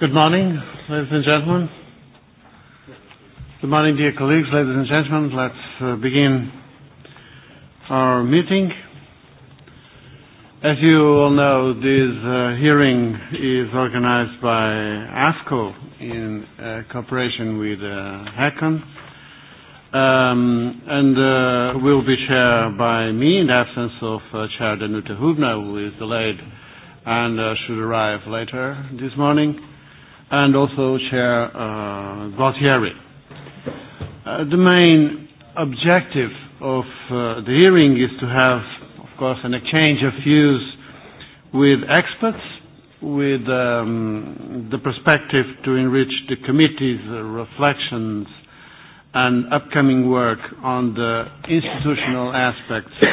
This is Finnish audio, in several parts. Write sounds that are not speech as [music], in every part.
Good morning, ladies and gentlemen. Good morning, dear colleagues, ladies and gentlemen. Let's uh, begin our meeting. As you all know, this uh, hearing is organized by ASCO in uh, cooperation with uh, HACON um, and uh, will be chaired by me in the absence of uh, Chair Danuta Hubner, who is delayed and uh, should arrive later this morning and also Chair uh, Gualtieri. Uh, the main objective of uh, the hearing is to have, of course, an exchange of views with experts, with um, the perspective to enrich the committee's uh, reflections and upcoming work on the institutional aspects [coughs]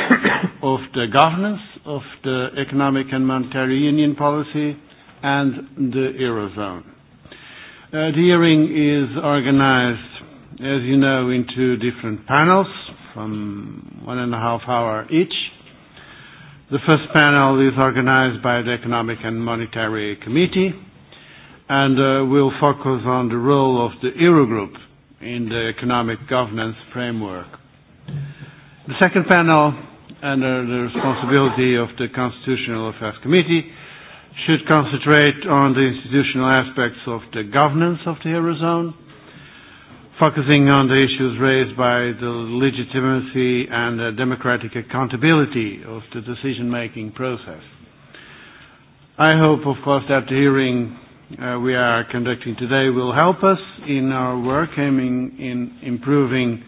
of the governance of the economic and monetary union policy and the Eurozone. Uh, the hearing is organized, as you know, into different panels from one and a half hour each. The first panel is organized by the Economic and Monetary Committee and uh, will focus on the role of the Eurogroup in the economic governance framework. The second panel, under the responsibility of the Constitutional Affairs Committee, should concentrate on the institutional aspects of the governance of the Eurozone, focusing on the issues raised by the legitimacy and the democratic accountability of the decision-making process. I hope, of course, that the hearing uh, we are conducting today will help us in our work aiming in improving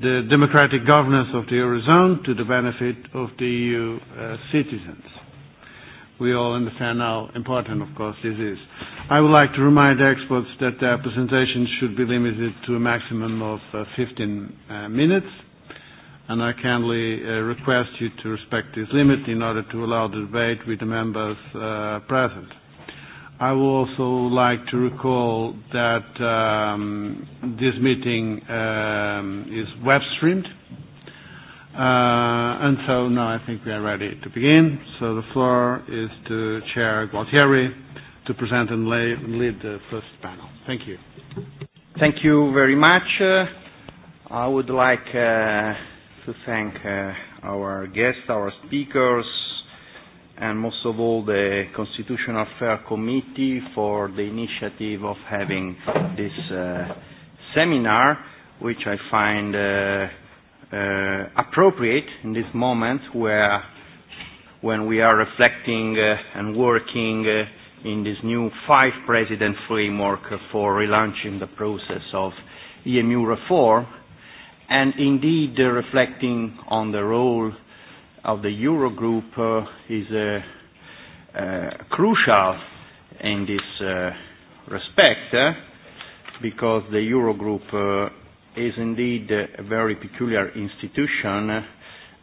the democratic governance of the Eurozone to the benefit of the EU uh, citizens we all understand how important, of course, this is. I would like to remind the experts that their presentations should be limited to a maximum of uh, 15 uh, minutes, and I kindly uh, request you to respect this limit in order to allow the debate with the members uh, present. I would also like to recall that um, this meeting um, is web streamed Uh, and so now I think we are ready to begin. So the floor is to Chair Gualtieri to present and lay, lead the first panel. Thank you. Thank you very much. Uh, I would like uh, to thank uh, our guests, our speakers, and most of all the Constitutional Affairs Committee for the initiative of having this uh, seminar, which I find uh, uh, appropriate in this moment where when we are reflecting uh, and working uh, in this new five president framework for relaunching the process of EMU reform and indeed uh, reflecting on the role of the Eurogroup uh, is uh, uh, crucial in this uh, respect uh, because the Eurogroup uh, is indeed a very peculiar institution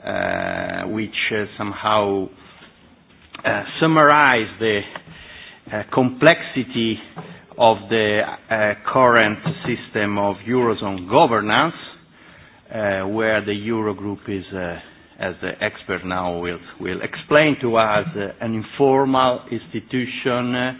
uh, which uh, somehow uh, summarizes the uh, complexity of the uh, current system of Eurozone governance, uh, where the Eurogroup is, uh, as the expert now will, will explain to us, uh, an informal institution uh,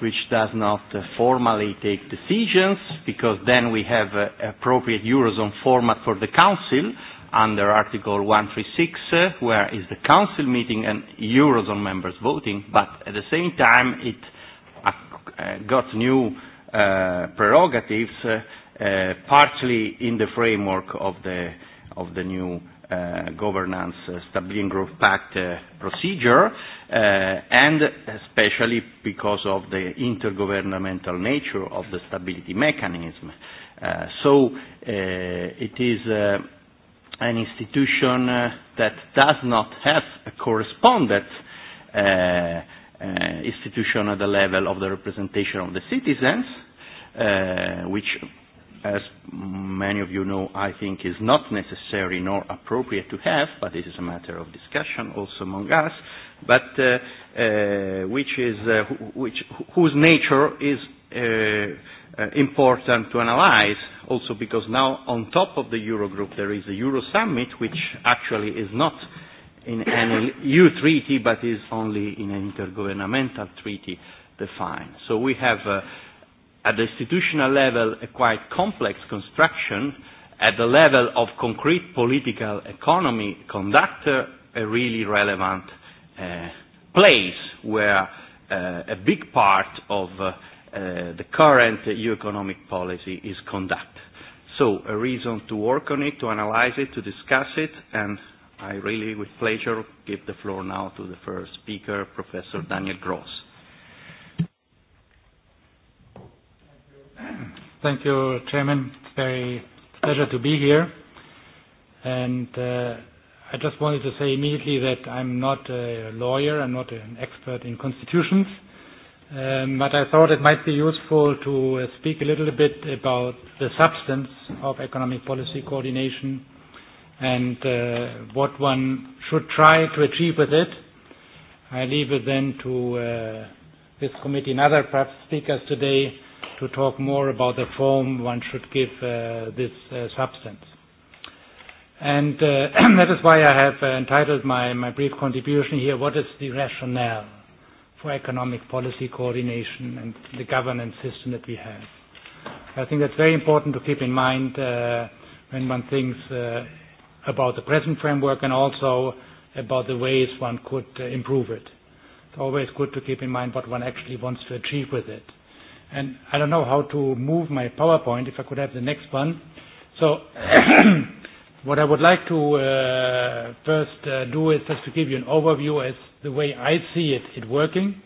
which does not uh, formally take decisions, because then we have uh, appropriate Eurozone format for the Council under Article 136, uh, where is the Council meeting and Eurozone members voting, but at the same time it uh, got new uh, prerogatives, uh, uh, partly in the framework of the, of the new Uh, governance uh, stability and growth pact uh, procedure, uh, and especially because of the intergovernmental nature of the stability mechanism. Uh, so uh, it is uh, an institution uh, that does not have a correspondent uh, uh, institution at the level of the representation of the citizens, uh, which as many of you know, I think is not necessary nor appropriate to have, but this is a matter of discussion also among us, but uh, uh, which is, uh, which, whose nature is uh, uh, important to analyze, also because now on top of the Eurogroup there is the Euro Summit, which actually is not in any EU treaty, but is only in an intergovernmental treaty defined. So we have uh, at the institutional level a quite complex construction, at the level of concrete political economy conduct, a really relevant uh, place where uh, a big part of uh, uh, the current EU economic policy is conducted. So a reason to work on it, to analyze it, to discuss it, and I really, with pleasure, give the floor now to the first speaker, Professor Daniel Gross. Thank you, Chairman. It's very pleasure to be here. And uh, I just wanted to say immediately that I'm not a lawyer, I'm not an expert in constitutions, um, but I thought it might be useful to uh, speak a little bit about the substance of economic policy coordination and uh, what one should try to achieve with it. I leave it then to uh, this committee and other perhaps speakers today to talk more about the form one should give uh, this uh, substance. And uh, [clears throat] that is why I have uh, entitled my, my brief contribution here, What is the Rationale for Economic Policy Coordination and the Governance System that we have? I think that's very important to keep in mind uh, when one thinks uh, about the present framework and also about the ways one could uh, improve it. It's always good to keep in mind what one actually wants to achieve with it and I don't know how to move my PowerPoint, if I could have the next one. So [coughs] what I would like to uh, first uh, do is just to give you an overview as the way I see it, it working,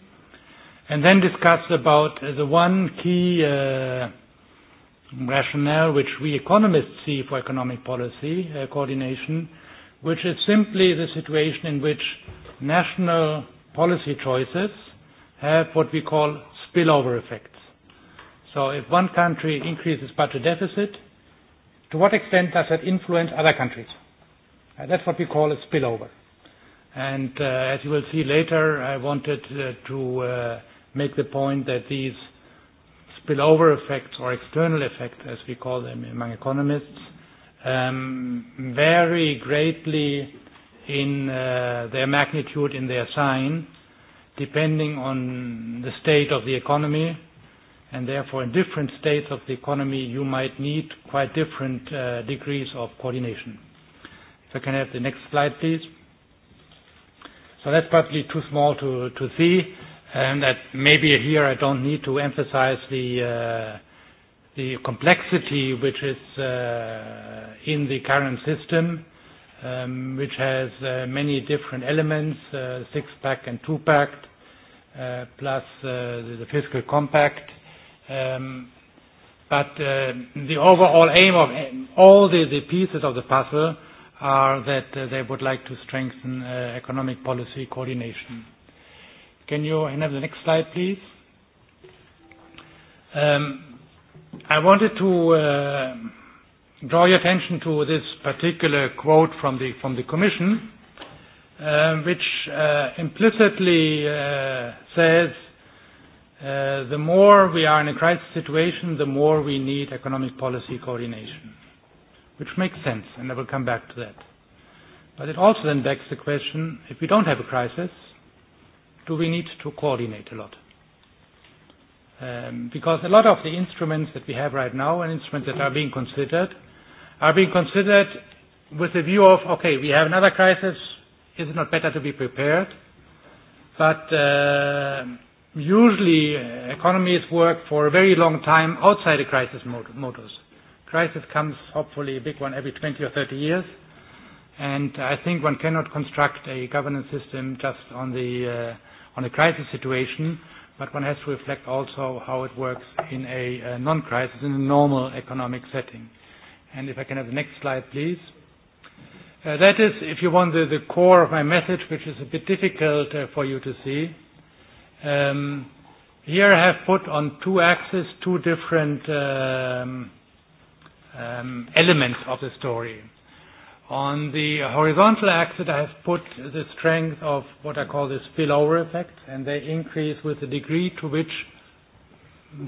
and then discuss about uh, the one key uh, rationale which we economists see for economic policy uh, coordination, which is simply the situation in which national policy choices have what we call spillover effects. So if one country increases budget deficit, to what extent does that influence other countries? Uh, that's what we call a spillover. And uh, as you will see later, I wanted uh, to uh, make the point that these spillover effects or external effects, as we call them among economists, um, vary greatly in uh, their magnitude, in their sign, depending on the state of the economy, and therefore in different states of the economy you might need quite different uh, degrees of coordination. If I can have the next slide, please. So that's probably too small to, to see, and that maybe here I don't need to emphasize the, uh, the complexity which is uh, in the current system, um, which has uh, many different elements, uh, six-pack and two-pack, uh, plus uh, the, the fiscal compact, Um, but uh, the overall aim of all the, the pieces of the puzzle are that uh, they would like to strengthen uh, economic policy coordination. Can you have the next slide, please? Um, I wanted to uh, draw your attention to this particular quote from the, from the Commission, uh, which uh, implicitly uh, says Uh, the more we are in a crisis situation, the more we need economic policy coordination, which makes sense, and I will come back to that. But it also then begs the question, if we don't have a crisis, do we need to coordinate a lot? Um, because a lot of the instruments that we have right now and instruments that are being considered are being considered with a view of, okay, we have another crisis, is it not better to be prepared? But uh, usually uh, economies work for a very long time outside the crisis mode, modus. Crisis comes, hopefully, a big one every 20 or 30 years. And I think one cannot construct a governance system just on the, uh, on a crisis situation, but one has to reflect also how it works in a uh, non-crisis, in a normal economic setting. And if I can have the next slide, please. Uh, that is, if you want, the, the core of my message, which is a bit difficult uh, for you to see. Uh, Um, here I have put on two axes two different um, um, elements of the story. On the horizontal axis, I have put the strength of what I call the spillover effect, and they increase with the degree to which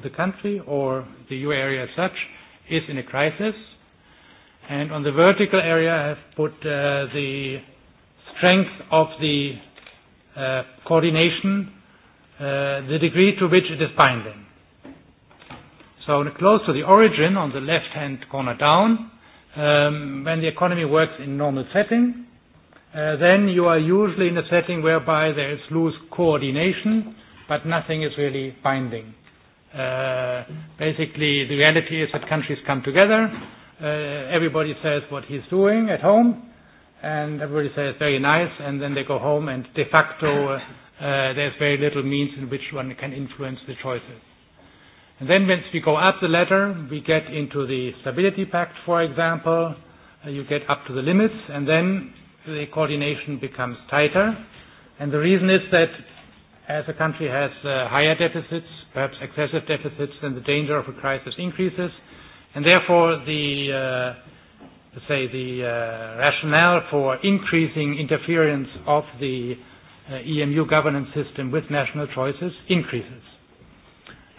the country or the EU area as such is in a crisis. And on the vertical area, I have put uh, the strength of the uh, coordination Uh, the degree to which it is binding. So close to the origin on the left-hand corner down, um, when the economy works in normal setting, uh, then you are usually in a setting whereby there is loose coordination, but nothing is really binding. Uh, basically, the reality is that countries come together, uh, everybody says what he's doing at home, and everybody says very nice, and then they go home and de facto uh, uh, there's very little means in which one can influence the choices. And then once we go up the ladder, we get into the Stability Pact, for example, uh, you get up to the limits, and then the coordination becomes tighter. And the reason is that as a country has uh, higher deficits, perhaps excessive deficits, then the danger of a crisis increases. And therefore, the, uh, say, the uh, rationale for increasing interference of the uh, uh, EMU governance system with national choices increases.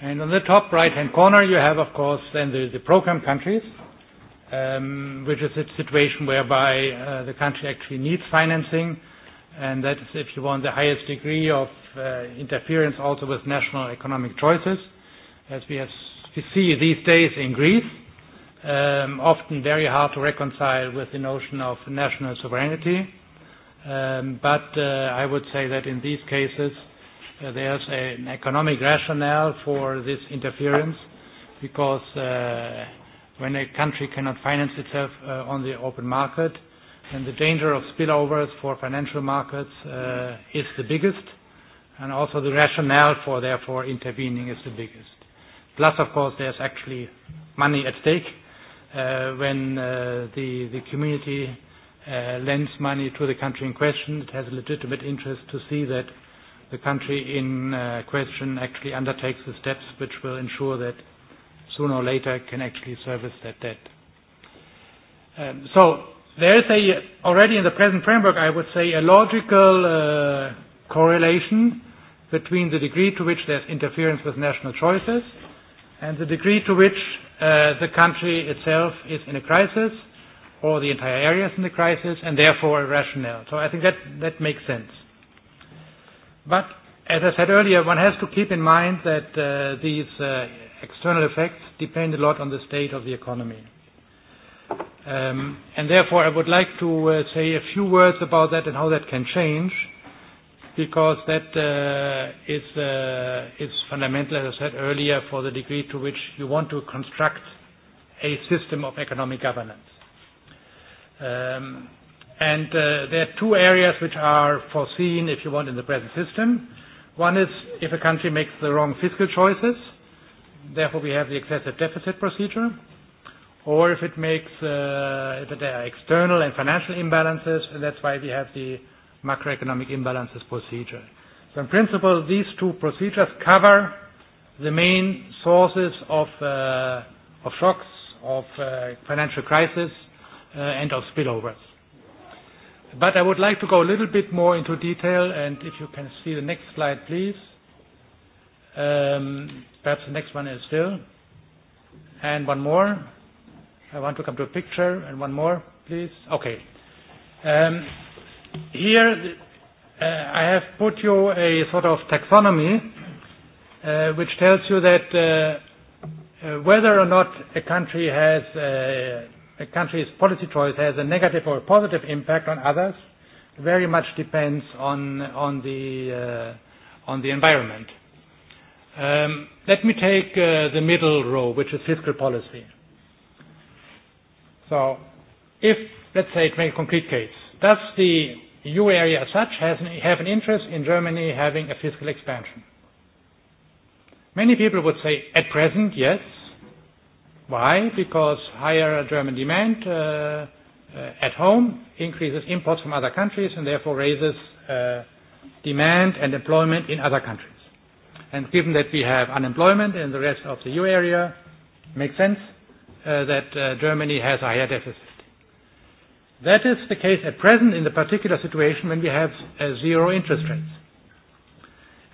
And on the top right-hand corner, you have, of course, then the, the program countries, um, which is a situation whereby uh, the country actually needs financing, and that is, if you want, the highest degree of uh, interference also with national economic choices, as we, have, we see these days in Greece, um, often very hard to reconcile with the notion of national sovereignty. Um, but uh, I would say that in these cases, uh, there's a, an economic rationale for this interference because uh, when a country cannot finance itself uh, on the open market, then the danger of spillovers for financial markets uh, is the biggest, and also the rationale for therefore intervening is the biggest. Plus, of course, there's actually money at stake uh, when uh, the, the community uh, lends money to the country in question, it has a legitimate interest to see that the country in uh, question actually undertakes the steps which will ensure that sooner or later can actually service that debt. Um, so there is a, already in the present framework, I would say, a logical uh, correlation between the degree to which there's interference with national choices and the degree to which uh, the country itself is in a crisis all the entire areas in the crisis, and therefore a rationale. So I think that, that makes sense. But as I said earlier, one has to keep in mind that uh, these uh, external effects depend a lot on the state of the economy. Um, and therefore, I would like to uh, say a few words about that and how that can change, because that uh, is, uh, is fundamental, as I said earlier, for the degree to which you want to construct a system of economic governance. Um, and uh, there are two areas which are foreseen, if you want, in the present system. One is if a country makes the wrong fiscal choices, therefore we have the excessive deficit procedure, or if it makes uh, if there are external and financial imbalances, and that's why we have the macroeconomic imbalances procedure. So in principle, these two procedures cover the main sources of, uh, of shocks, of uh, financial crisis, and uh, of spillovers. But I would like to go a little bit more into detail, and if you can see the next slide, please. Um, perhaps the next one is still. And one more. I want to come to a picture. And one more, please. Okay. Um, here, uh, I have put you a sort of taxonomy, uh, which tells you that uh, uh whether or not a country has uh, a country's policy choice has a negative or positive impact on others very much depends on on the uh, on the environment. Um, let me take uh, the middle row, which is fiscal policy. So, if let's say it make a concrete case, does the EU area as such has an, have an interest in Germany having a fiscal expansion? Many people would say, at present, yes. Why? Because higher German demand uh, uh, at home increases imports from other countries and therefore raises uh, demand and employment in other countries. And given that we have unemployment in the rest of the EU area, makes sense uh, that uh, Germany has a higher deficit. That is the case at present in the particular situation when we have uh, zero interest rates.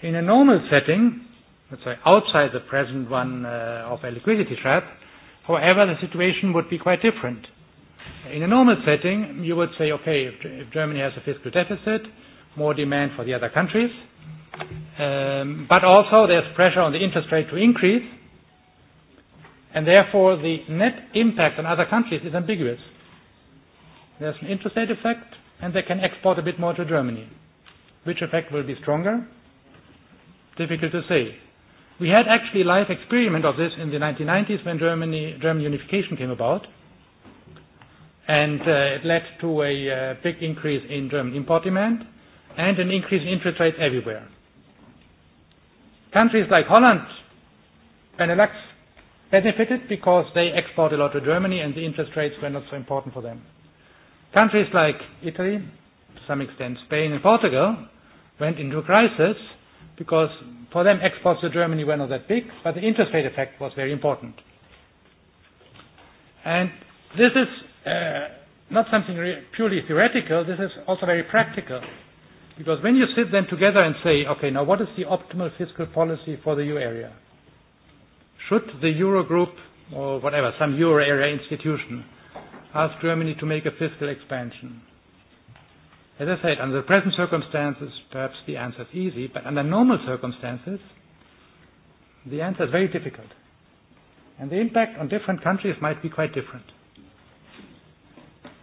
In a normal setting, let's say outside the present one uh, of a liquidity trap, However, the situation would be quite different. In a normal setting, you would say, okay, if, if Germany has a fiscal deficit, more demand for the other countries, um, but also there's pressure on the interest rate to increase, and therefore the net impact on other countries is ambiguous. There's an interest rate effect, and they can export a bit more to Germany. Which effect will be stronger? Difficult to say. We had actually a live experiment of this in the 1990s when Germany, German unification came about. And uh, it led to a uh, big increase in German import demand and an increase in interest rates everywhere. Countries like Holland, Benelux, benefited because they export a lot to Germany and the interest rates were not so important for them. Countries like Italy, to some extent Spain and Portugal, went into crisis because for them, exports to Germany were not that big, but the interest rate effect was very important. And this is uh, not something re- purely theoretical, this is also very practical. Because when you sit then together and say, okay, now what is the optimal fiscal policy for the EU area? Should the Eurogroup or whatever, some Euro area institution, ask Germany to make a fiscal expansion? As I said, under the present circumstances, perhaps the answer is easy, but under normal circumstances, the answer is very difficult. And the impact on different countries might be quite different.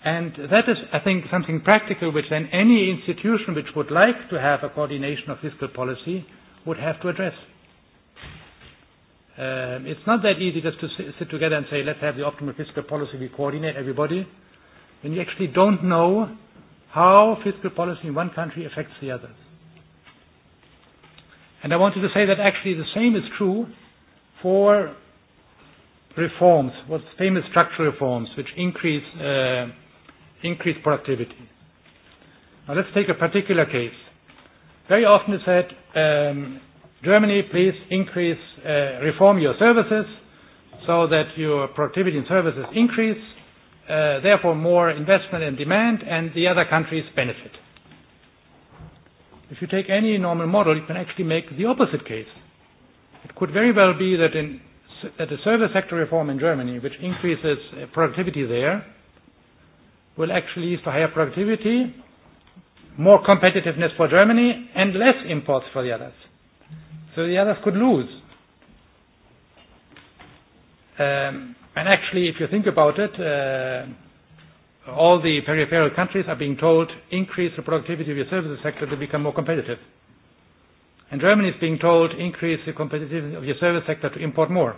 And that is, I think, something practical which then any institution which would like to have a coordination of fiscal policy would have to address. Um, it's not that easy just to sit together and say, let's have the optimal fiscal policy, we coordinate everybody, when you actually don't know how fiscal policy in one country affects the others. And I wanted to say that actually the same is true for reforms, what's famous structural reforms, which increase, uh, increase productivity. Now let's take a particular case. Very often it's said, um, Germany, please increase, uh, reform your services so that your productivity in services increase uh, therefore more investment and demand, and the other countries benefit. If you take any normal model, you can actually make the opposite case. It could very well be that, in, that the service sector reform in Germany, which increases uh, productivity there, will actually lead to higher productivity, more competitiveness for Germany, and less imports for the others. So the others could lose. Um, And actually, if you think about it, uh, all the peripheral countries are being told increase the productivity of your services sector to become more competitive. And Germany is being told increase the competitiveness of your service sector to import more.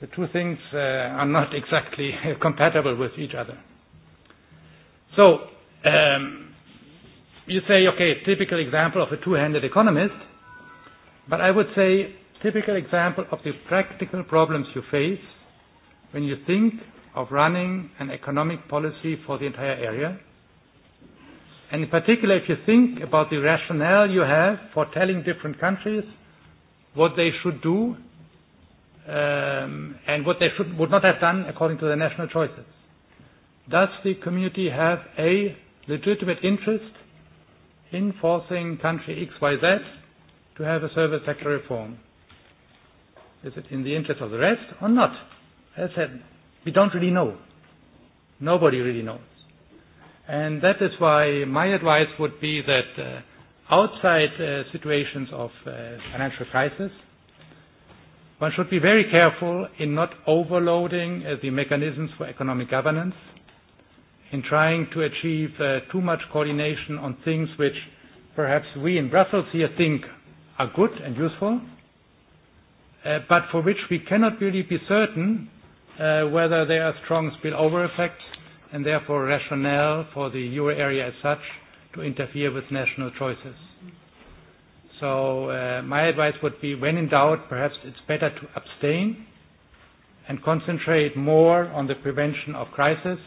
The two things uh, are not [laughs] exactly compatible with each other. So, um, you say, okay, typical example of a two-handed economist, but I would say typical example of the practical problems you face when you think of running an economic policy for the entire area? And in particular, if you think about the rationale you have for telling different countries what they should do um, and what they should, would not have done according to their national choices. Does the community have a legitimate interest in forcing country XYZ to have a service sector reform? Is it in the interest of the rest or not? I said, we don't really know. Nobody really knows. And that is why my advice would be that uh, outside uh, situations of uh, financial crisis, one should be very careful in not overloading uh, the mechanisms for economic governance, in trying to achieve uh, too much coordination on things which perhaps we in Brussels here think are good and useful, uh, but for which we cannot really be certain Uh, whether there are strong spillover effects and therefore rationale for the euro area as such to interfere with national choices. So uh, my advice would be when in doubt, perhaps it's better to abstain and concentrate more on the prevention of crisis.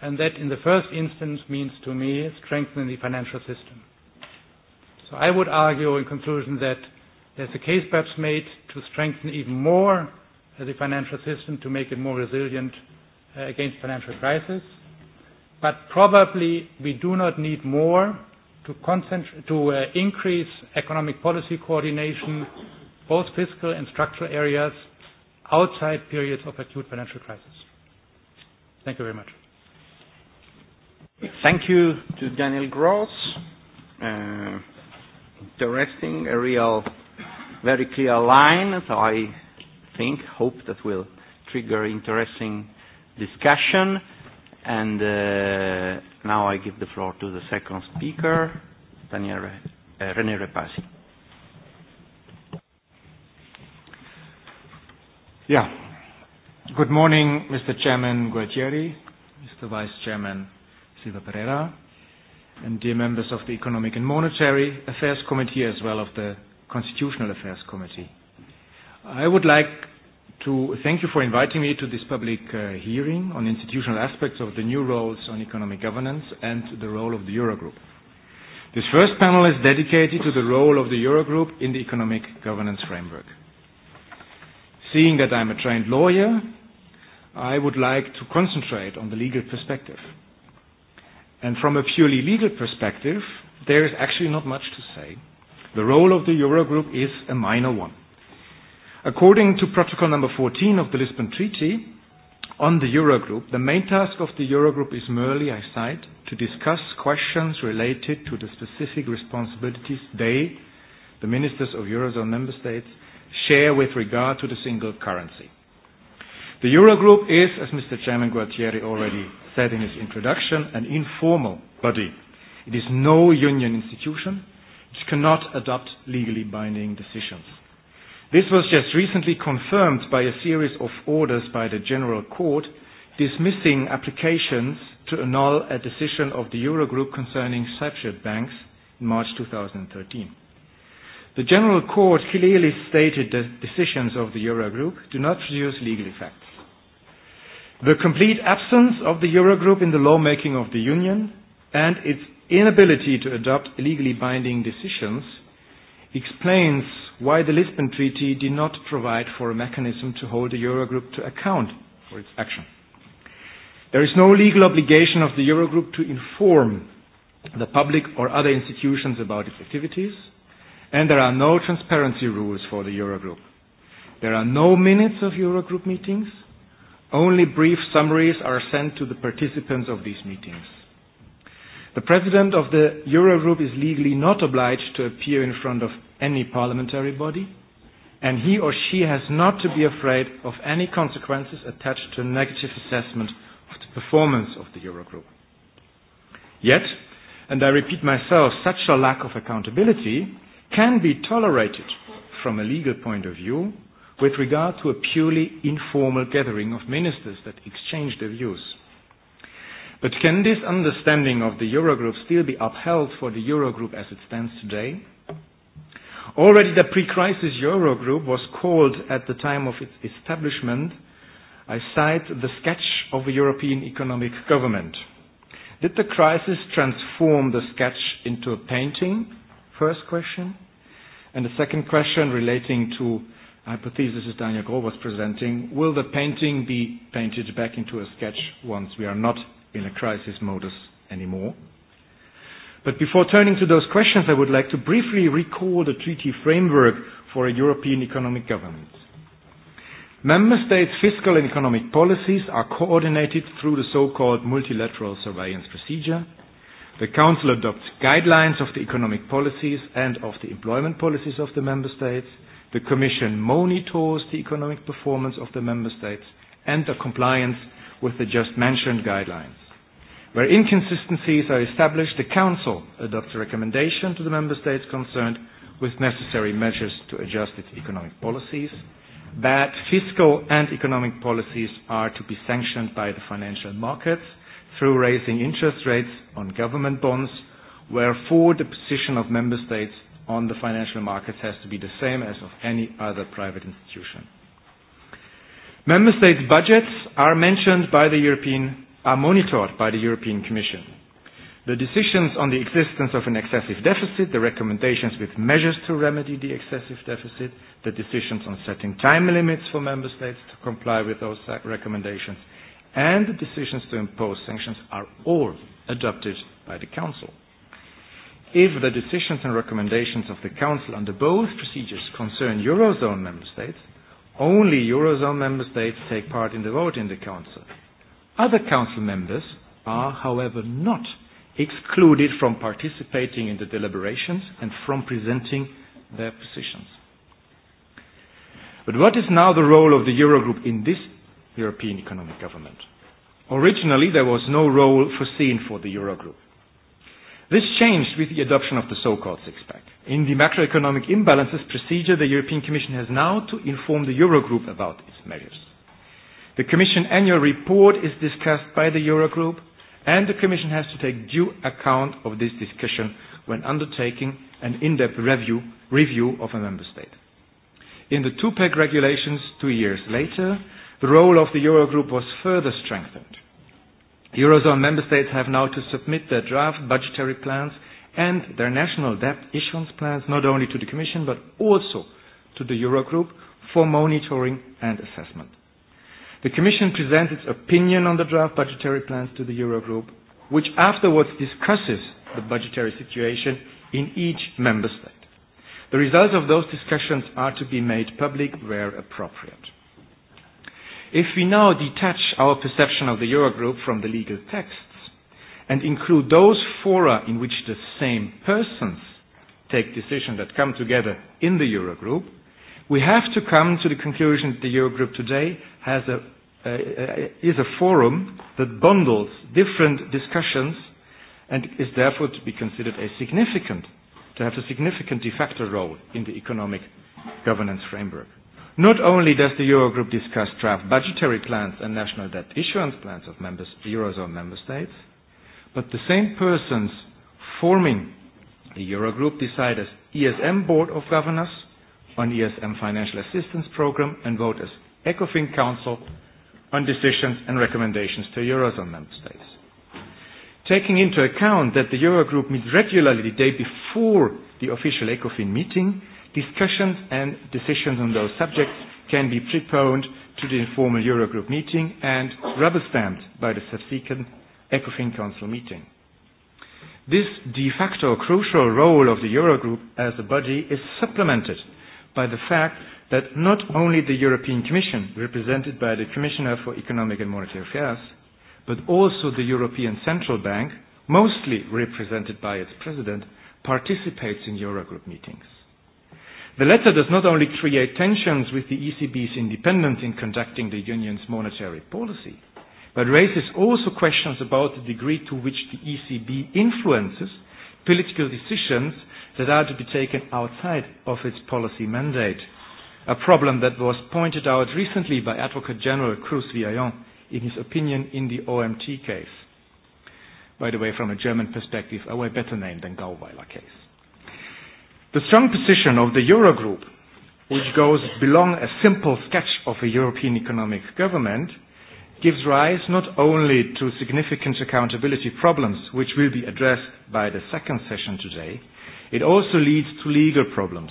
And that in the first instance means to me strengthening the financial system. So I would argue in conclusion that there's a case perhaps made to strengthen even more the financial system to make it more resilient uh, against financial crisis. But probably we do not need more to, to uh, increase economic policy coordination, both fiscal and structural areas, outside periods of acute financial crisis. Thank you very much. Thank you to Daniel Gross. Uh, interesting, a real, very clear line. So I think, hope that will trigger interesting discussion. And uh, now I give the floor to the second speaker, Daniel Re uh, René Repasi. Yeah. Good morning, Mr. Chairman Gualtieri, Mr. Vice Chairman Silva Pereira, and dear members of the Economic and Monetary Affairs Committee as well of the Constitutional Affairs Committee. I would like to thank you for inviting me to this public uh, hearing on institutional aspects of the new roles on economic governance and the role of the Eurogroup. This first panel is dedicated to the role of the Eurogroup in the economic governance framework. Seeing that I'm a trained lawyer, I would like to concentrate on the legal perspective. And from a purely legal perspective, there is actually not much to say. The role of the Eurogroup is a minor one. According to Protocol number 14 of the Lisbon Treaty on the Eurogroup, the main task of the Eurogroup is merely, I cite, to discuss questions related to the specific responsibilities they, the ministers of Eurozone member states, share with regard to the single currency. The Eurogroup is, as Mr. Chairman Gualtieri already said in his introduction, an informal body. It is no union institution. It cannot adopt legally binding decisions. This was just recently confirmed by a series of orders by the General Court dismissing applications to annul a decision of the Eurogroup concerning Cypriot banks in March 2013. The General Court clearly stated that decisions of the Eurogroup do not produce legal effects. The complete absence of the Eurogroup in the lawmaking of the Union and its inability to adopt legally binding decisions explains why the Lisbon Treaty did not provide for a mechanism to hold the Eurogroup to account for its action. There is no legal obligation of the Eurogroup to inform the public or other institutions about its activities, and there are no transparency rules for the Eurogroup. There are no minutes of Eurogroup meetings. Only brief summaries are sent to the participants of these meetings. The president of the Eurogroup is legally not obliged to appear in front of any parliamentary body, and he or she has not to be afraid of any consequences attached to a negative assessment of the performance of the Eurogroup. Yet, and I repeat myself, such a lack of accountability can be tolerated from a legal point of view with regard to a purely informal gathering of ministers that exchange their views. But can this understanding of the Eurogroup still be upheld for the Eurogroup as it stands today? Already the pre-crisis Eurogroup was called at the time of its establishment, I cite the sketch of a European economic government. Did the crisis transform the sketch into a painting? First question. And the second question relating to hypothesis that Daniel Groh was presenting, will the painting be painted back into a sketch once we are not in a crisis modus anymore? But before turning to those questions, I would like to briefly recall the treaty framework for a European economic governance. Member states' fiscal and economic policies are coordinated through the so-called multilateral surveillance procedure. The Council adopts guidelines of the economic policies and of the employment policies of the member states. The Commission monitors the economic performance of the member states and the compliance with the just mentioned guidelines. Where inconsistencies are established, the Council adopts a recommendation to the Member States concerned with necessary measures to adjust its economic policies. That fiscal and economic policies are to be sanctioned by the financial markets through raising interest rates on government bonds, wherefore the position of Member States on the financial markets has to be the same as of any other private institution. Member States' budgets are mentioned by the European are monitored by the European Commission. The decisions on the existence of an excessive deficit, the recommendations with measures to remedy the excessive deficit, the decisions on setting time limits for member states to comply with those recommendations, and the decisions to impose sanctions are all adopted by the Council. If the decisions and recommendations of the Council under both procedures concern Eurozone member states, only Eurozone member states take part in the vote in the Council Other council members are, however, not excluded from participating in the deliberations and from presenting their positions. But what is now the role of the Eurogroup in this European Economic Government? Originally, there was no role foreseen for the Eurogroup. This changed with the adoption of the so-called six-pack. In the macroeconomic imbalances procedure, the European Commission has now to inform the Eurogroup about its measures. The Commission annual report is discussed by the Eurogroup, and the Commission has to take due account of this discussion when undertaking an in-depth review, review of a member state. In the two-pack regulations two years later, the role of the Eurogroup was further strengthened. Eurozone member states have now to submit their draft budgetary plans and their national debt issuance plans not only to the Commission but also to the Eurogroup for monitoring and assessment. The Commission presents its opinion on the draft budgetary plans to the Eurogroup, which afterwards discusses the budgetary situation in each member state. The results of those discussions are to be made public where appropriate. If we now detach our perception of the Eurogroup from the legal texts and include those fora in which the same persons take decisions that come together in the Eurogroup, we have to come to the conclusion that the Eurogroup today has a, uh, is a forum that bundles different discussions and is therefore to be considered a significant, to have a significant de facto role in the economic governance framework. Not only does the Eurogroup discuss draft budgetary plans and national debt issuance plans of members, Eurozone member states, but the same persons forming the Eurogroup decide as ESM Board of Governors on ESM Financial Assistance Program and vote as ECOFIN Council on decisions and recommendations to Eurozone member states. Taking into account that the Eurogroup meets regularly the day before the official ECOFIN meeting, discussions and decisions on those subjects can be preponed to the informal Eurogroup meeting and rubber stamped by the subsequent ECOFIN Council meeting. This de facto crucial role of the Eurogroup as a body is supplemented by the fact that not only the European Commission, represented by the Commissioner for Economic and Monetary Affairs, but also the European Central Bank, mostly represented by its president, participates in Eurogroup meetings. The latter does not only create tensions with the ECB's independence in conducting the union's monetary policy, but raises also questions about the degree to which the ECB influences political decisions that are to be taken outside of its policy mandate a problem that was pointed out recently by Advocate General Cruz Villayon in his opinion in the OMT case. By the way, from a German perspective, a way better name than Gauweiler case. The strong position of the Eurogroup, which goes beyond a simple sketch of a European economic government, gives rise not only to significant accountability problems, which will be addressed by the second session today, it also leads to legal problems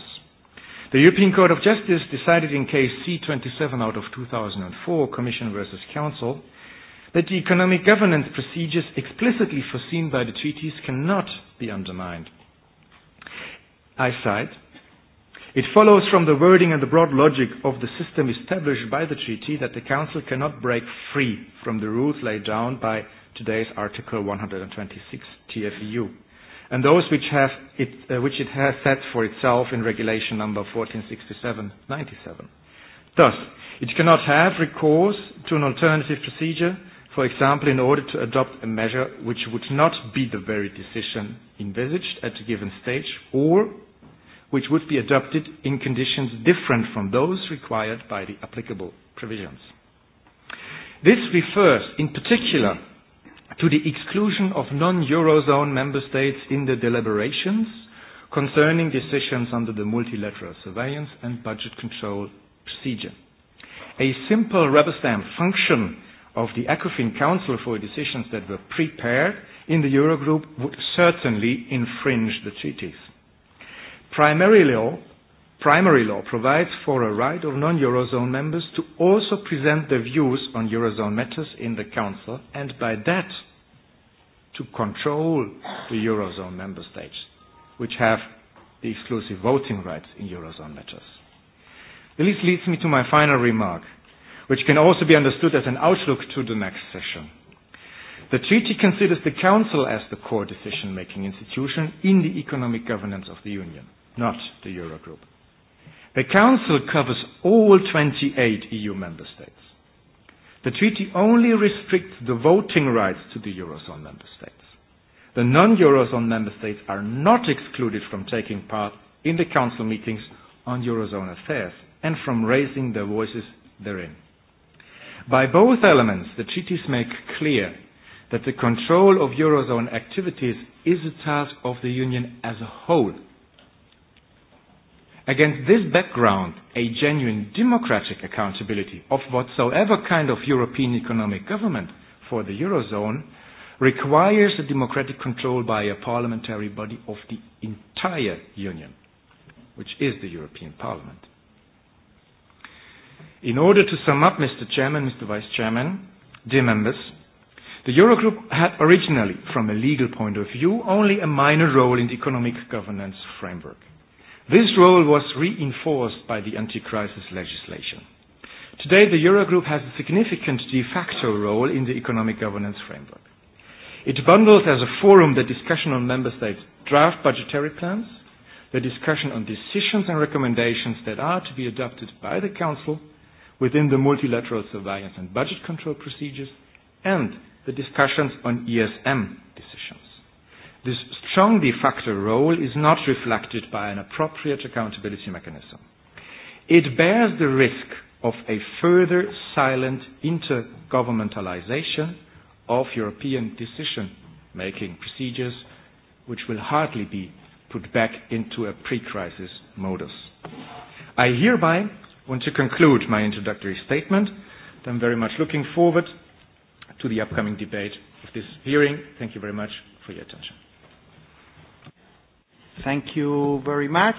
The European Court of Justice decided in case C27 out of 2004, Commission versus Council, that the economic governance procedures explicitly foreseen by the treaties cannot be undermined. I cite, it follows from the wording and the broad logic of the system established by the treaty that the Council cannot break free from the rules laid down by today's Article 126 TFEU and those which, have it, uh, which it has set for itself in regulation number 1467-97. Thus, it cannot have recourse to an alternative procedure, for example, in order to adopt a measure which would not be the very decision envisaged at a given stage or which would be adopted in conditions different from those required by the applicable provisions. This refers in particular to the exclusion of non-Eurozone member states in the deliberations concerning decisions under the multilateral surveillance and budget control procedure. A simple rubber stamp function of the ECOFIN Council for decisions that were prepared in the Eurogroup would certainly infringe the treaties. Primarily, primary law provides for a right of non-Eurozone members to also present their views on Eurozone matters in the Council and by that to control the Eurozone member states, which have the exclusive voting rights in Eurozone matters. This leads me to my final remark, which can also be understood as an outlook to the next session. The treaty considers the Council as the core decision-making institution in the economic governance of the Union, not the Eurogroup. The Council covers all 28 EU member states. The treaty only restricts the voting rights to the Eurozone member states. The non-Eurozone member states are not excluded from taking part in the Council meetings on Eurozone affairs and from raising their voices therein. By both elements, the treaties make clear that the control of Eurozone activities is a task of the Union as a whole – Against this background, a genuine democratic accountability of whatsoever kind of European economic government for the Eurozone requires a democratic control by a parliamentary body of the entire Union, which is the European Parliament. In order to sum up, Mr. Chairman, Mr. Vice Chairman, dear members, the Eurogroup had originally, from a legal point of view, only a minor role in the economic governance framework. This role was reinforced by the anti-crisis legislation. Today, the Eurogroup has a significant de facto role in the economic governance framework. It bundles as a forum the discussion on member states' draft budgetary plans, the discussion on decisions and recommendations that are to be adopted by the Council within the multilateral surveillance and budget control procedures, and the discussions on ESM This strong de facto role is not reflected by an appropriate accountability mechanism. It bears the risk of a further silent intergovernmentalization of European decision making procedures, which will hardly be put back into a pre crisis modus. I hereby want to conclude my introductory statement. I'm very much looking forward to the upcoming debate of this hearing. Thank you very much for your attention. Thank you very much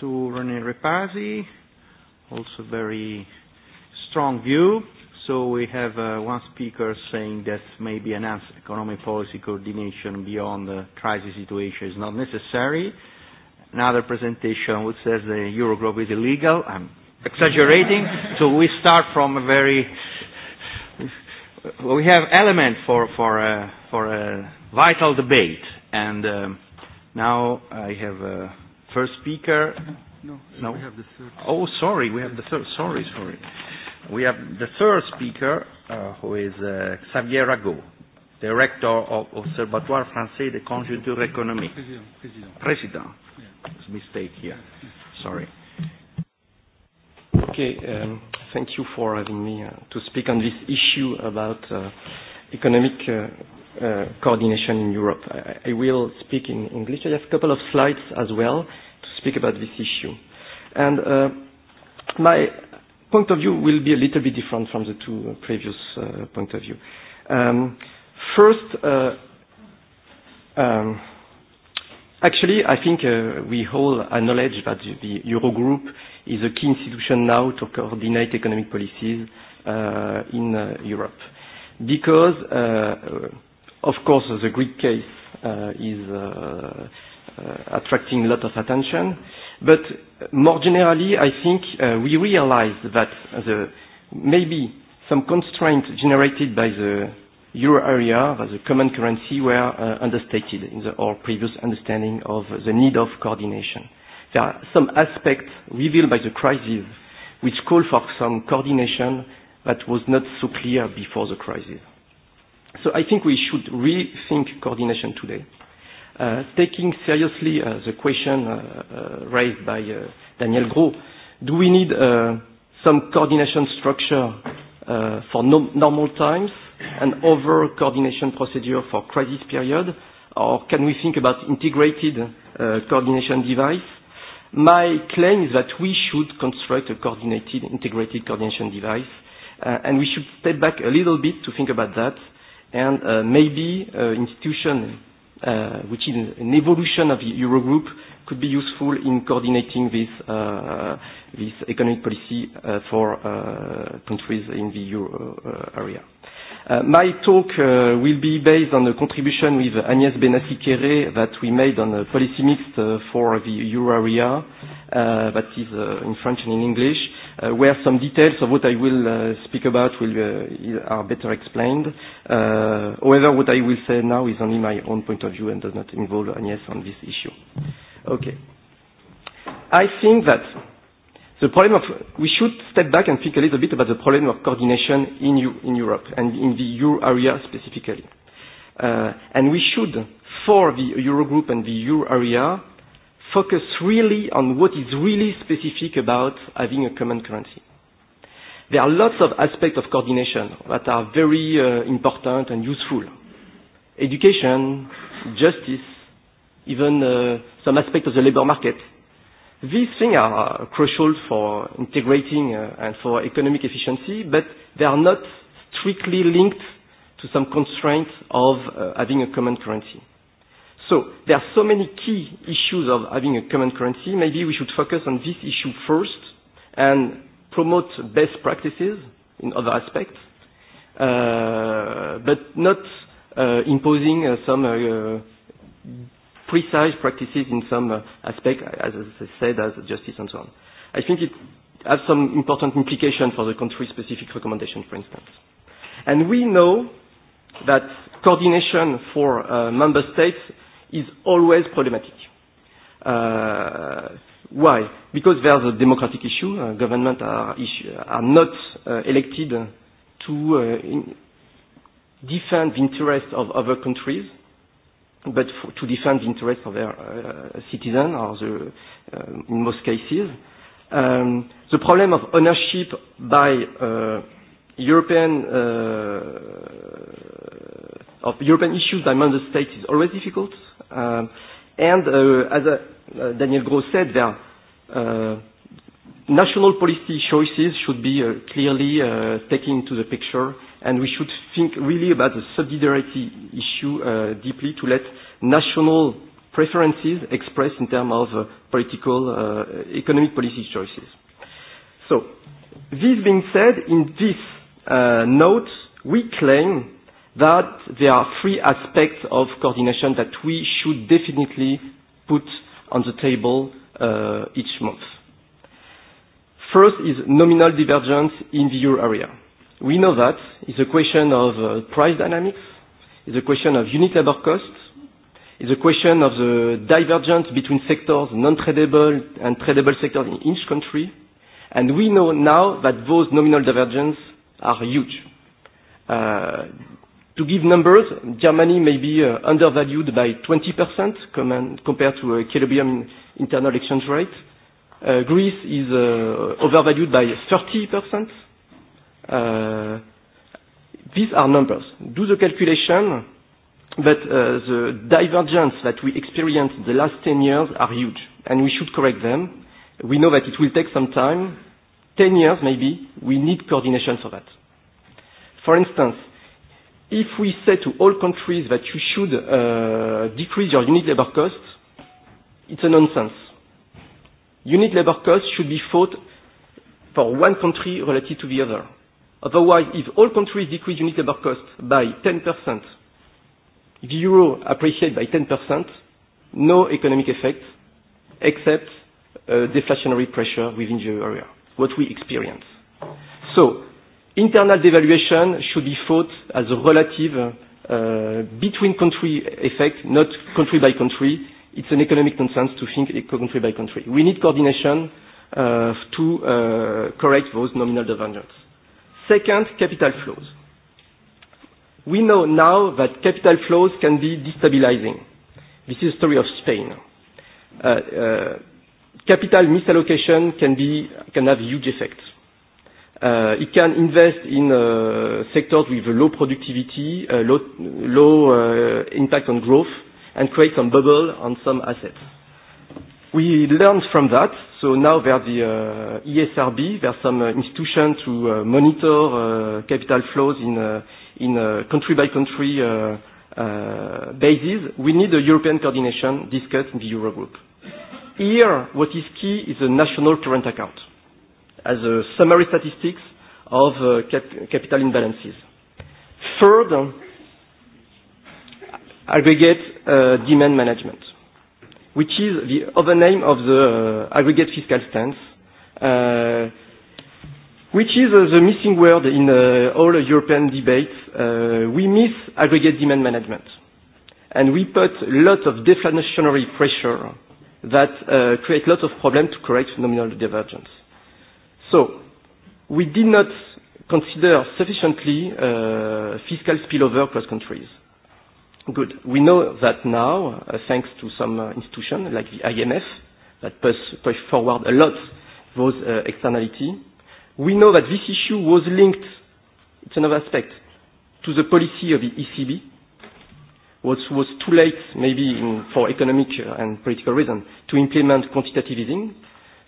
to René Repasi, also very strong view. So we have uh, one speaker saying that maybe enhanced economic policy coordination beyond the crisis situation is not necessary. Another presentation which says the Eurogroup is illegal. I'm exaggerating. so we start from a very we have element for for a, uh, for a vital debate and. Um, Now I have a uh, first speaker. No, no. we have the third. Oh, sorry, we have the third. Sorry, sorry. We have the third speaker, uh, who is uh, Xavier Rago, Director of Observatoire Français de Conjoncture Économique. President. President. President. Yeah. Mistake here. Sorry. Okay, um, thank you for having me uh, to speak on this issue about uh, economic uh, Uh, coordination in Europe. I, I will speak in English. I have a couple of slides as well to speak about this issue. And uh, my point of view will be a little bit different from the two previous uh, point of view. Um, first, uh, um, actually, I think uh, we all acknowledge that the Eurogroup is a key institution now to coordinate economic policies uh, in uh, Europe. Because uh, Of course, the Greek case uh, is uh, uh, attracting a lot of attention. But more generally, I think uh, we realize that the, maybe some constraints generated by the euro area, by the common currency, were uh, understated in the, our previous understanding of the need of coordination. There are some aspects revealed by the crisis which call for some coordination that was not so clear before the crisis. So I think we should rethink coordination today. Uh, taking seriously uh, the question uh, uh, raised by uh, Daniel Gros, do we need uh, some coordination structure uh, for no normal times and over coordination procedure for crisis period, or can we think about integrated uh, coordination device? My claim is that we should construct a coordinated, integrated coordination device, uh, and we should step back a little bit to think about that and uh, maybe uh, institution uh, which is an evolution of the Eurogroup could be useful in coordinating this, uh, this economic policy uh, for uh, countries in the Euro uh, area. Uh, my talk uh, will be based on a contribution with Agnès Benassi-Kéré that we made on a policy mix uh, for the euro area, uh, that is uh, in French and in English, uh, where some details of what I will uh, speak about will, uh, are better explained. Uh, however, what I will say now is only my own point of view and does not involve Agnès on this issue. Okay. I think that the problem of, we should step back and think a little bit about the problem of coordination in, U, in Europe and in the euro area specifically. Uh, and we should, for the Eurogroup and the euro area, focus really on what is really specific about having a common currency. There are lots of aspects of coordination that are very uh, important and useful. Education, justice, even uh, some aspects of the labor market. These things are uh, crucial for integrating uh, and for economic efficiency, but they are not strictly linked to some constraint of uh, having a common currency. So there are so many key issues of having a common currency. Maybe we should focus on this issue first and promote best practices in other aspects, uh, but not uh, imposing uh, some uh, precise practices in some uh, aspect, as I said, as justice and so on. I think it has some important implication for the country-specific recommendation, for instance. And we know that coordination for uh, member states is always problematic. Uh, why? Because there's a democratic issue. Uh, government are, issue, are not uh, elected uh, to uh, in defend the interests of other countries, but for, to defend the interests of their uh, citizens, or the, uh, in most cases. Um, the problem of ownership by uh, European uh, of European issues by member states is always difficult. Uh, Um, and uh, as uh, uh, Daniel Gross said, there are, uh, national policy choices should be uh, clearly uh, taken into the picture, and we should think really about the subsidiarity issue uh, deeply to let national preferences expressed in terms of uh, political, uh, economic policy choices. So, this being said, in this uh, note, we claim that there are three aspects of coordination that we should definitely put on the table uh, each month. First is nominal divergence in the euro area. We know that it's a question of uh, price dynamics, it's a question of unit labor costs, it's a question of the divergence between sectors, non-tradable and tradable sectors in each country. And we know now that those nominal divergences are huge. Uh, To give numbers, Germany may be uh, undervalued by 20% com compared to a Calibrium internal exchange rate. Uh, Greece is uh, overvalued by 30%. Uh, these are numbers. Do the calculation, but uh, the divergence that we experienced the last 10 years are huge, and we should correct them. We know that it will take some time, 10 years maybe. We need coordination for that. For instance, if we say to all countries that you should uh, decrease your unit labor costs, it's a nonsense. Unit labor costs should be fought for one country relative to the other. Otherwise, if all countries decrease unit labor costs by 10%, the euro appreciates by 10%, no economic effect except uh, deflationary pressure within the area, what we experience. So Internal devaluation should be thought as a relative uh, between country effect, not country by country. It's an economic nonsense to think country by country. We need coordination uh, to uh, correct those nominal divergences. Second, capital flows. We know now that capital flows can be destabilizing. This is the story of Spain. Uh, uh, capital misallocation can, be, can have huge effects Uh, it can invest in uh, sectors with low productivity, uh, low, low uh, impact on growth, and create some bubble on some assets. We learned from that, so now there are the uh, ESRB, there are some uh, institutions to uh, monitor uh, capital flows in, uh, in uh, country by country uh, uh, basis. We need a European coordination discussed in the Eurogroup. Here, what is key is a national current account as a summary statistics of uh, cap capital imbalances. Third, uh, aggregate uh, demand management, which is the other name of the uh, aggregate fiscal stance, uh, which is uh, the missing word in uh, all European debates. Uh, we miss aggregate demand management, and we put a lot of deflationary pressure that uh, create a lot of problems to correct nominal divergence. So, we did not consider sufficiently uh, fiscal spillover across countries. Good. We know that now, uh, thanks to some uh, institution like the IMF that push, push forward a lot those uh, externality. We know that this issue was linked, it's another aspect, to the policy of the ECB, which was too late maybe in, for economic uh, and political reasons to implement quantitative easing.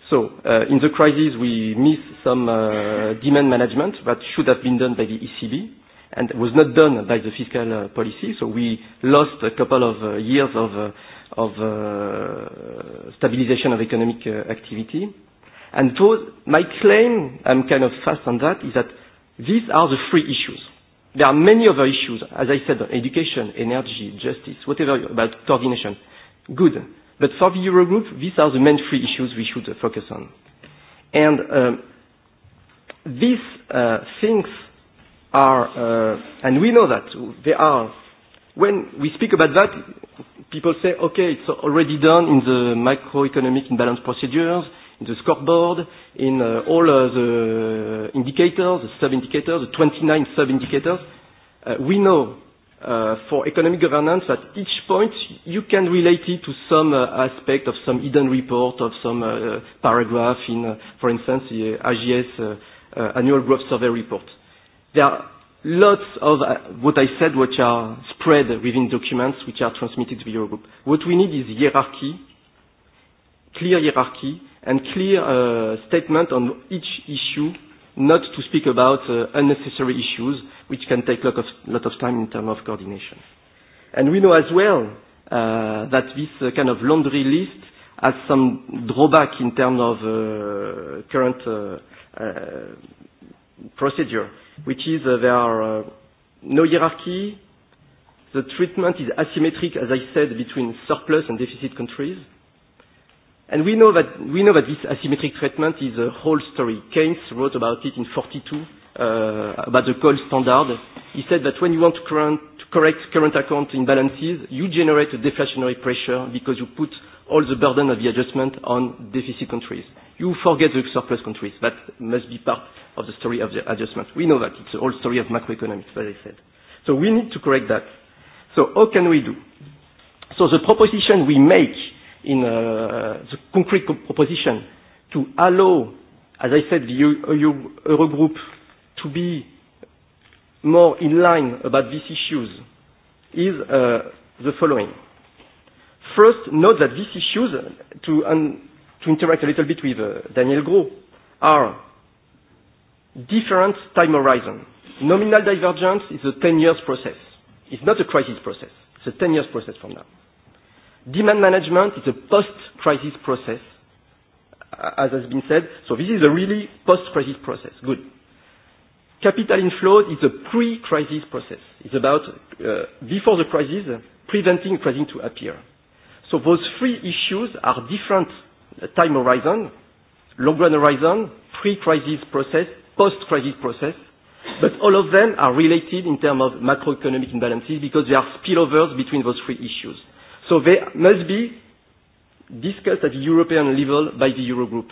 So, uh, in the crisis, we missed some uh, demand management that should have been done by the ECB and was not done by the fiscal uh, policy. So we lost a couple of uh, years of, uh, of uh, stabilization of economic uh, activity. And my claim, I'm kind of fast on that, is that these are the three issues. There are many other issues, as I said, education, energy, justice, whatever, about coordination. Good. But for the Eurogroup, these are the main three issues we should uh, focus on. And um, these uh, things are, uh, and we know that they are, when we speak about that, people say, okay, it's already done in the macroeconomic imbalance procedures, in the scoreboard, in uh, all uh, the indicators, the sub-indicators, the 29 sub-indicators. Uh, we know uh, for economic governance at each point you can relate it to some uh, aspect of some hidden report of some uh, paragraph in uh, for instance the uh, AGS uh, uh, annual growth survey report there are lots of uh, what I said which are spread within documents which are transmitted to the Eurogroup what we need is hierarchy clear hierarchy and clear uh, statement on each issue not to speak about uh, unnecessary issues which can take a lot of, lot of time in terms of coordination. And we know as well uh, that this uh, kind of laundry list has some drawback in terms of uh, current uh, uh, procedure, which is uh, there are uh, no hierarchy, the treatment is asymmetric, as I said, between surplus and deficit countries, And we know that, we know that this asymmetric treatment is a whole story. Keynes wrote about it in 42, uh, about the gold standard. He said that when you want to, current, to correct current account imbalances, you generate a deflationary pressure because you put all the burden of the adjustment on deficit countries. You forget the surplus countries. That must be part of the story of the adjustment. We know that. It's the whole story of macroeconomics, as I said. So we need to correct that. So how can we do? So the proposition we make in uh, the concrete proposition to allow, as I said, the Eurogroup to be more in line about these issues is uh, the following. First, note that these issues, to, un- um, to interact a little bit with uh, Daniel Gros, are different time horizon. Nominal divergence is a 10 years process. It's not a crisis process. It's a 10 years process from now. Demand management is a post-crisis process, as has been said. So this is a really post-crisis process. Good. Capital inflows is a pre-crisis process. It's about, uh, before the crisis, preventing crisis to appear. So those three issues are different uh, time horizon, long-run horizon, pre-crisis process, post-crisis process, but all of them are related in terms of macroeconomic imbalances because there are spillovers between those three issues. So they must be discussed at the European level by the Eurogroup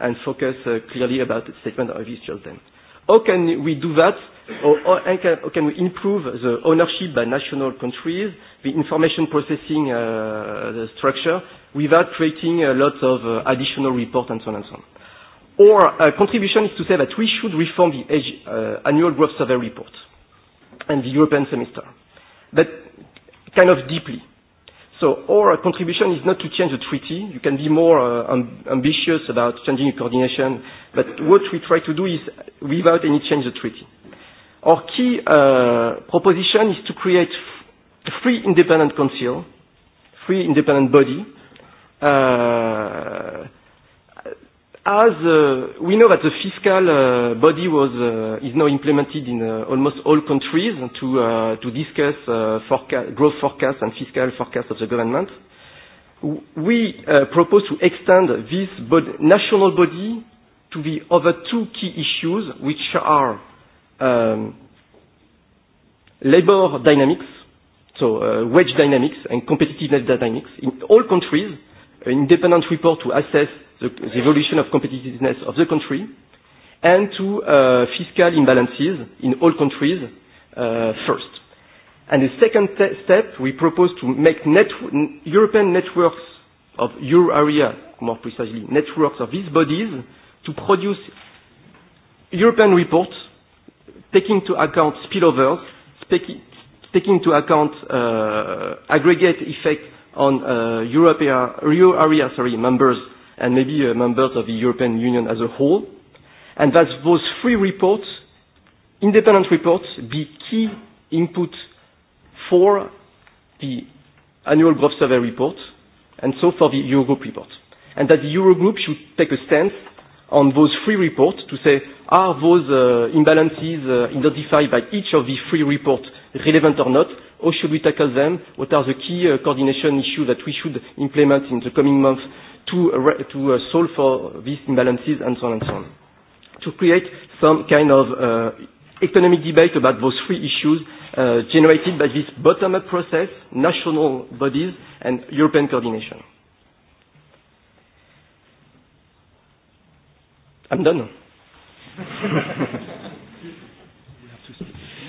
and focus uh, clearly about the statement of each of them. How can we do that? Or, or and can, how can we improve the ownership by national countries, the information processing uh, the structure, without creating a lot of uh, additional reports and so on and so on? Or a uh, contribution is to say that we should reform the uh, annual growth survey report and the European semester, but kind of deeply. So our contribution is not to change the treaty. You can be more uh, um, ambitious about changing coordination, but what we try to do is without any change the treaty. Our key uh, proposition is to create a free independent council, free independent body, uh, as uh, we know that the fiscal uh, body was uh, is now implemented in uh, almost all countries to uh, to discuss uh, forca- growth forecast and fiscal forecast of the government, we uh, propose to extend this bod- national body to the other two key issues, which are um, labor dynamics, so uh, wage dynamics and competitiveness dynamics in all countries. An independent report to assess the, the evolution of competitiveness of the country, and to uh, fiscal imbalances in all countries uh, first. And the second step, we propose to make net European networks of euro area, more precisely, networks of these bodies to produce European reports taking into account spillovers, taking into account uh, aggregate effect on uh, Europe area, Euro area sorry, members' and maybe uh, members of the European Union as a whole, and that those three reports, independent reports, be key input for the annual growth survey report and so for the Eurogroup report. And that the Eurogroup should take a stance on those three reports to say, are those uh, imbalances uh, identified by each of the three reports relevant or not? How should we tackle them? What are the key uh, coordination issues that we should implement in the coming months to, uh, to uh, solve for these imbalances and so on and so on. To create some kind of uh, economic debate about those three issues uh, generated by this bottom-up process, national bodies, and European coordination. I'm done. [laughs]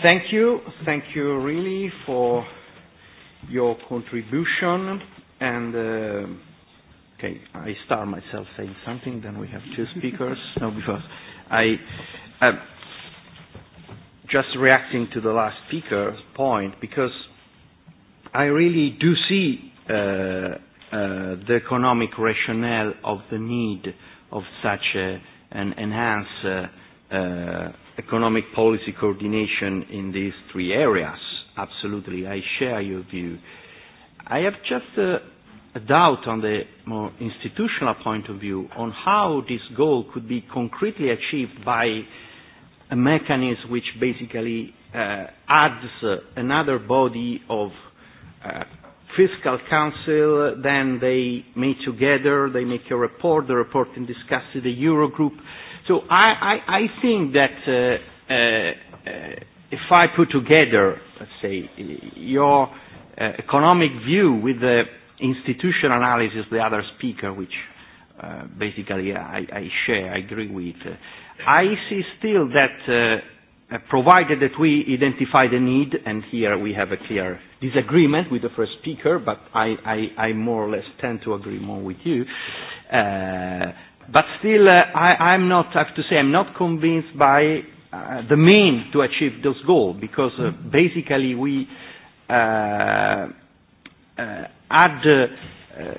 Thank you. Thank you really for your contribution and uh, Okay, I start myself saying something, then we have two speakers. no, because I I'm just reacting to the last speaker's point because I really do see uh, uh, the economic rationale of the need of such a, an enhanced uh, uh, economic policy coordination in these three areas. Absolutely, I share your view. I have just a, a doubt on the more institutional point of view on how this goal could be concretely achieved by a mechanism which basically uh, adds uh, another body of uh, fiscal council, then they meet together, they make a report, the report can discuss in the Eurogroup. So I, I, I think that uh, uh, uh, if I put together, let's say, your uh, economic view with the institutional analysis, the other speaker, which uh, basically I, I share, I agree with, I see still that uh, uh, provided that we identify the need, and here we have a clear disagreement with the first speaker, but I, I, I more or less tend to agree more with you. Uh, but still, uh, I, I'm not, I have to say, I'm not convinced by uh, the mean to achieve those goals, because uh, basically we, uh, uh, add uh, uh,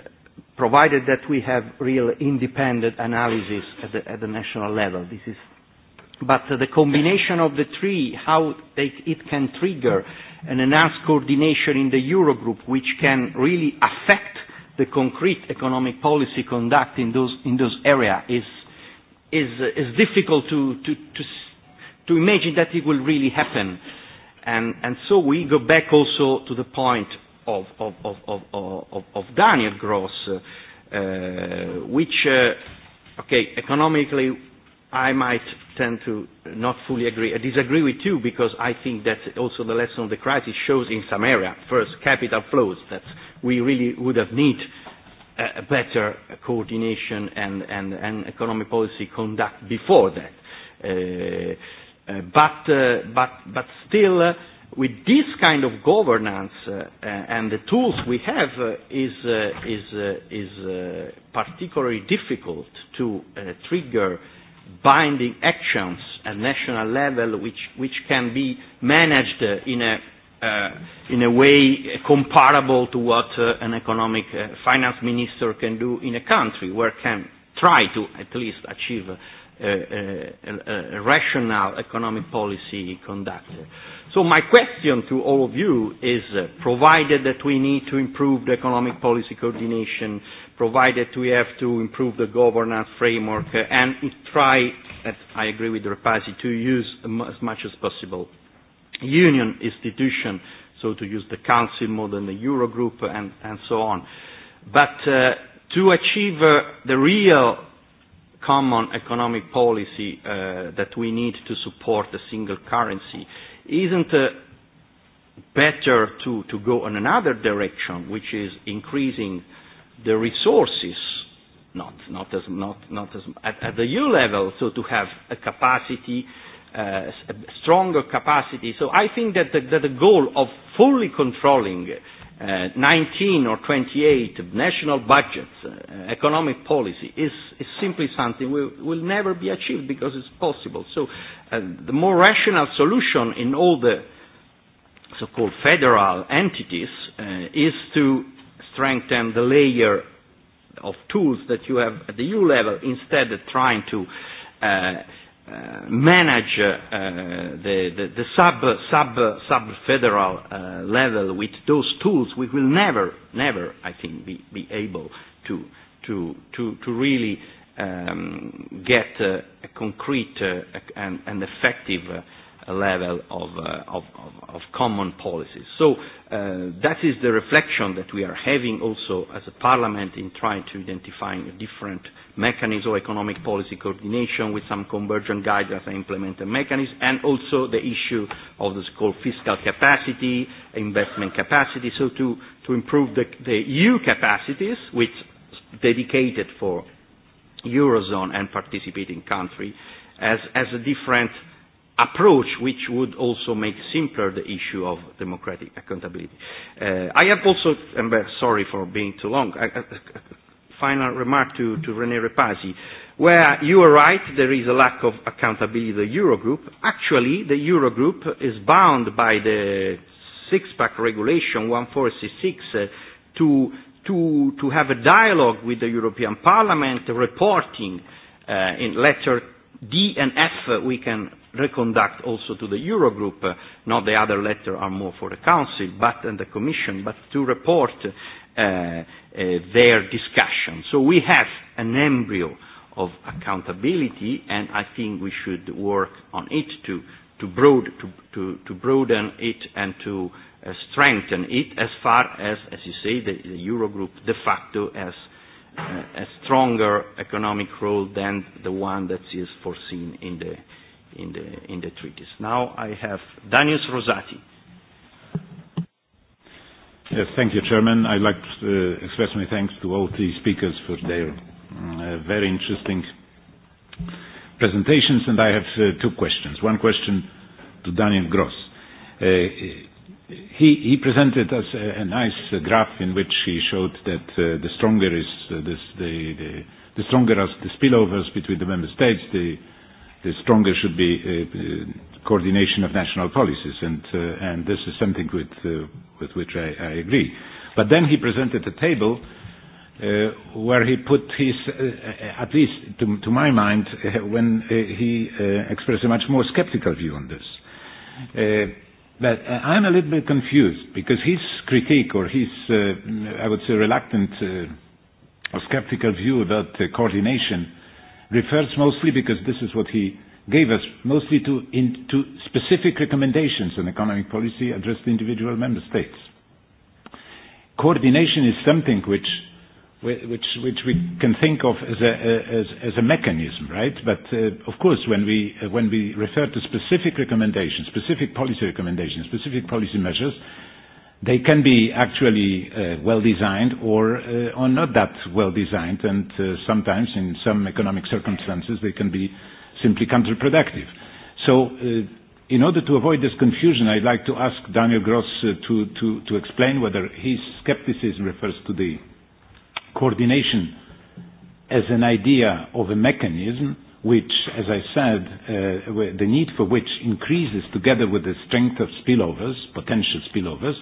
provided that we have real independent analysis at the, at the national level. This is, but uh, the combination of the three, how they, it can trigger an enhanced coordination in the Eurogroup, which can really affect the concrete economic policy conduct in those, in those areas, is, is, is difficult to, to, to, to imagine that it will really happen. And, and so we go back also to the point of, of, of, of, of, of Daniel Gross, uh, uh, which, uh, okay, economically, I might tend to not fully agree. I uh, disagree with you because I think that also the lesson of the crisis shows in some area. First, capital flows, that we really would have need a better coordination and, and, and economic policy conduct before that. Uh, uh, but, uh, but, but still, uh, with this kind of governance uh, and the tools we have uh, is, uh, is, uh, is uh, particularly difficult to uh, trigger binding actions at national level which, which can be managed uh, in a uh, in a way comparable to what uh, an economic uh, finance minister can do in a country, where can try to at least achieve uh, rational economic policy conductor. So my question to all of you is, uh, provided that we need to improve the economic policy coordination, provided we have to improve the governance framework, uh, and try, as I agree with Rapazzi, to use as much as possible union institution, so to use the council more than the Eurogroup and, and so on. But uh, to achieve uh, the real common economic policy uh, that we need to support the single currency, isn't uh, better to, to go in another direction, which is increasing the resources, not, not, as, not, not as, at, at the EU level, so to have a capacity, uh, a stronger capacity. So I think that the, that the goal of fully controlling uh, 19 uh, or 28 national budgets, uh, economic policy, is, is simply something we will never be achieved because it's possible. So uh, the more rational solution in all the so-called federal entities uh, is to strengthen the layer of tools that you have at the EU level instead of trying to uh, uh, manage uh, the, the, the sub, sub, sub federal uh, level with those tools, we will never, never, I think, be, be able to, to, to, to really um, get uh, a concrete uh, and, and effective uh, level of, uh, of, of, of common policies. So uh, that is the reflection that we are having also as a parliament in trying to identify a different mechanism of economic policy coordination with some convergent guidelines and implemented mechanisms, and also the issue of the so-called fiscal capacity, investment capacity, so to, to improve the, the EU capacities, which dedicated for Eurozone and participating country, as, as a different – approach which would also make simpler the issue of democratic accountability. Uh, I have also, I'm sorry for being too long, I, a final remark to, to René Repasi, where you are right, there is a lack of accountability in the Eurogroup. Actually, the Eurogroup is bound by the six-pack regulation 1466 uh, to, to, to have a dialogue with the European Parliament reporting uh, in letter D and F uh, we can reconduct also to the Eurogroup. Uh, not the other letter are more for the Council but and the Commission, but to report uh, uh, their discussion. So we have an embryo of accountability, and I think we should work on it to to, broad, to, to, to broaden it and to uh, strengthen it as far as, as you say, the, the Eurogroup de facto has a stronger economic role than the one that is foreseen in the, in the, in the treaties. Now I have Danius Rosati. Yes, thank you, Chairman. I'd like to uh, express my thanks to all three speakers for their uh, very interesting presentations, and I have uh, two questions. One question to Daniel Gross. Uh, he, he presented us a, a nice graph in which he showed that uh, the stronger is uh, this, the, the, the stronger as the spillovers between the member states, the, the stronger should be uh, uh, coordination of national policies, and, uh, and this is something with, uh, with which I, I agree. But then he presented a table uh, where he put his, uh, at least to, to my mind, uh, when uh, he uh, expressed a much more skeptical view on this. Uh, But uh, I'm a little bit confused because his critique or his, uh, I would say, reluctant uh, or skeptical view about uh, coordination refers mostly because this is what he gave us mostly to, in, to specific recommendations on economic policy addressed to individual member states. Coordination is something which which which we can think of as a as, as a mechanism, right? But uh, of course, when we uh, when we refer to specific recommendations, specific policy recommendations, specific policy measures, they can be actually uh, well designed or uh, or not that well designed, and uh, sometimes in some economic circumstances they can be simply counterproductive. So. Uh, in order to avoid this confusion, I'd like to ask Daniel Gross uh, to, to, to explain whether his skepticism refers to the coordination as an idea of a mechanism which, as I said, uh, the need for which increases together with the strength of spillovers, potential spillovers,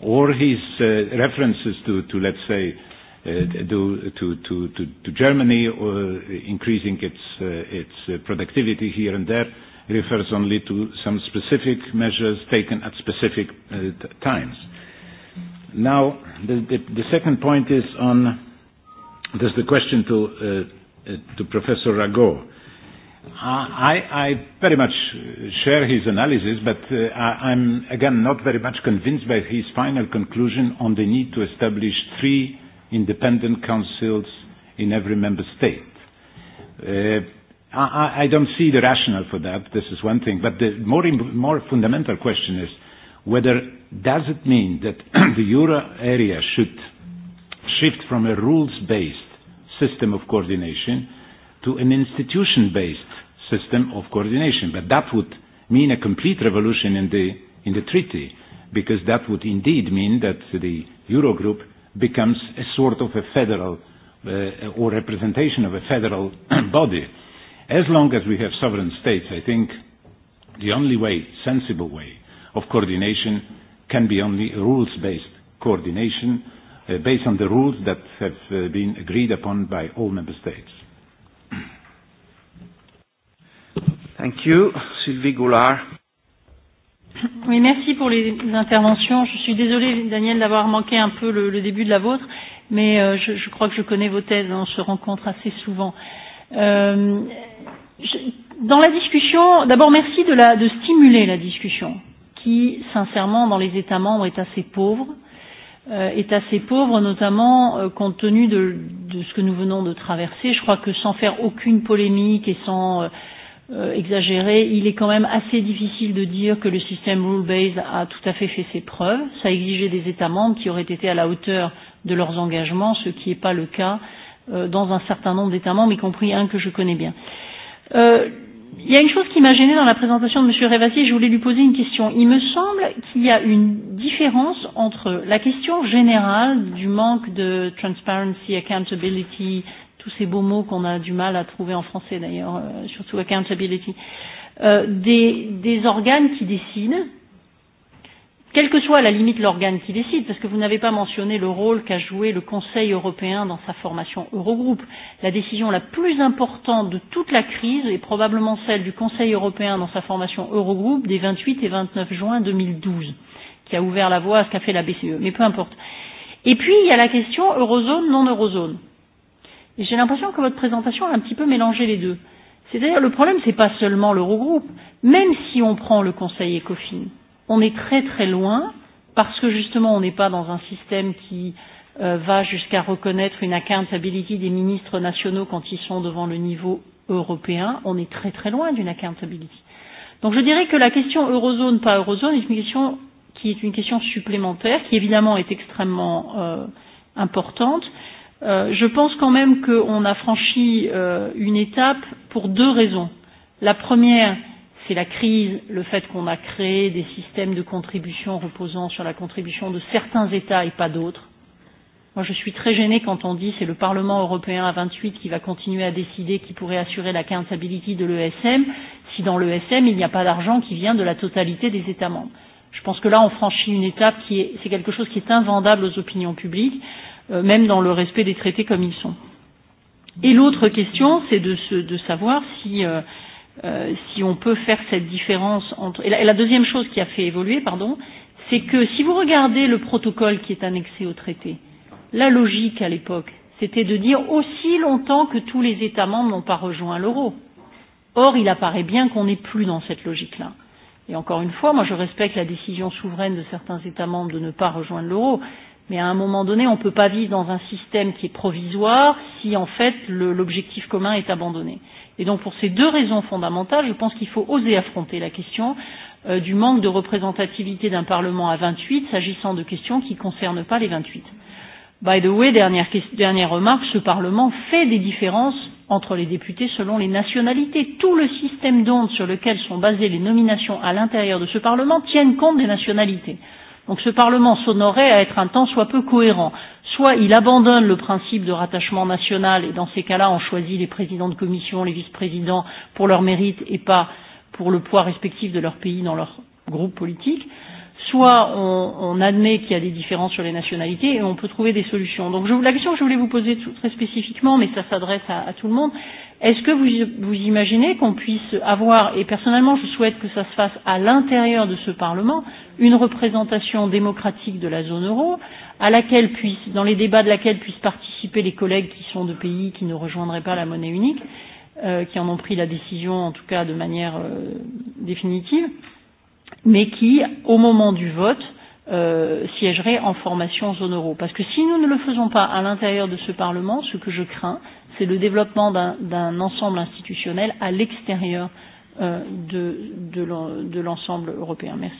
or his uh, references to, to let's say, uh, to, to, to, to Germany or increasing its, uh, its productivity here and there refers only to some specific measures taken at specific uh, times. Now, the, the, the second point is on this the question to, uh, uh, to Professor Rago. I, I very much uh, share his analysis, but uh, I'm again not very much convinced by his final conclusion on the need to establish three independent councils in every member state. Uh, I, I don't see the rationale for that. This is one thing. But the more, more fundamental question is whether Does it mean that [clears throat] the euro area should shift from a rules-based system of coordination to an institution-based system of coordination? But that would mean a complete revolution in the, in the treaty, because that would indeed mean that the Eurogroup becomes a sort of a federal uh, or representation of a federal [clears throat] body. As long as we have sovereign states, I think the only way, sensible way, of coordination can be only rules-based coordination uh, based on the rules that have uh, been agreed upon by all member states. Thank you. Sylvie Goulard. Oui, merci pour les interventions. Je suis désolée, Daniel, d'avoir manqué un peu le, le début de la vôtre, mais euh, je, je crois que je connais vos thèses. On se rencontre assez souvent. Euh, je, dans la discussion, d'abord merci de, la, de stimuler la discussion qui, sincèrement, dans les États membres, est assez pauvre, euh, est assez pauvre, notamment euh, compte tenu de, de ce que nous venons de traverser. Je crois que sans faire aucune polémique et sans euh, euh, exagérer, il est quand même assez difficile de dire que le système rule-based a tout à fait fait ses preuves. Ça exigeait des États membres qui auraient été à la hauteur de leurs engagements, ce qui n'est pas le cas euh, dans un certain nombre d'États membres, y compris un que je connais bien. Euh, Il y a une chose qui m'a gênée dans la présentation de M. Révassier, je voulais lui poser une question. Il me semble qu'il y a une différence entre la question générale du manque de transparency, accountability, tous ces beaux mots qu'on a du mal à trouver en français d'ailleurs, euh, surtout accountability, euh, des, des organes qui décident, quelle que soit à la limite l'organe qui décide, parce que vous n'avez pas mentionné le rôle qu'a joué le Conseil européen dans sa formation Eurogroupe. La décision la plus importante de toute la crise est probablement celle du Conseil européen dans sa formation Eurogroupe des 28 et 29 juin 2012, qui a ouvert la voie à ce qu'a fait la BCE, mais peu importe. Et puis, il y a la question eurozone, non eurozone. Et j'ai l'impression que votre présentation a un petit peu mélangé les deux. C'est-à-dire, le problème, ce n'est pas seulement l'Eurogroupe, même si on prend le Conseil ECOFIN on est très très loin parce que justement on n'est pas dans un système qui euh, va jusqu'à reconnaître une accountability des ministres nationaux quand ils sont devant le niveau européen, on est très très loin d'une accountability. Donc je dirais que la question eurozone, pas eurozone, est une question qui est une question supplémentaire, qui évidemment est extrêmement euh, importante. Euh, je pense quand même qu'on a franchi euh, une étape pour deux raisons. La première, euh, c'est la crise, le fait qu'on a créé des systèmes de contribution reposant sur la contribution de certains États et pas d'autres. Moi, je suis très gênée quand on dit c'est le Parlement européen à 28 qui va continuer à décider qui pourrait assurer la accountability de l'ESM si dans l'ESM il n'y a pas d'argent qui vient de la totalité des États membres. Je pense que là, on franchit une étape qui est, c'est quelque chose qui est invendable aux opinions publiques, euh, même dans le respect des traités comme ils sont. Et l'autre question, c'est de, de savoir si euh, Euh, si on peut faire cette différence entre. Et la, et la deuxième chose qui a fait évoluer, pardon, c'est que si vous regardez le protocole qui est annexé au traité, la logique à l'époque, c'était de dire aussi longtemps que tous les États membres n'ont pas rejoint l'euro. Or, il apparaît bien qu'on n'est plus dans cette logique-là. Et encore une fois, moi je respecte la décision souveraine de certains États membres de ne pas rejoindre l'euro, mais à un moment donné, on ne peut pas vivre dans un système qui est provisoire si en fait l'objectif commun est abandonné. Et donc pour ces deux raisons fondamentales, je pense qu'il faut oser affronter la question euh, du manque de représentativité d'un Parlement à 28 s'agissant de questions qui ne concernent pas les 28. By the way, dernière, dernière remarque, ce Parlement fait des différences entre les députés selon les nationalités. Tout le système d'ondes sur lequel sont basées les nominations à l'intérieur de ce Parlement tiennent compte des nationalités. Donc ce Parlement s'honorait à être un temps soit peu cohérent. Soit il abandonne le principe de rattachement national et dans ces cas-là on choisit les présidents de commission, les vice-présidents pour leur mérite et pas pour le poids respectif de leur pays dans leur groupe politique. Soit on, on admet qu'il y a des différences sur les nationalités et on peut trouver des solutions. Donc je, la question que je voulais vous poser tout, très spécifiquement, mais ça s'adresse à, à tout le monde, Est-ce que vous, vous imaginez qu'on puisse avoir, et personnellement je souhaite que ça se fasse à l'intérieur de ce Parlement, une représentation démocratique de la zone euro, à laquelle puisse, dans les débats de laquelle puissent participer les collègues qui sont de pays qui ne rejoindraient pas la monnaie unique, euh, qui en ont pris la décision en tout cas de manière euh, définitive, mais qui, au moment du vote, euh, euh, siégerait en formation en zone euro. Parce que si nous ne le faisons pas à l'intérieur de ce Parlement, ce que je crains, c'est le développement d'un ensemble institutionnel à l'extérieur euh, de, de l'ensemble européen. Merci.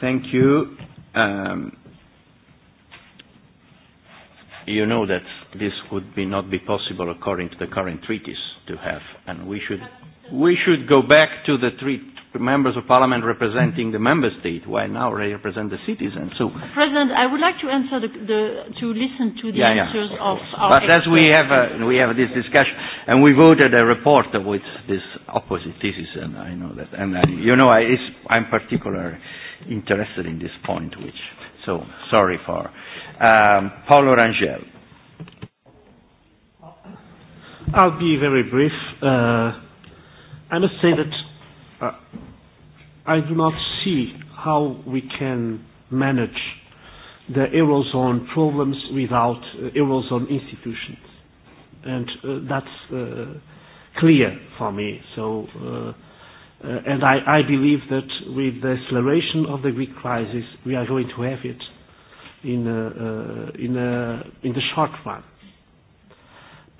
Thank you. Um, you know that this would be not be possible according to the current treaties to have, and we should we should go back to the treaty members of parliament representing the member state, while now they represent the citizens. So, President, I would like to answer the, the to listen to the yeah, answers yeah, of, of our. But experts. as we have a, uh, we have this discussion, and we voted a report with this opposite thesis, and I know that, and I, you know, I, it's, I'm particularly interested in this point, which so sorry for um, Paulo Rangel. I'll be very brief. Uh, I must say that uh, I do not see how we can manage the Eurozone problems without uh, Eurozone institutions. And uh, that's uh, clear for me. So, uh, uh, and I, I believe that with the acceleration of the Greek crisis, we are going to have it in, a, uh, uh, in, a, uh, in the short run.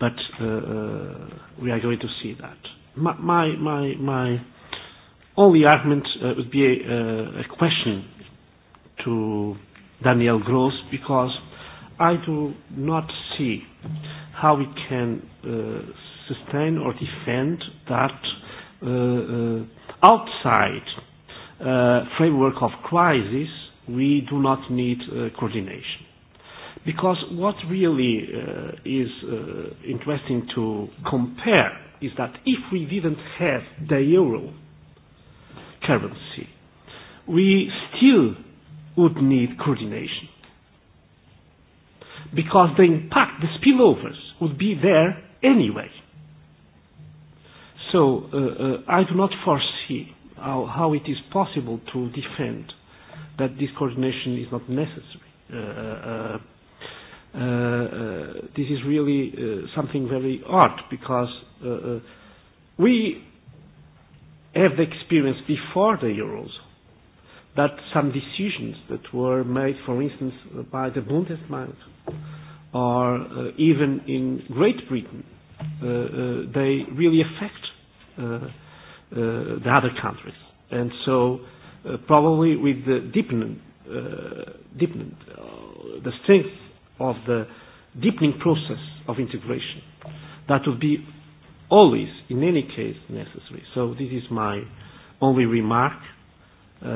But uh, uh, we are going to see that. My, my, my, my all the arguments uh, would be a, uh, a question to Daniel Gross because I do not see how we can uh, sustain or defend that uh, uh, outside uh, framework of crisis we do not need uh, coordination. Because what really uh, is uh, interesting to compare is that if we didn't have the euro currency. We still would need coordination because the impact, the spillovers, would be there anyway. So uh, uh, I do not foresee how, how it is possible to defend that this coordination is not necessary. Uh, uh, uh, uh, this is really uh, something very odd because uh, uh, we have experienced before the euros that some decisions that were made, for instance, by the Bundesbank or uh, even in Great Britain, uh, uh, they really affect uh, uh, the other countries. And so uh, probably with the deepening, uh, deepening uh, the strength of the deepening process of integration, that would be always, in any case, necessary. So this is my only remark. Uh, uh,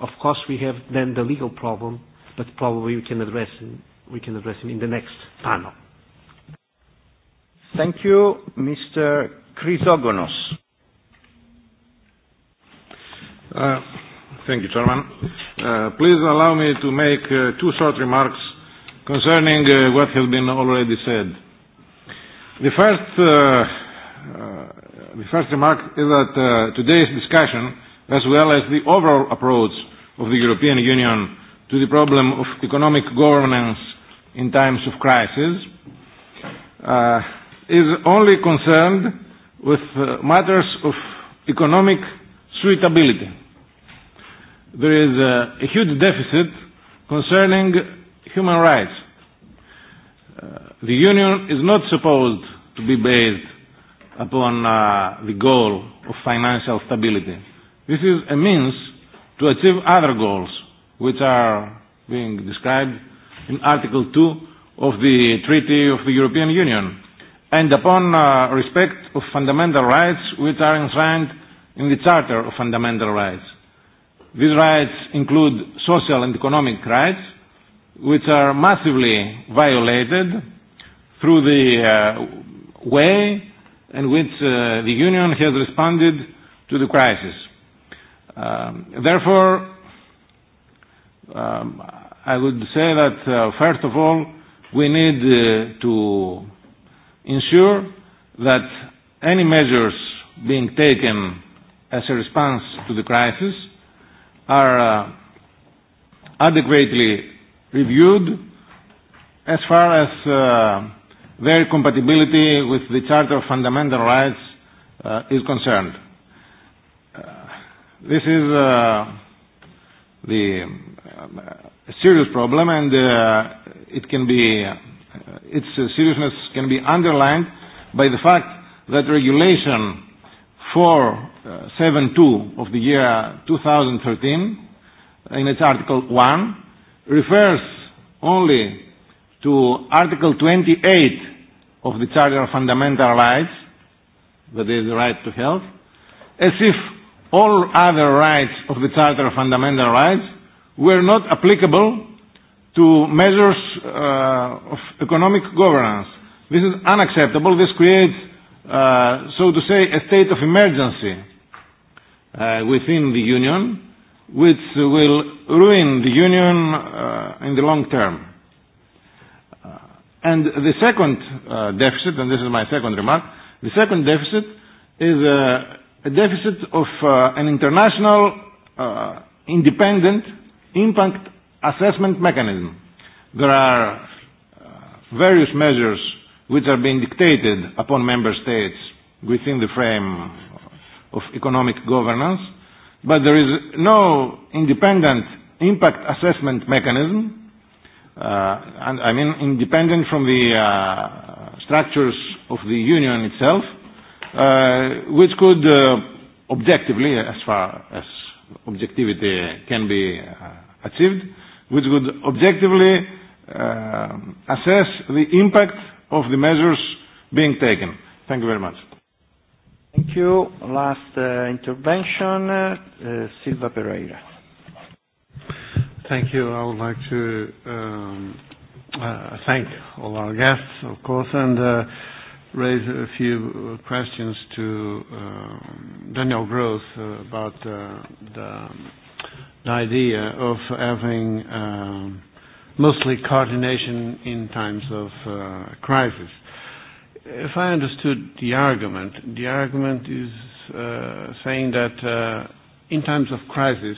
of course, we have then the legal problem, but probably we can address him, we can address him in the next panel. Thank you, Mr. Chrysogonos. Uh, thank you, Chairman. Uh, please allow me to make uh, two short remarks concerning uh, what has been already said. The first, uh, uh, the first remark is that uh, today's discussion, as well as the overall approach of the European Union to the problem of economic governance in times of crisis, uh, is only concerned with uh, matters of economic suitability. There is uh, a huge deficit concerning human rights Uh, the Union is not supposed to be based upon uh, the goal of financial stability. This is a means to achieve other goals, which are being described in Article 2 of the Treaty of the European Union, and upon uh, respect of fundamental rights which are enshrined in the Charter of Fundamental Rights. These rights include social and economic rights, which are massively violated through the uh, way in which uh, the Union has responded to the crisis. Um, therefore, um, I would say that, uh, first of all, we need uh, to ensure that any measures being taken as a response to the crisis are uh, adequately reviewed as far as uh, their compatibility with the Charter of Fundamental Rights uh, is concerned. Uh, this is uh, the uh, serious problem and uh, it can be, uh, its uh, seriousness can be underlined by the fact that regulation 472 uh, of the year 2013 in its article 1 refers only to Article 28 of the Charter of Fundamental Rights, that is the right to health, as if all other rights of the Charter of Fundamental Rights were not applicable to measures uh, of economic governance. This is unacceptable. This creates, uh, so to say, a state of emergency uh, within the Union, which will ruin the union uh, in the long term. Uh, and the second uh, deficit, and this is my second remark, the second deficit is uh, a deficit of uh, an international uh, independent impact assessment mechanism. There are uh, various measures which are being dictated upon member states within the frame of economic governance, but there is no independent impact assessment mechanism, uh, and I mean independent from the uh, structures of the union itself, uh, which could uh, objectively, as far as objectivity can be uh, achieved, which would objectively uh, assess the impact of the measures being taken. Thank you very much. Thank you. Last uh, intervention, uh, Silva Pereira. Thank you. I would like to um, uh, thank all our guests, of course, and uh, raise a few questions to uh, Daniel Gross uh, about uh, the, the idea of having um, mostly coordination in times of uh, crisis. If I understood the argument, the argument is uh, saying that uh, in times of crisis,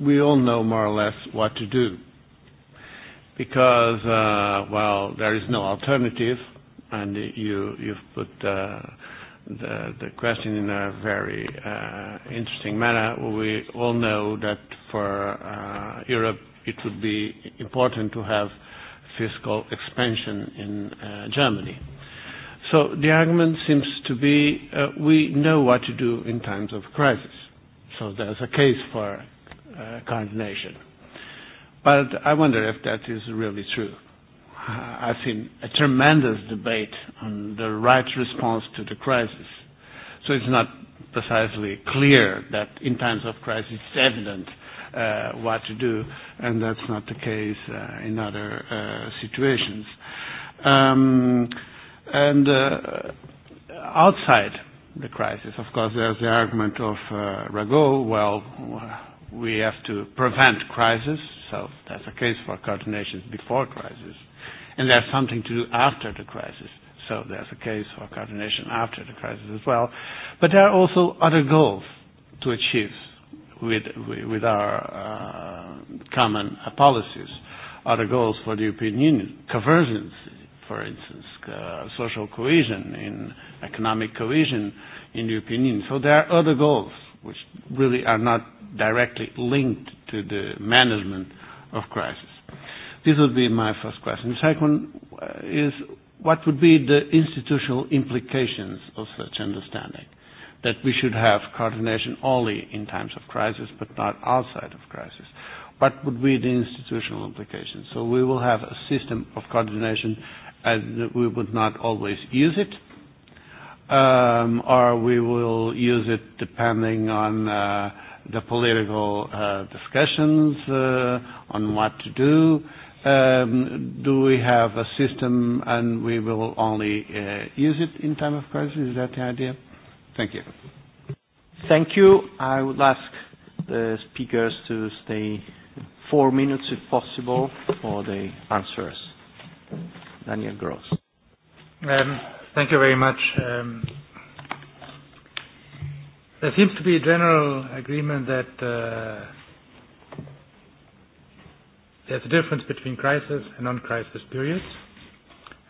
we all know more or less what to do. Because, uh, well, there is no alternative, and you, you've put uh, the, the question in a very uh, interesting manner. We all know that for uh, Europe it would be important to have fiscal expansion in uh, Germany. So the argument seems to be uh, we know what to do in times of crisis. So there's a case for kind uh, nation. But I wonder if that is really true. I've seen a tremendous debate on the right response to the crisis. So it's not precisely clear that in times of crisis it's evident uh, what to do, and that's not the case uh, in other uh, situations. Um, and uh, outside the crisis, of course, there's the argument of uh, Rago, well, we have to prevent crisis, so that's a case for coordination before crisis. And there's something to do after the crisis, so there's a case for coordination after the crisis as well. But there are also other goals to achieve with, with our uh, common uh, policies. Other goals for the European Union, convergence, for instance, uh, social cohesion, in economic cohesion in the European Union. So there are other goals which really are not directly linked to the management of crisis. This would be my first question. The second uh, is, what would be the institutional implications of such understanding? That we should have coordination only in times of crisis, but not outside of crisis. What would be the institutional implications? So we will have a system of coordination, and we would not always use it, um, or we will use it depending on uh, the political uh, discussions uh, on what to do. Um, do we have a system and we will only uh, use it in time of crisis? Is that the idea? Thank you. Thank you. I would ask the speakers to stay four minutes if possible for the answers. Daniel Gross. Um, Thank you very much. Um, there seems to be a general agreement that uh, there's a difference between crisis and non-crisis periods,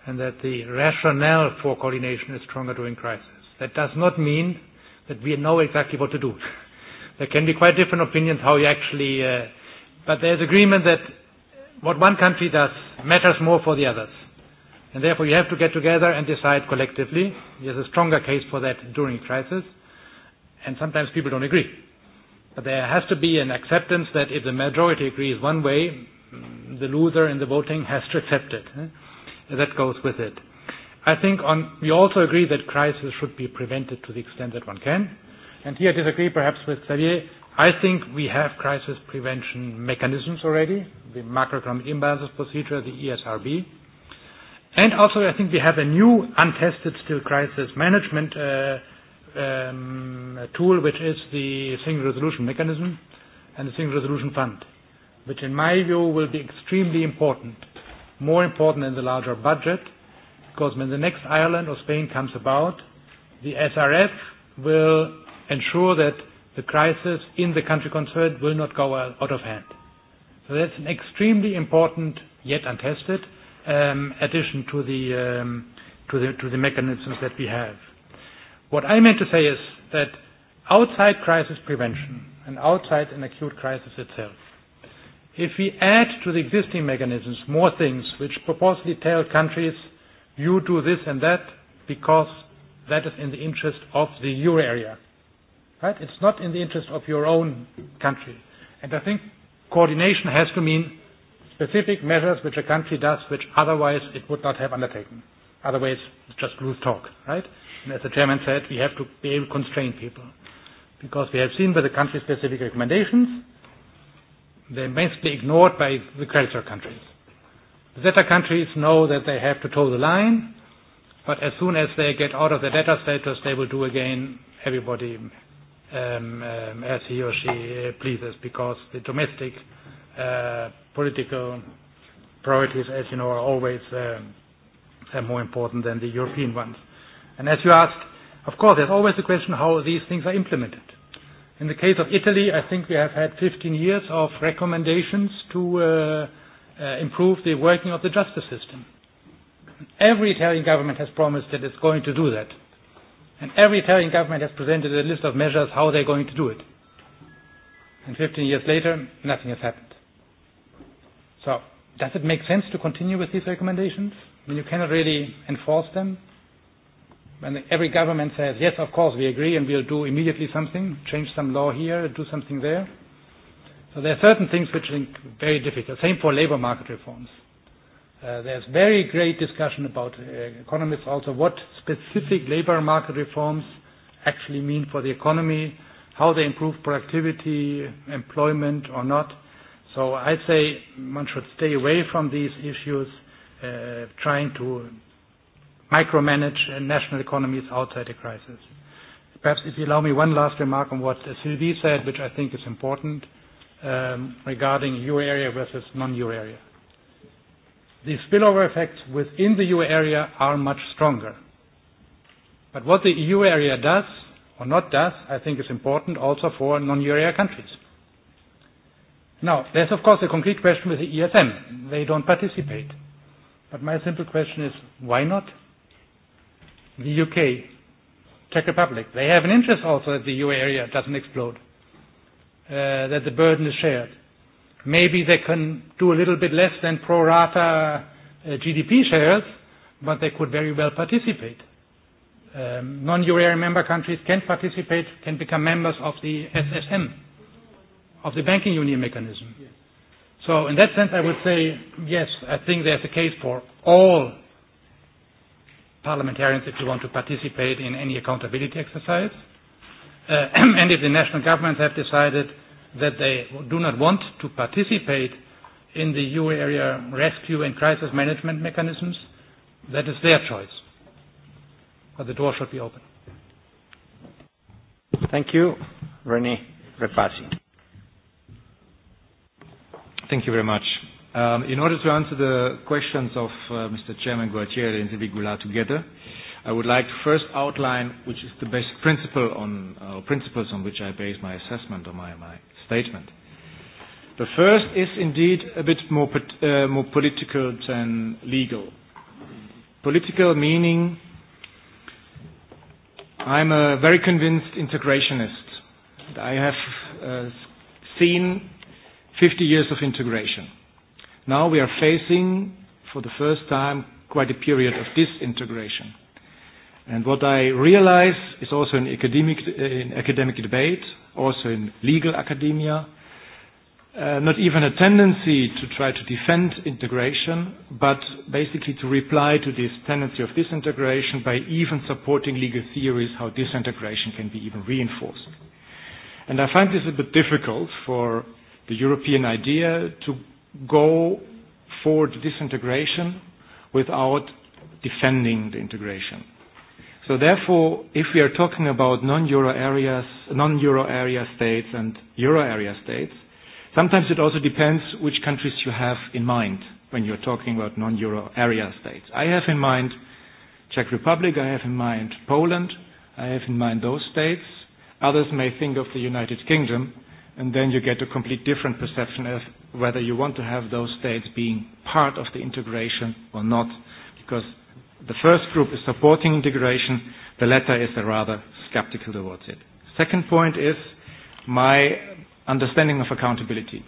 and that the rationale for coordination is stronger during crisis. That does not mean that we know exactly what to do. [laughs] there can be quite different opinions how you actually, uh, but there's agreement that what one country does matters more for the others. And therefore, you have to get together and decide collectively. There's a stronger case for that during crisis. And sometimes people don't agree. But there has to be an acceptance that if the majority agrees one way, mm, the loser in the voting has to accept it. That goes with it. I think on, we also agree that crisis should be prevented to the extent that one can. And here I disagree perhaps with Xavier. I think we have crisis prevention mechanisms already, the macroeconomic imbalances procedure, the ESRB, And also, I think we have a new untested still crisis management uh, um, tool, which is the Single Resolution Mechanism and the Single Resolution Fund, which in my view will be extremely important, more important than the larger budget, because when the next Ireland or Spain comes about, the SRF will ensure that the crisis in the country concerned will not go out of hand. So that's an extremely important, yet untested, Um, addition to the, um, to, the, to the mechanisms that we have. What I meant to say is that outside crisis prevention and outside an acute crisis itself, if we add to the existing mechanisms more things which purposely tell countries, you do this and that because that is in the interest of the euro area, right? It's not in the interest of your own country. And I think coordination has to mean specific measures which a country does which otherwise it would not have undertaken. Otherwise, it's just loose talk, right? And as the chairman said, we have to be able to constrain people. Because we have seen with the country-specific recommendations, they're basically ignored by the creditor countries. The debtor countries know that they have to toe the line, but as soon as they get out of the debtor status, they will do again everybody um, um, as he or she pleases, because the domestic Uh, political priorities, as you know, are always um, uh, are uh, more important than the European ones. And as you asked, of course, there's always the question how these things are implemented. In the case of Italy, I think we have had 15 years of recommendations to uh, uh, improve the working of the justice system. Every Italian government has promised that it's going to do that. And every Italian government has presented a list of measures how they're going to do it. And 15 years later, nothing has happened. So, does it make sense to continue with these recommendations I mean, you cannot really enforce them? When every government says, yes, of course, we agree and we'll do immediately something, change some law here, do something there. So there are certain things which are very difficult. Same for labor market reforms. Uh, there's very great discussion about uh, economists also what specific labor market reforms actually mean for the economy, how they improve productivity, employment or not. So I'd say one should stay away from these issues, uh, trying to micromanage national economies outside a crisis. Perhaps if you allow me one last remark on what Sylvie said, which I think is important, um, regarding euro area versus non-euro area. The spillover effects within the euro area are much stronger. But what the EU area does or not does, I think is important also for non-euro area countries. Now, there's of course a concrete question with the ESM. They don't participate. But my simple question is, why not? The UK, Czech Republic, they have an interest also that the EU area doesn't explode, uh, that the burden is shared. Maybe they can do a little bit less than pro rata uh, GDP shares, but they could very well participate. Um, Non-euro area member countries can participate, can become members of the SSM of the banking union mechanism. Yes. So in that sense, I would say, yes, I think there's a case for all parliamentarians if you want to participate in any accountability exercise. Uh, [clears throat] and if the national governments have decided that they do not want to participate in the EU area rescue and crisis management mechanisms, that is their choice. But the door should be open. Thank you, René Repassi. Thank you very much. Um, in order to answer the questions of uh, Mr. Chairman Gualtieri and Mr. Goulart together, I would like to first outline which is the basic principle on uh, principles on which I base my assessment or my, my statement. The first is indeed a bit more, uh, more political than legal. Political meaning I'm a very convinced integrationist. I have uh, seen 50 years of integration. Now we are facing, for the first time, quite a period of disintegration. And what I realize is also in academic, in academic debate, also in legal academia, uh, not even a tendency to try to defend integration, but basically to reply to this tendency of disintegration by even supporting legal theories how disintegration can be even reinforced. And I find this a bit difficult for the European idea to go the disintegration without defending the integration. So therefore, if we are talking about non-euro areas, non-euro area states and euro area states, sometimes it also depends which countries you have in mind when you're talking about non-euro area states. I have in mind Czech Republic, I have in mind Poland, I have in mind those states. Others may think of the United Kingdom, and then you get a complete different perception of whether you want to have those states being part of the integration or not, because the first group is supporting integration, the latter is rather skeptical towards it. Second point is my understanding of accountability.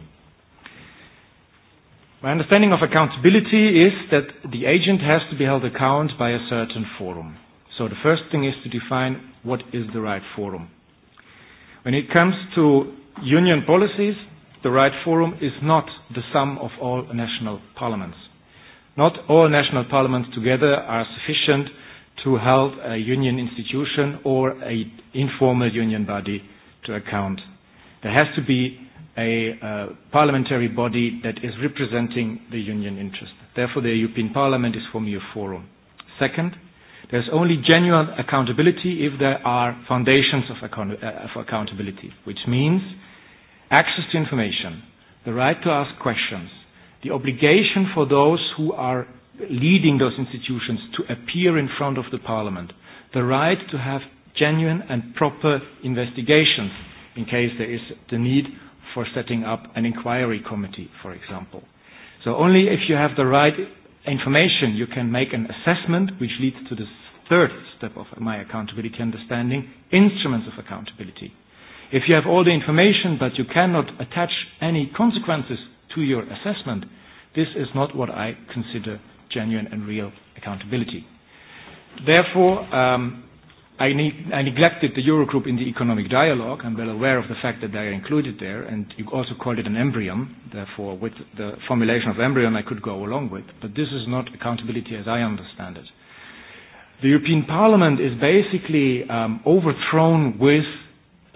My understanding of accountability is that the agent has to be held account by a certain forum. So the first thing is to define what is the right forum. When it comes to Union policies, the right forum is not the sum of all national parliaments. Not all national parliaments together are sufficient to hold a union institution or an informal union body to account. There has to be a uh, parliamentary body that is representing the union interest. Therefore, the European Parliament is for me a forum. Second, there is only genuine accountability if there are foundations of, account- uh, of accountability, which means access to information, the right to ask questions, the obligation for those who are leading those institutions to appear in front of the parliament, the right to have genuine and proper investigations in case there is the need for setting up an inquiry committee, for example. So only if you have the right information you can make an assessment which leads to the third step of my accountability understanding, instruments of accountability. If you have all the information but you cannot attach any consequences to your assessment, this is not what I consider genuine and real accountability. Therefore, um, I, ne- I neglected the Eurogroup in the economic dialogue. I'm well aware of the fact that they are included there, and you also called it an embryon. Therefore, with the formulation of embryon, I could go along with. But this is not accountability as I understand it. The European Parliament is basically um, overthrown with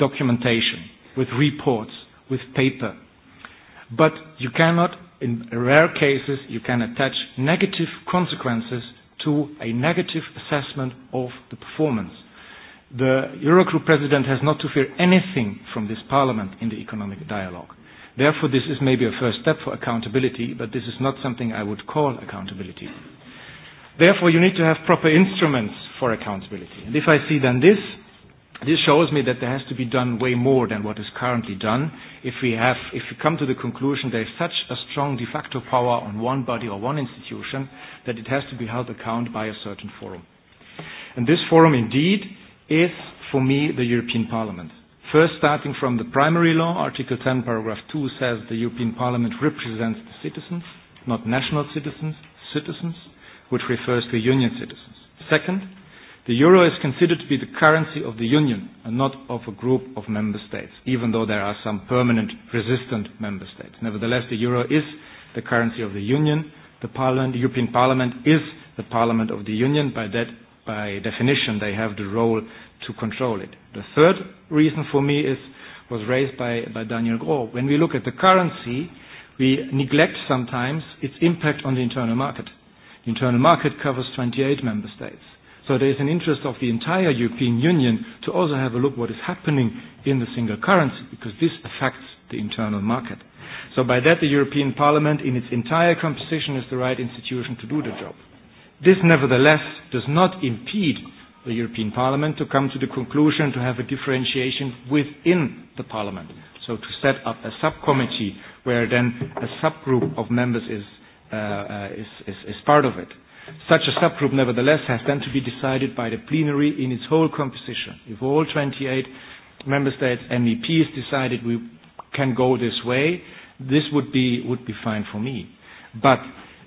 documentation, with reports, with paper. But you cannot, in rare cases, you can attach negative consequences to a negative assessment of the performance. The Eurogroup president has not to fear anything from this parliament in the economic dialogue. Therefore, this is maybe a first step for accountability, but this is not something I would call accountability. Therefore, you need to have proper instruments for accountability. And if I see then this, This shows me that there has to be done way more than what is currently done. If we, have, if we come to the conclusion there is such a strong de facto power on one body or one institution that it has to be held account by a certain forum. And this forum indeed is, for me, the European Parliament. First, starting from the primary law, Article 10, paragraph 2 says the European Parliament represents the citizens, not national citizens, citizens, which refers to union citizens. Second, The euro is considered to be the currency of the Union and not of a group of member states, even though there are some permanent resistant member states. Nevertheless, the euro is the currency of the Union. The, parliament, the European Parliament is the Parliament of the Union. By, that, by definition, they have the role to control it. The third reason for me is, was raised by, by Daniel Groh. When we look at the currency, we neglect sometimes its impact on the internal market. The internal market covers 28 member states So there is an interest of the entire European Union to also have a look what is happening in the single currency because this affects the internal market. So by that the European Parliament in its entire composition is the right institution to do the job. This nevertheless does not impede the European Parliament to come to the conclusion to have a differentiation within the Parliament. So to set up a subcommittee where then a subgroup of members is, uh, uh, is, is, is part of it. Such a subgroup, nevertheless, has then to be decided by the plenary in its whole composition. If all 28 member states MEPs decided we can go this way, this would be, would be fine for me. But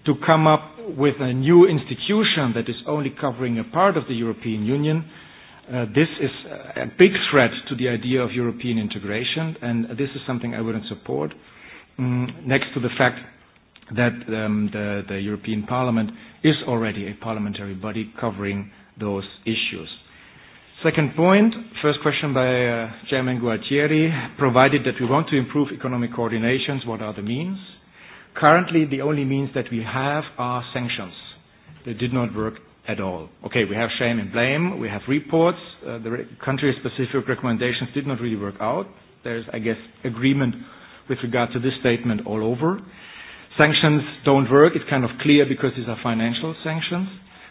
to come up with a new institution that is only covering a part of the European Union, uh, this is a big threat to the idea of European integration, and this is something I wouldn't support. Mm, next to the fact that um, the, the European Parliament is already a parliamentary body covering those issues. Second point, first question by uh, Chairman Guattieri, provided that we want to improve economic coordinations, what are the means? Currently, the only means that we have are sanctions. They did not work at all. Okay, we have shame and blame, we have reports, uh, the re- country-specific recommendations did not really work out. There's, I guess, agreement with regard to this statement all over. Sanctions don't work. It's kind of clear because these are financial sanctions.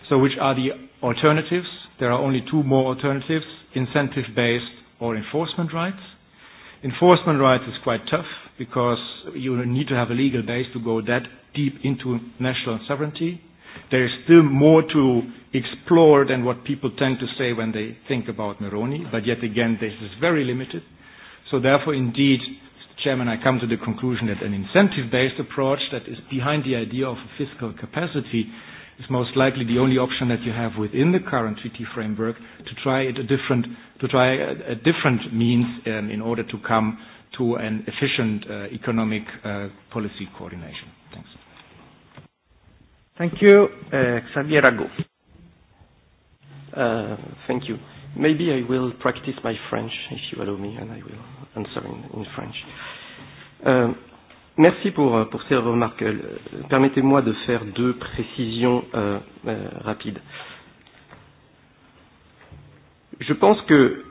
So which are the alternatives? There are only two more alternatives, incentive-based or enforcement rights. Enforcement rights is quite tough because you need to have a legal base to go that deep into national sovereignty. There is still more to explore than what people tend to say when they think about Moroni, but yet again, this is very limited. So therefore, indeed, Chairman, I come to the conclusion that an incentive-based approach that is behind the idea of fiscal capacity is most likely the only option that you have within the current treaty framework to try it a different, to try a, a different means um, in order to come to an efficient uh, economic uh, policy coordination. Thanks. Thank you. Uh, Xavier Rago. Uh, thank you. Maybe I will practice my French, if you allow me, and I will answer in, in French. Euh, merci pour, euh, pour ces remarques. Euh, permettez-moi de faire deux précisions euh, euh, rapides. Je pense que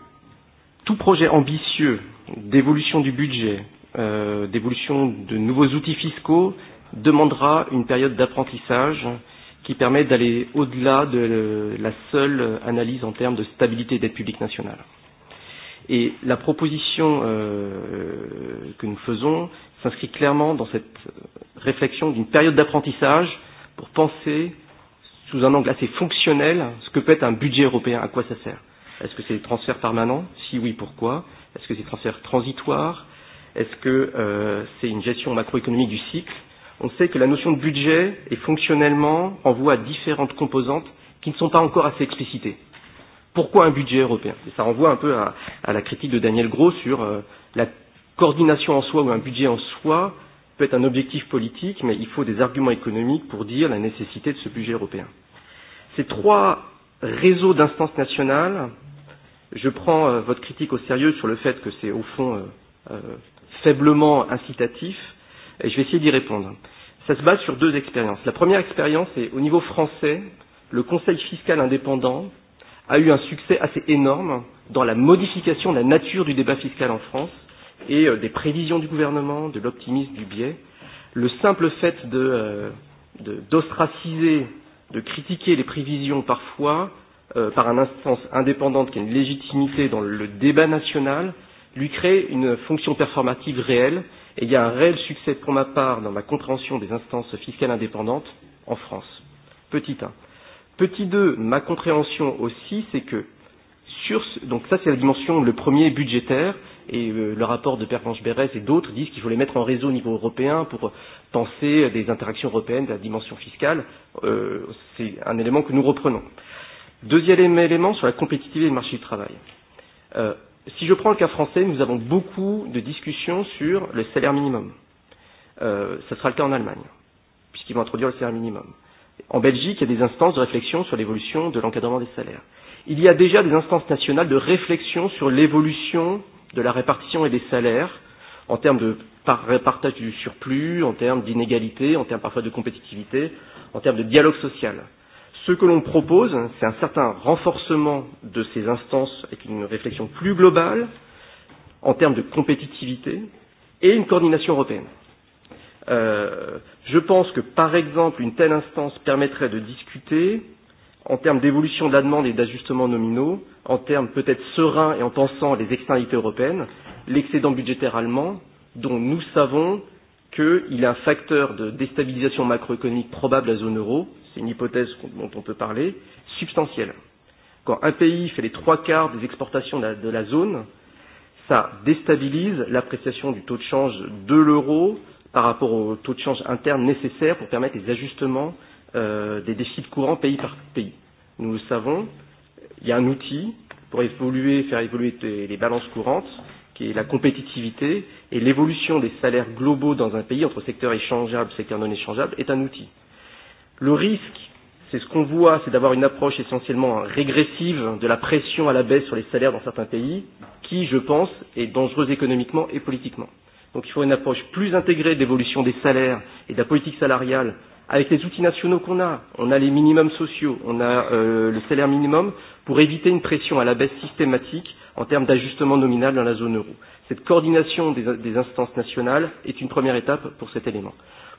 tout projet ambitieux d'évolution du budget, euh, d'évolution de nouveaux outils fiscaux, demandera une période d'apprentissage euh, qui permet d'aller au-delà de la seule analyse en termes de stabilité d'aide publique nationale. Et la proposition euh, que nous faisons s'inscrit clairement dans cette réflexion d'une période d'apprentissage pour penser sous un angle assez fonctionnel ce que peut être un budget européen, à quoi ça sert. Est-ce que c'est des transferts permanents Si oui, pourquoi Est-ce que c'est des transferts transitoires Est-ce que euh, c'est une gestion macroéconomique du cycle on sait que la notion de budget est fonctionnellement en voie à différentes composantes qui ne sont pas encore assez explicitées. Pourquoi un budget européen et Ça renvoie un peu à, à la critique de Daniel Gros sur euh, la coordination en soi ou un budget en soi peut être un objectif politique, mais il faut des arguments économiques pour dire la nécessité de ce budget européen. Ces trois réseaux d'instances nationales, je prends euh, votre critique au sérieux sur le fait que c'est au fond euh, euh, faiblement incitatif, euh, et je vais essayer d'y répondre. Ça se base sur deux expériences. La première expérience est au niveau français, le Conseil fiscal indépendant a eu un succès assez énorme dans la modification de la nature du débat fiscal en France et euh, des prévisions du gouvernement, de l'optimisme, du biais. Le simple fait euh, d'ostraciser, de, de de critiquer les prévisions parfois euh, par une instance indépendante qui a une légitimité dans le débat national, lui crée une fonction performative réelle et il y a un réel succès pour ma part dans la compréhension des instances fiscales indépendantes en France. Petit 1. Petit 2, ma compréhension aussi, c'est que sur ce, donc ça c'est la dimension le premier budgétaire et euh, le rapport de Pervenche Berès et d'autres disent qu'il faut les mettre en réseau au niveau européen pour penser des interactions européennes de la dimension fiscale. Euh, c'est un élément que nous reprenons. Deuxième élément sur la compétitivité du marché du travail. Euh, si je prends le cas français, nous avons beaucoup de discussions sur le salaire minimum. Ce Euh, sera le cas en Allemagne, puisqu'ils vont introduire le salaire minimum. En Belgique, il y a des instances de réflexion sur l'évolution de l'encadrement des salaires. Il y a déjà des instances nationales de réflexion sur l'évolution de la répartition et des salaires en termes de partage du surplus, en termes d'inégalité, en termes parfois de compétitivité, en termes de dialogue social. Euh, Ce que l'on propose, c'est un certain renforcement de ces instances avec une réflexion plus globale en termes de compétitivité et une coordination européenne. Euh, je pense que, par exemple, une telle instance permettrait de discuter en termes d'évolution de la demande et d'ajustements nominaux, en termes peut-être sereins et en pensant les externalités européennes, l'excédent budgétaire allemand, dont nous savons qu'il est un facteur de déstabilisation macroéconomique probable à la zone euro, c'est une hypothèse dont on peut parler, substantielle. Quand un pays fait les trois quarts des exportations de la, de la zone, ça déstabilise l'appréciation du taux de change de l'euro par rapport au taux de change interne nécessaire pour permettre les ajustements euh, des déficits courants pays par pays. Nous le savons, il y a un outil pour évoluer, faire évoluer les balances courantes, qui est la compétitivité et l'évolution des salaires globaux dans un pays entre secteur échangeable et secteur non échangeable est un outil. Le risque, c'est ce qu'on voit, c'est d'avoir une approche essentiellement régressive de la pression à la baisse sur les salaires dans certains pays, qui, je pense, est dangereuse économiquement et politiquement. Donc il faut une approche plus intégrée d'évolution des salaires et de la politique salariale avec les outils nationaux qu'on a. On a les minimums sociaux, on a euh, le salaire minimum pour éviter une pression à la baisse systématique en termes d'ajustement nominal dans la zone euro. Cette coordination des, des instances nationales est une première étape pour cet élément.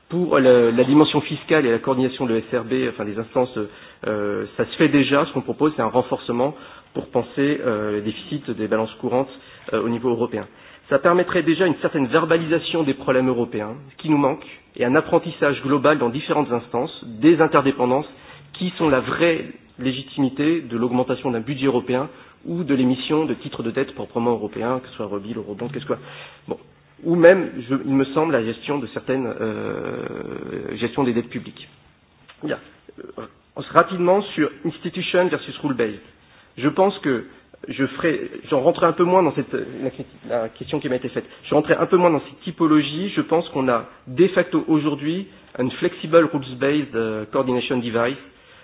Pour la, la dimension fiscale et la coordination de SRB, enfin des instances, euh, ça se fait déjà. Ce qu'on propose, c'est un renforcement pour penser euh, les déficits des balances courantes euh, au niveau européen. Ça permettrait déjà une certaine verbalisation des problèmes européens, ce qui nous manque, et un apprentissage global dans différentes instances des interdépendances qui sont la vraie légitimité de l'augmentation d'un budget européen ou de l'émission de titres de dette proprement européens, que ce soit Rebill, Eurobond, qu'est-ce que ce soit. Bon, ou même, je, il me semble, la gestion de certaines euh, gestion des dettes publiques. Bien. Euh, rapidement sur institution versus rule based. Je pense que je ferai, j'en rentrerai un peu moins dans cette la, la question qui m'a été faite. Je rentrerai un peu moins dans cette typologie. Je pense qu'on a de facto aujourd'hui un flexible rules based euh, coordination device.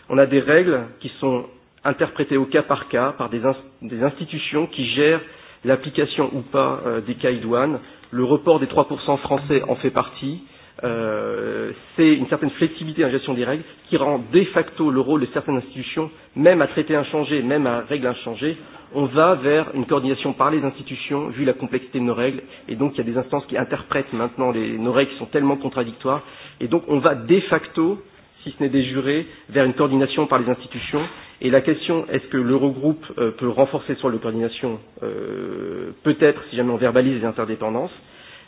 On a des règles qui sont interprétées au cas par cas par des, in, des institutions qui gèrent l'application ou pas euh, des cas douanes. Le report des 3% français en fait partie. Euh, c'est une certaine flexibilité en gestion des règles qui rend de facto le rôle de certaines institutions, même à traité inchangé, même à règles inchangées, on va vers une coordination par les institutions, vu la complexité de nos règles, et donc il y a des instances qui interprètent maintenant les, nos règles qui sont tellement contradictoires, et donc on va de facto si ce n'est des jurés, vers une coordination par les institutions. Et la question, est-ce que l'Eurogroupe euh, peut renforcer son rôle de coordination euh, Peut-être, si jamais on verbalise les interdépendances.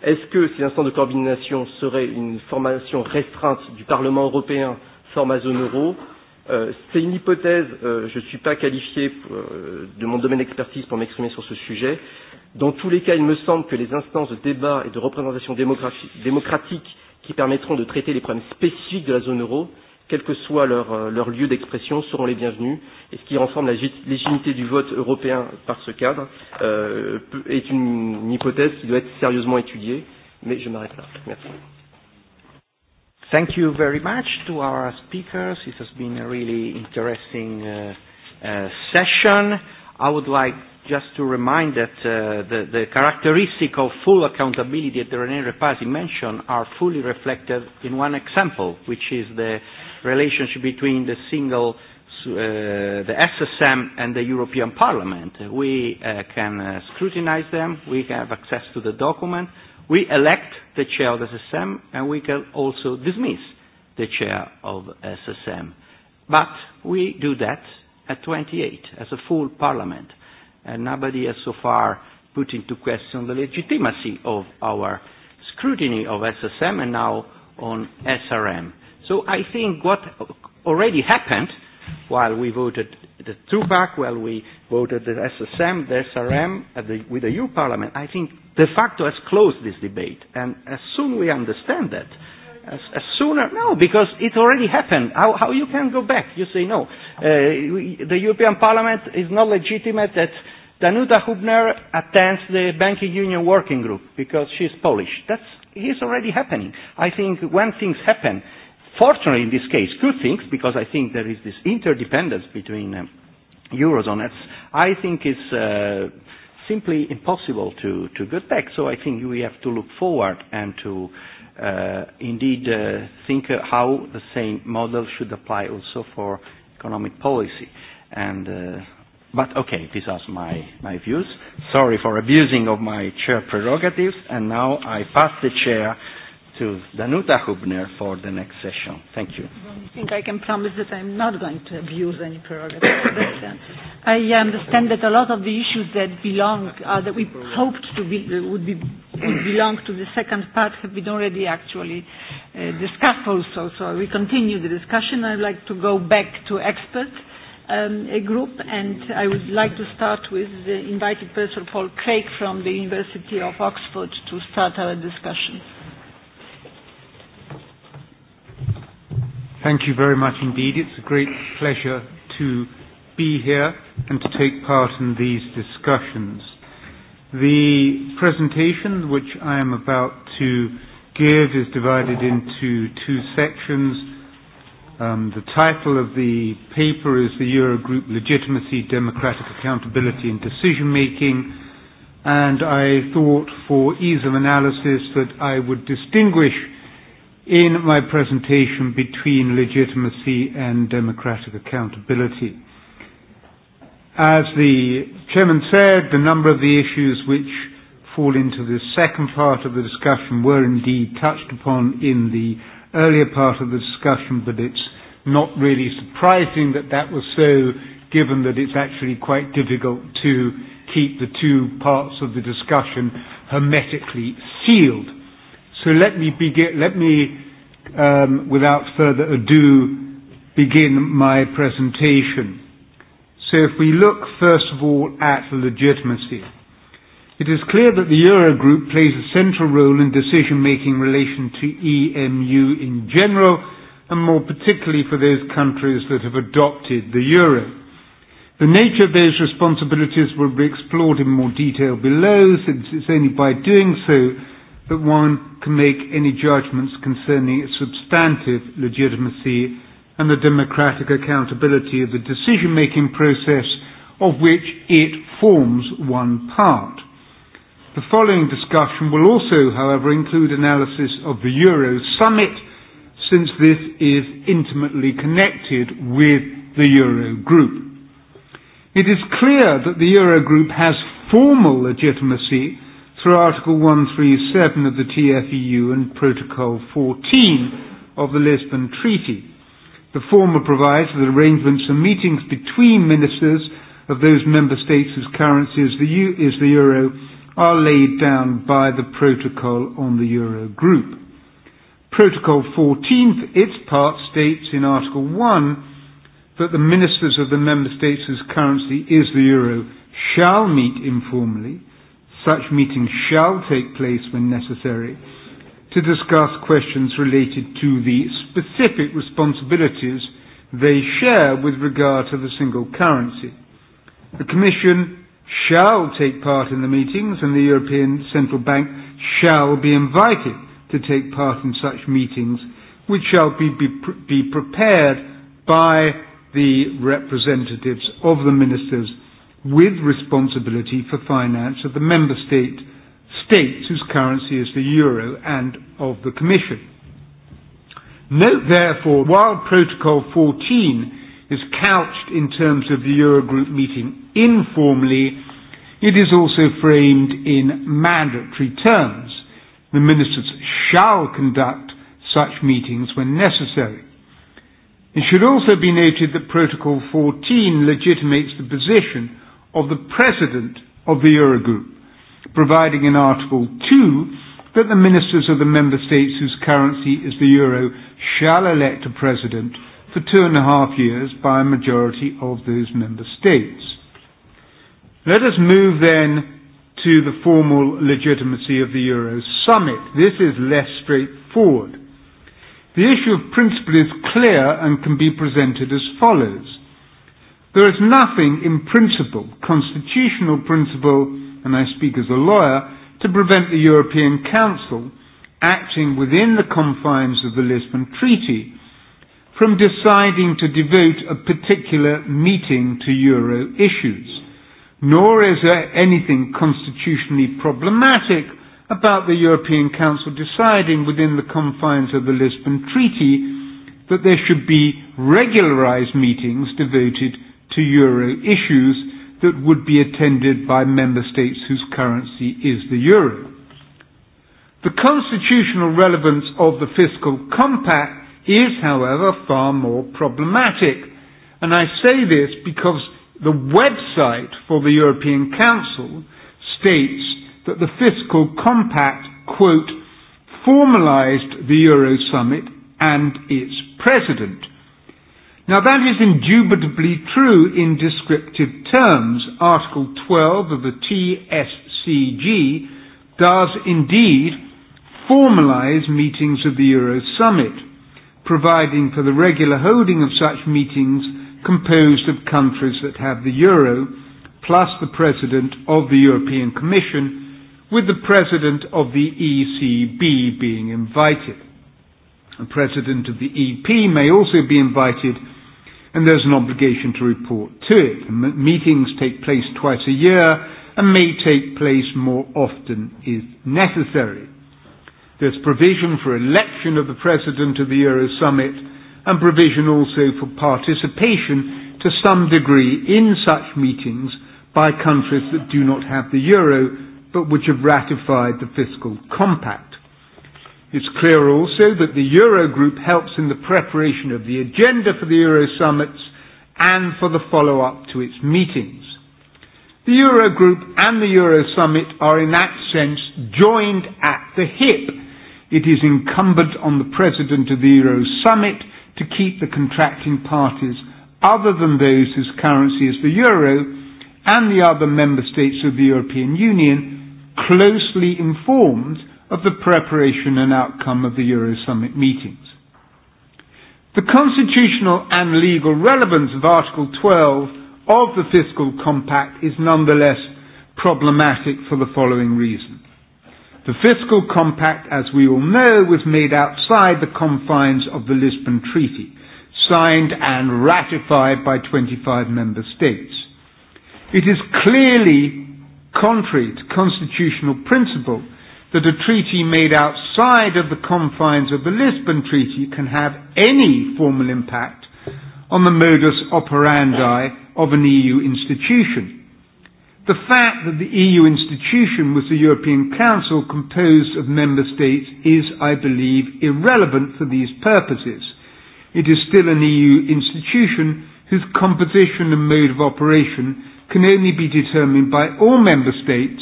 Est-ce que ces instances de coordination seraient une formation restreinte du Parlement européen, format zone euro euh, C'est une hypothèse, euh, je ne suis pas qualifié euh, de mon domaine d'expertise pour m'exprimer sur ce sujet. Dans tous les cas, il me semble que les instances de débat et de représentation démocratique qui permettront de traiter les problèmes spécifiques de la zone euro, quel que soit leur, euh, leur lieu d'expression, seront les bienvenus. Et ce qui renforce la légitimité du vote européen par ce cadre euh, est une, une hypothèse qui doit être sérieusement étudiée. Mais je m'arrête là. Merci. Thank you very much to our speakers. It has been a really interesting uh, uh, session. I would like just to remind that uh, the, the characteristic of full accountability that René Repasi mentioned are fully reflected in one example, which is the relationship between the single, uh, the SSM and the European Parliament. We uh, can uh, scrutinize them, we have access to the document, we elect the chair of the SSM, and we can also dismiss the chair of SSM. But we do that at 28 as a full parliament and nobody has so far put into question the legitimacy of our scrutiny of SSM and now on SRM. So I think what already happened while we voted the two while we voted the SSM, the SRM at the, with the EU Parliament, I think de facto has closed this debate. And as soon we understand that, As, as sooner, no, because it already happened. How, how you can go back? You say no. Uh, we, the European Parliament is not legitimate that Danuta Hubner attends the Banking Union Working Group because she's Polish. That's is already happening. I think when things happen, fortunately in this case, good things, because I think there is this interdependence between um, Eurozone, that's, I think it's uh, simply impossible to, to get back. So I think we have to look forward and to uh, uh, indeed uh, think how the same model should apply also for economic policy. And, uh, but okay, these are my, my views. Sorry for abusing of my chair prerogatives, and now I pass the chair to Danuta Hubner for the next session. Thank you. I think I can promise that I'm not going to abuse any prerogative. I understand that a lot of the issues that belong, uh, that we hoped to be, uh, would, be, would belong to the second part have been already actually uh, discussed also. So we continue the discussion. I'd like to go back to experts um, a group, and I would like to start with the invited person Paul Craig from the University of Oxford to start our discussion. Thank you very much indeed. It's a great pleasure to be here and to take part in these discussions. The presentation which I am about to give is divided into two sections. Um, the title of the paper is The Eurogroup Legitimacy, Democratic Accountability and Decision Making. And I thought for ease of analysis that I would distinguish in my presentation between legitimacy and democratic accountability. As the chairman said, the number of the issues which fall into the second part of the discussion were indeed touched upon in the earlier part of the discussion, but it's not really surprising that that was so, given that it's actually quite difficult to keep the two parts of the discussion hermetically sealed. So let me begin, let me, um, without further ado, begin my presentation. So if we look first of all at legitimacy, it is clear that the Eurogroup plays a central role in decision-making in relation to EMU in general, and more particularly for those countries that have adopted the euro. The nature of those responsibilities will be explored in more detail below, since it's only by doing so that one can make any judgments concerning its substantive legitimacy and the democratic accountability of the decision-making process of which it forms one part. The following discussion will also, however, include analysis of the Euro Summit, since this is intimately connected with the Euro Group. It is clear that the Euro Group has formal legitimacy through Article 137 of the TFEU and Protocol 14 of the Lisbon Treaty. The former provides that arrangements and meetings between ministers of those member states whose currency is the, U- is the euro are laid down by the protocol on the euro group. Protocol 14, for its part, states in Article 1 that the ministers of the member states whose currency is the euro shall meet informally Such meetings shall take place when necessary to discuss questions related to the specific responsibilities they share with regard to the single currency. The Commission shall take part in the meetings and the European Central Bank shall be invited to take part in such meetings which shall be, be, be prepared by the representatives of the ministers with responsibility for finance of the member state states whose currency is the euro and of the Commission. Note therefore, while Protocol 14 is couched in terms of the Eurogroup meeting informally, it is also framed in mandatory terms. The ministers shall conduct such meetings when necessary. It should also be noted that Protocol 14 legitimates the position of the President of the Eurogroup, providing in Article 2 that the ministers of the member states whose currency is the euro shall elect a president for two and a half years by a majority of those member states. Let us move then to the formal legitimacy of the euro summit. This is less straightforward. The issue of principle is clear and can be presented as follows. There is nothing in principle, constitutional principle, and I speak as a lawyer, to prevent the European Council acting within the confines of the Lisbon Treaty from deciding to devote a particular meeting to Euro issues. Nor is there anything constitutionally problematic about the European Council deciding within the confines of the Lisbon Treaty that there should be regularised meetings devoted to euro issues that would be attended by member states whose currency is the euro. The constitutional relevance of the fiscal compact is, however, far more problematic. And I say this because the website for the European Council states that the fiscal compact, quote, formalized the Euro summit and its president, Now that is indubitably true in descriptive terms. Article 12 of the TSCG does indeed formalize meetings of the Euro Summit, providing for the regular holding of such meetings composed of countries that have the Euro, plus the President of the European Commission, with the President of the ECB being invited. The President of the EP may also be invited and there's an obligation to report to it. And meetings take place twice a year and may take place more often if necessary. There's provision for election of the President of the Euro Summit and provision also for participation to some degree in such meetings by countries that do not have the Euro but which have ratified the fiscal compact. It's clear also that the Eurogroup helps in the preparation of the agenda for the Euro summits and for the follow-up to its meetings. The Eurogroup and the Euro summit are in that sense joined at the hip. It is incumbent on the President of the Euro summit to keep the contracting parties other than those whose currency is the euro and the other member states of the European Union closely informed of the preparation and outcome of the Euro Summit meetings. The constitutional and legal relevance of Article 12 of the Fiscal Compact is nonetheless problematic for the following reason. The Fiscal Compact, as we all know, was made outside the confines of the Lisbon Treaty, signed and ratified by 25 member states. It is clearly contrary to constitutional principle that a treaty made outside of the confines of the Lisbon Treaty can have any formal impact on the modus operandi of an EU institution. The fact that the EU institution was the European Council composed of member states is, I believe, irrelevant for these purposes. It is still an EU institution whose composition and mode of operation can only be determined by all member states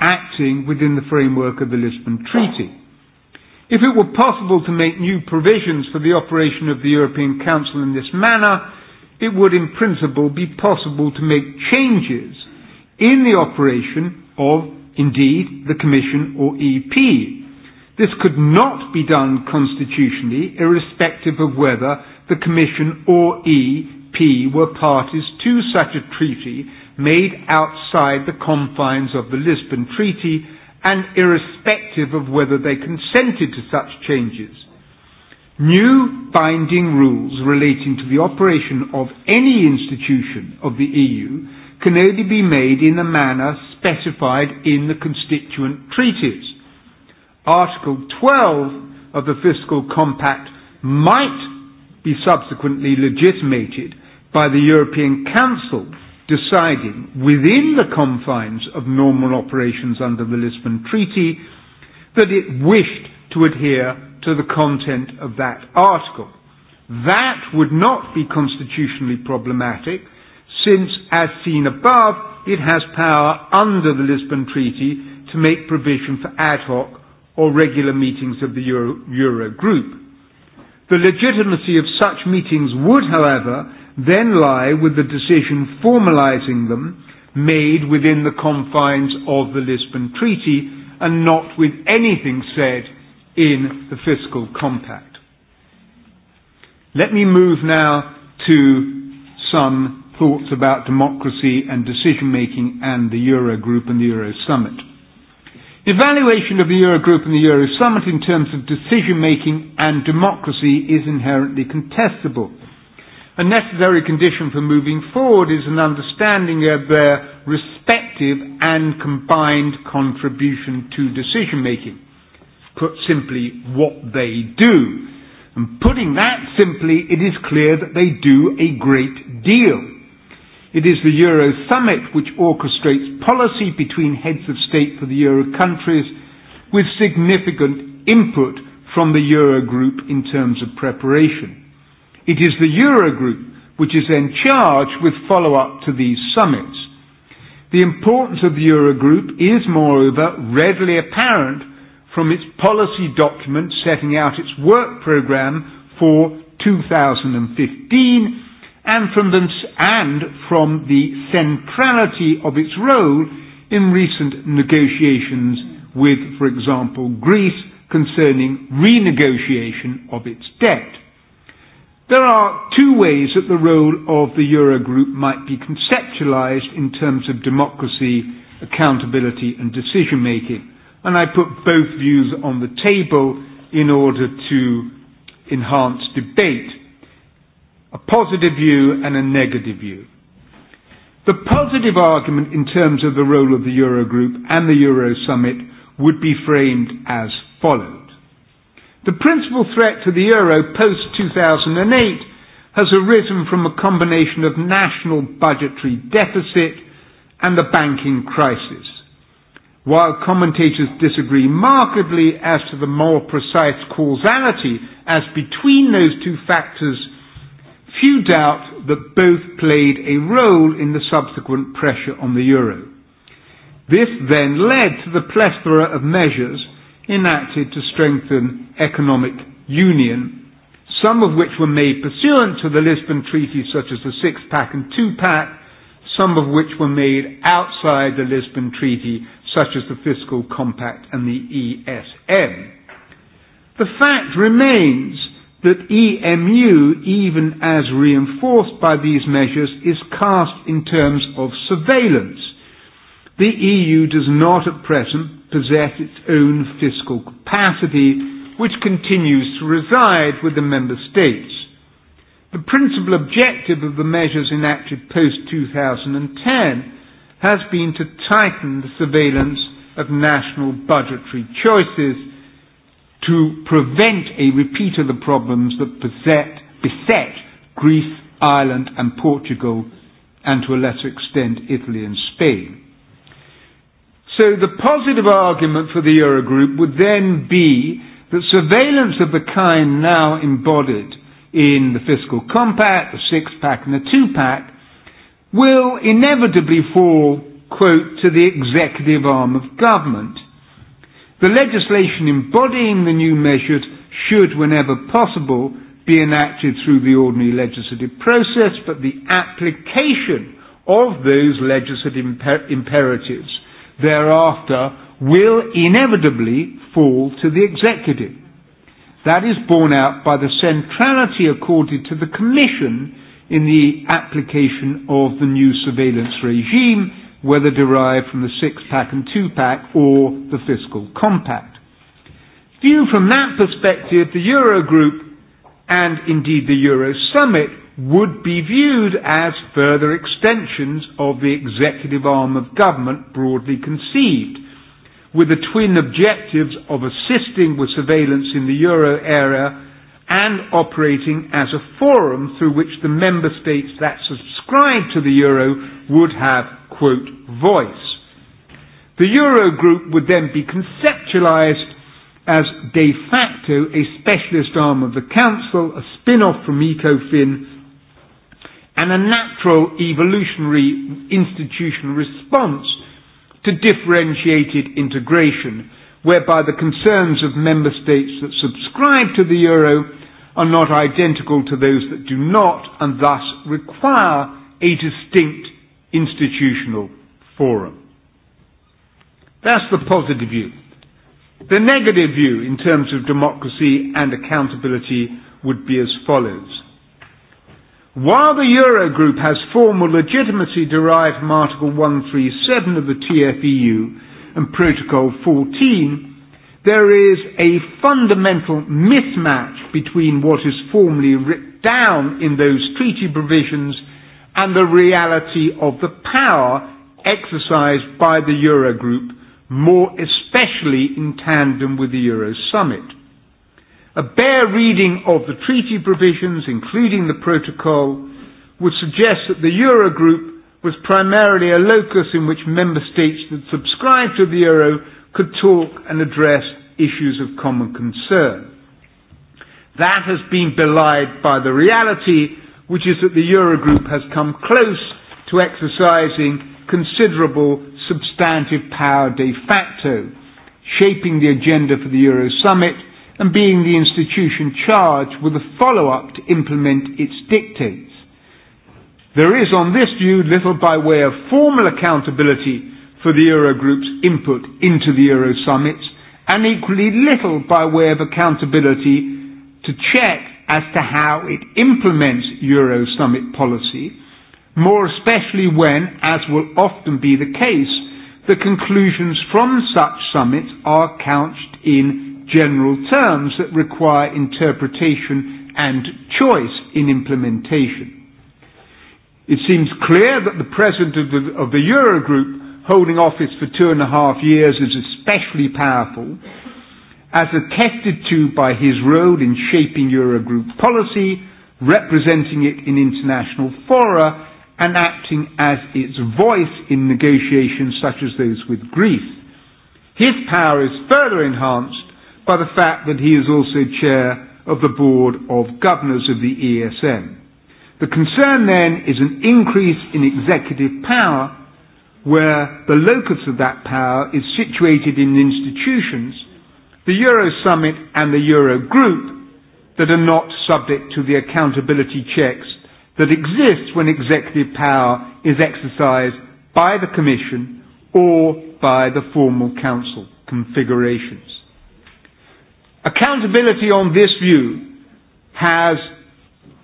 acting within the framework of the Lisbon Treaty. If it were possible to make new provisions for the operation of the European Council in this manner, it would in principle be possible to make changes in the operation of, indeed, the Commission or EP. This could not be done constitutionally, irrespective of whether the Commission or EP were parties to such a treaty made outside the confines of the Lisbon Treaty and irrespective of whether they consented to such changes. New binding rules relating to the operation of any institution of the EU can only be made in the manner specified in the constituent treaties. Article 12 of the Fiscal Compact might be subsequently legitimated by the European Council deciding within the confines of normal operations under the Lisbon Treaty that it wished to adhere to the content of that article. That would not be constitutionally problematic since, as seen above, it has power under the Lisbon Treaty to make provision for ad hoc or regular meetings of the Euro, Euro group. The legitimacy of such meetings would, however, then lie with the decision formalizing them made within the confines of the Lisbon Treaty and not with anything said in the fiscal compact. Let me move now to some thoughts about democracy and decision making and the Eurogroup and the Euro Summit. Evaluation of the Eurogroup and the Euro Summit in terms of decision making and democracy is inherently contestable. A necessary condition for moving forward is an understanding of their respective and combined contribution to decision making. Put simply, what they do. And putting that simply, it is clear that they do a great deal. It is the Euro summit which orchestrates policy between heads of state for the Euro countries with significant input from the Euro group in terms of preparation. It is the Eurogroup which is then charged with follow-up to these summits. The importance of the Eurogroup is, moreover, readily apparent from its policy document setting out its work programme for 2015 and from, the, and from the centrality of its role in recent negotiations with, for example, Greece concerning renegotiation of its debt. There are two ways that the role of the Eurogroup might be conceptualized in terms of democracy, accountability, and decision making. And I put both views on the table in order to enhance debate a positive view and a negative view. The positive argument in terms of the role of the Eurogroup and the Euro Summit would be framed as follows. The principal threat to the euro post 2008 has arisen from a combination of national budgetary deficit and the banking crisis. While commentators disagree markedly as to the more precise causality as between those two factors, few doubt that both played a role in the subsequent pressure on the euro. This then led to the plethora of measures enacted to strengthen Economic Union, some of which were made pursuant to the Lisbon Treaty, such as the Six Pack and Two Pack, some of which were made outside the Lisbon Treaty, such as the Fiscal Compact and the ESM. The fact remains that EMU, even as reinforced by these measures, is cast in terms of surveillance. The EU does not at present possess its own fiscal capacity which continues to reside with the member states. The principal objective of the measures enacted post-2010 has been to tighten the surveillance of national budgetary choices to prevent a repeat of the problems that beset, beset Greece, Ireland and Portugal and to a lesser extent Italy and Spain. So the positive argument for the Eurogroup would then be that surveillance of the kind now embodied in the fiscal compact, the six pack and the two pack will inevitably fall, quote, to the executive arm of government. The legislation embodying the new measures should, whenever possible, be enacted through the ordinary legislative process, but the application of those legislative imper- imperatives thereafter will inevitably fall to the executive. That is borne out by the centrality accorded to the Commission in the application of the new surveillance regime, whether derived from the six pack and two pack or the fiscal compact. Viewed from that perspective, the Eurogroup and indeed the Euro Summit would be viewed as further extensions of the executive arm of government broadly conceived with the twin objectives of assisting with surveillance in the euro area and operating as a forum through which the member states that subscribe to the euro would have, quote, voice. The euro group would then be conceptualized as de facto a specialist arm of the council, a spin-off from ECOFIN, and a natural evolutionary institutional response to differentiated integration, whereby the concerns of member states that subscribe to the euro are not identical to those that do not, and thus require a distinct institutional forum. That's the positive view. The negative view in terms of democracy and accountability would be as follows. While the Eurogroup has formal legitimacy derived from Article 137 of the TFEU and Protocol 14, there is a fundamental mismatch between what is formally written down in those treaty provisions and the reality of the power exercised by the Eurogroup, more especially in tandem with the Euro Summit. A bare reading of the treaty provisions, including the protocol, would suggest that the Eurogroup was primarily a locus in which member states that subscribe to the euro could talk and address issues of common concern. That has been belied by the reality, which is that the Eurogroup has come close to exercising considerable substantive power de facto, shaping the agenda for the Euro Summit and being the institution charged with the follow-up to implement its dictates. There is on this view little by way of formal accountability for the Eurogroup's input into the Euro summits and equally little by way of accountability to check as to how it implements Euro summit policy, more especially when, as will often be the case, the conclusions from such summits are couched in general terms that require interpretation and choice in implementation. It seems clear that the president of the, of the Eurogroup holding office for two and a half years is especially powerful, as attested to by his role in shaping Eurogroup policy, representing it in international fora, and acting as its voice in negotiations such as those with Greece. His power is further enhanced by the fact that he is also chair of the board of governors of the ESM. The concern then is an increase in executive power where the locus of that power is situated in institutions, the Euro Summit and the Euro Group that are not subject to the accountability checks that exist when executive power is exercised by the Commission or by the formal Council configurations. Accountability on this view has,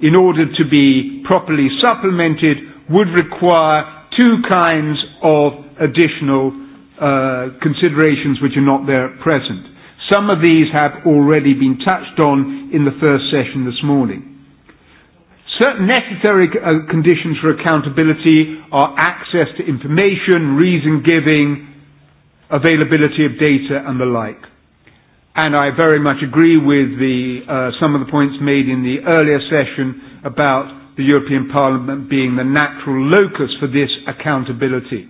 in order to be properly supplemented, would require two kinds of additional uh, considerations which are not there at present. Some of these have already been touched on in the first session this morning. Certain necessary uh, conditions for accountability are access to information, reason giving, availability of data and the like and I very much agree with the, uh, some of the points made in the earlier session about the European Parliament being the natural locus for this accountability.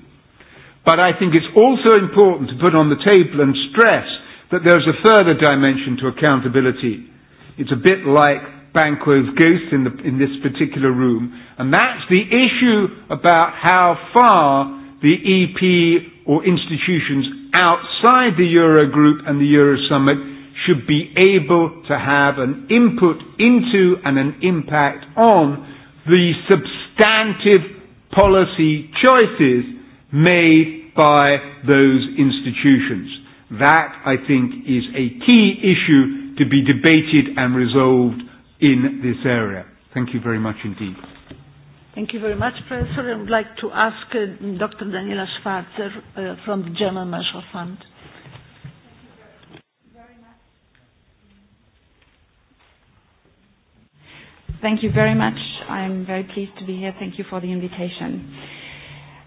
But I think it's also important to put on the table and stress that there's a further dimension to accountability. It's a bit like Banquo's ghost in, the, in this particular room, and that's the issue about how far the EP or institutions outside the Eurogroup and the Euro Summit should be able to have an input into and an impact on the substantive policy choices made by those institutions. That, I think, is a key issue to be debated and resolved in this area. Thank you very much indeed. Thank you very much, Professor. I would like to ask uh, Dr. Daniela Schwarzer uh, from the German Marshall Fund. Thank you very much. I'm very pleased to be here. Thank you for the invitation.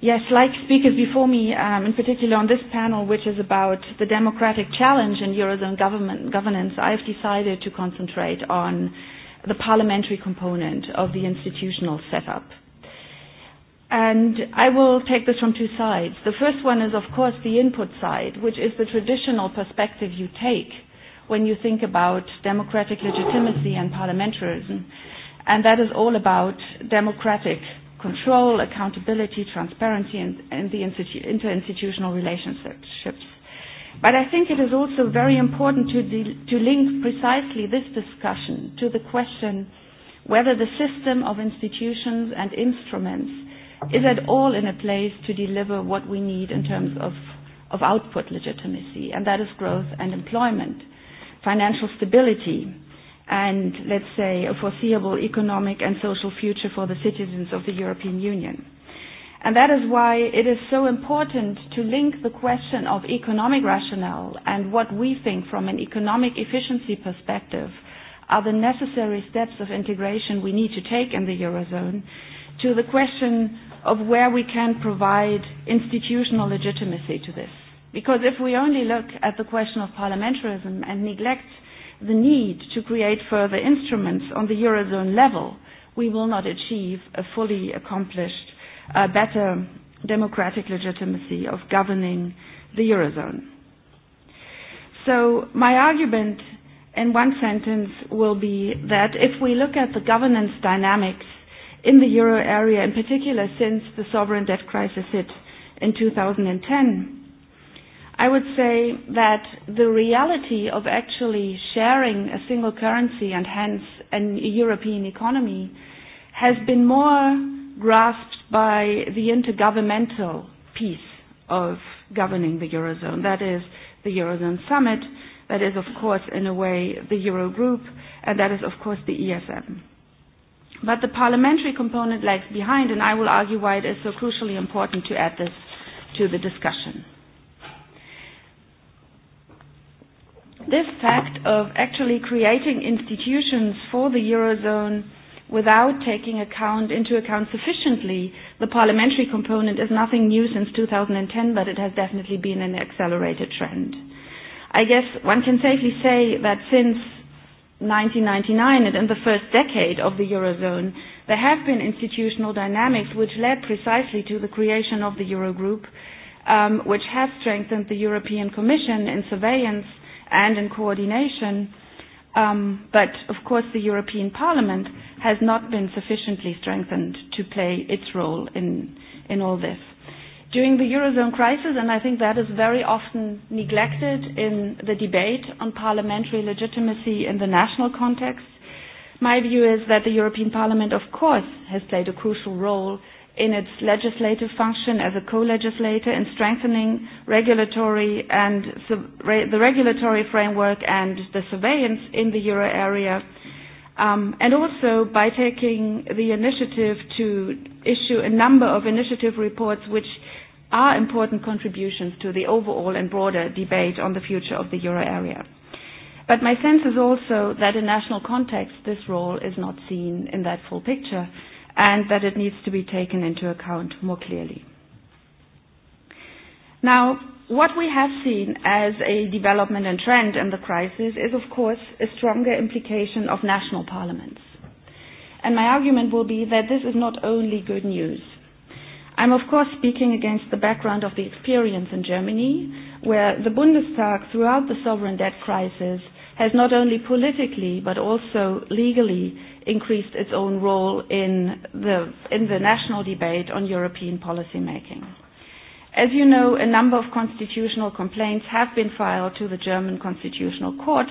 Yes, like speakers before me, um, in particular on this panel, which is about the democratic challenge in Eurozone government, governance, I've decided to concentrate on the parliamentary component of the institutional setup. And I will take this from two sides. The first one is, of course, the input side, which is the traditional perspective you take when you think about democratic legitimacy and parliamentarism. And that is all about democratic control, accountability, transparency, and, and the institu- interinstitutional relationships. But I think it is also very important to, de- to link precisely this discussion to the question whether the system of institutions and instruments is at all in a place to deliver what we need in terms of, of output legitimacy, and that is growth and employment, financial stability, and let's say a foreseeable economic and social future for the citizens of the European Union. And that is why it is so important to link the question of economic rationale and what we think from an economic efficiency perspective are the necessary steps of integration we need to take in the Eurozone to the question of where we can provide institutional legitimacy to this. Because if we only look at the question of parliamentarism and neglect the need to create further instruments on the Eurozone level, we will not achieve a fully accomplished, uh, better democratic legitimacy of governing the Eurozone. So my argument in one sentence will be that if we look at the governance dynamics in the euro area, in particular since the sovereign debt crisis hit in 2010. I would say that the reality of actually sharing a single currency and hence a European economy has been more grasped by the intergovernmental piece of governing the Eurozone. That is the Eurozone Summit, that is, of course, in a way, the Eurogroup, and that is, of course, the ESM. But the parliamentary component lags behind, and I will argue why it is so crucially important to add this to the discussion. This fact of actually creating institutions for the Eurozone without taking account, into account sufficiently the parliamentary component is nothing new since 2010, but it has definitely been an accelerated trend. I guess one can safely say that since 1999 and in the first decade of the Eurozone, there have been institutional dynamics which led precisely to the creation of the Eurogroup, um, which has strengthened the European Commission in surveillance and in coordination. Um, but of course, the European Parliament has not been sufficiently strengthened to play its role in, in all this during the Eurozone crisis, and I think that is very often neglected in the debate on parliamentary legitimacy in the national context, my view is that the European Parliament, of course, has played a crucial role in its legislative function as a co-legislator in strengthening regulatory and the regulatory framework and the surveillance in the euro area, um, and also by taking the initiative to issue a number of initiative reports which are important contributions to the overall and broader debate on the future of the euro area. But my sense is also that in national context, this role is not seen in that full picture and that it needs to be taken into account more clearly. Now, what we have seen as a development and trend in the crisis is, of course, a stronger implication of national parliaments. And my argument will be that this is not only good news. I'm of course speaking against the background of the experience in Germany, where the Bundestag throughout the sovereign debt crisis has not only politically but also legally increased its own role in the, in the national debate on European policymaking. As you know, a number of constitutional complaints have been filed to the German Constitutional Court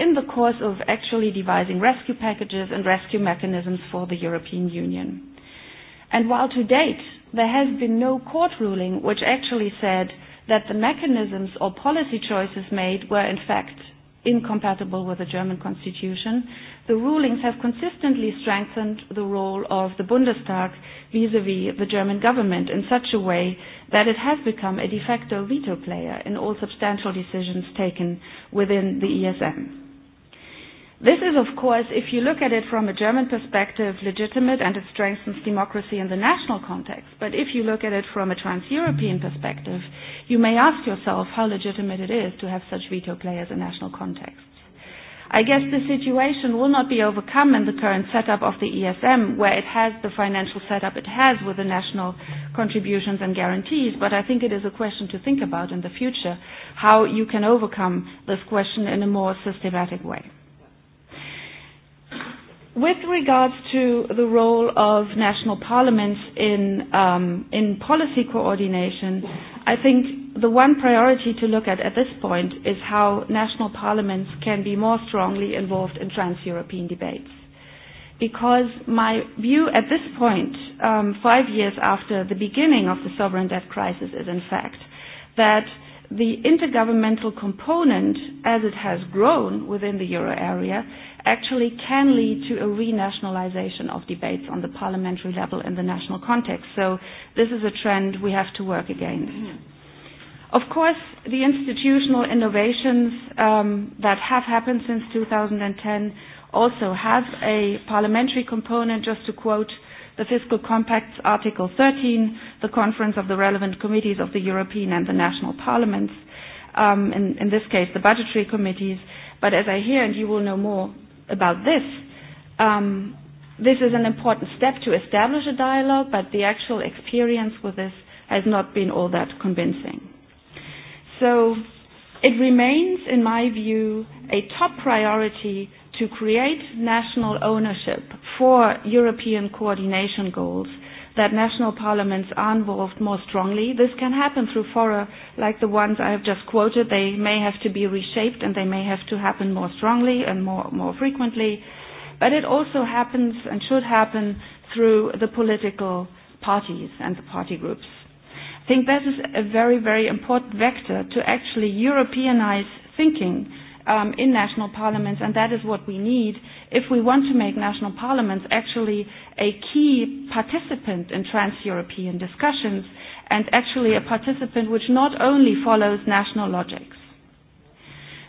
in the course of actually devising rescue packages and rescue mechanisms for the European Union. And while to date there has been no court ruling which actually said that the mechanisms or policy choices made were in fact incompatible with the German constitution. The rulings have consistently strengthened the role of the Bundestag vis-à-vis -vis the German government in such a way that it has become a de facto veto player in all substantial decisions taken within the ESM. This is, of course, if you look at it from a German perspective, legitimate and it strengthens democracy in the national context. But if you look at it from a trans-European perspective, you may ask yourself how legitimate it is to have such veto players in national contexts. I guess the situation will not be overcome in the current setup of the ESM, where it has the financial setup it has with the national contributions and guarantees, but I think it is a question to think about in the future, how you can overcome this question in a more systematic way. With regards to the role of national parliaments in, um, in policy coordination, I think the one priority to look at at this point is how national parliaments can be more strongly involved in trans-European debates. Because my view at this point, um, five years after the beginning of the sovereign debt crisis, is in fact that the intergovernmental component, as it has grown within the euro area, actually can lead to a renationalization of debates on the parliamentary level in the national context. So this is a trend we have to work against. Mm-hmm. Of course, the institutional innovations um, that have happened since 2010 also have a parliamentary component, just to quote the Fiscal Compact's Article 13, the Conference of the Relevant Committees of the European and the National Parliaments, um, in, in this case the budgetary committees, but as I hear, and you will know more about this. Um, this is an important step to establish a dialogue, but the actual experience with this has not been all that convincing. So it remains, in my view, a top priority to create national ownership for European coordination goals that national parliaments are involved more strongly. This can happen through fora like the ones I have just quoted. They may have to be reshaped and they may have to happen more strongly and more, more frequently. But it also happens and should happen through the political parties and the party groups. I think that is a very, very important vector to actually Europeanize thinking um, in national parliaments, and that is what we need if we want to make national parliaments actually a key participant in trans-European discussions and actually a participant which not only follows national logics.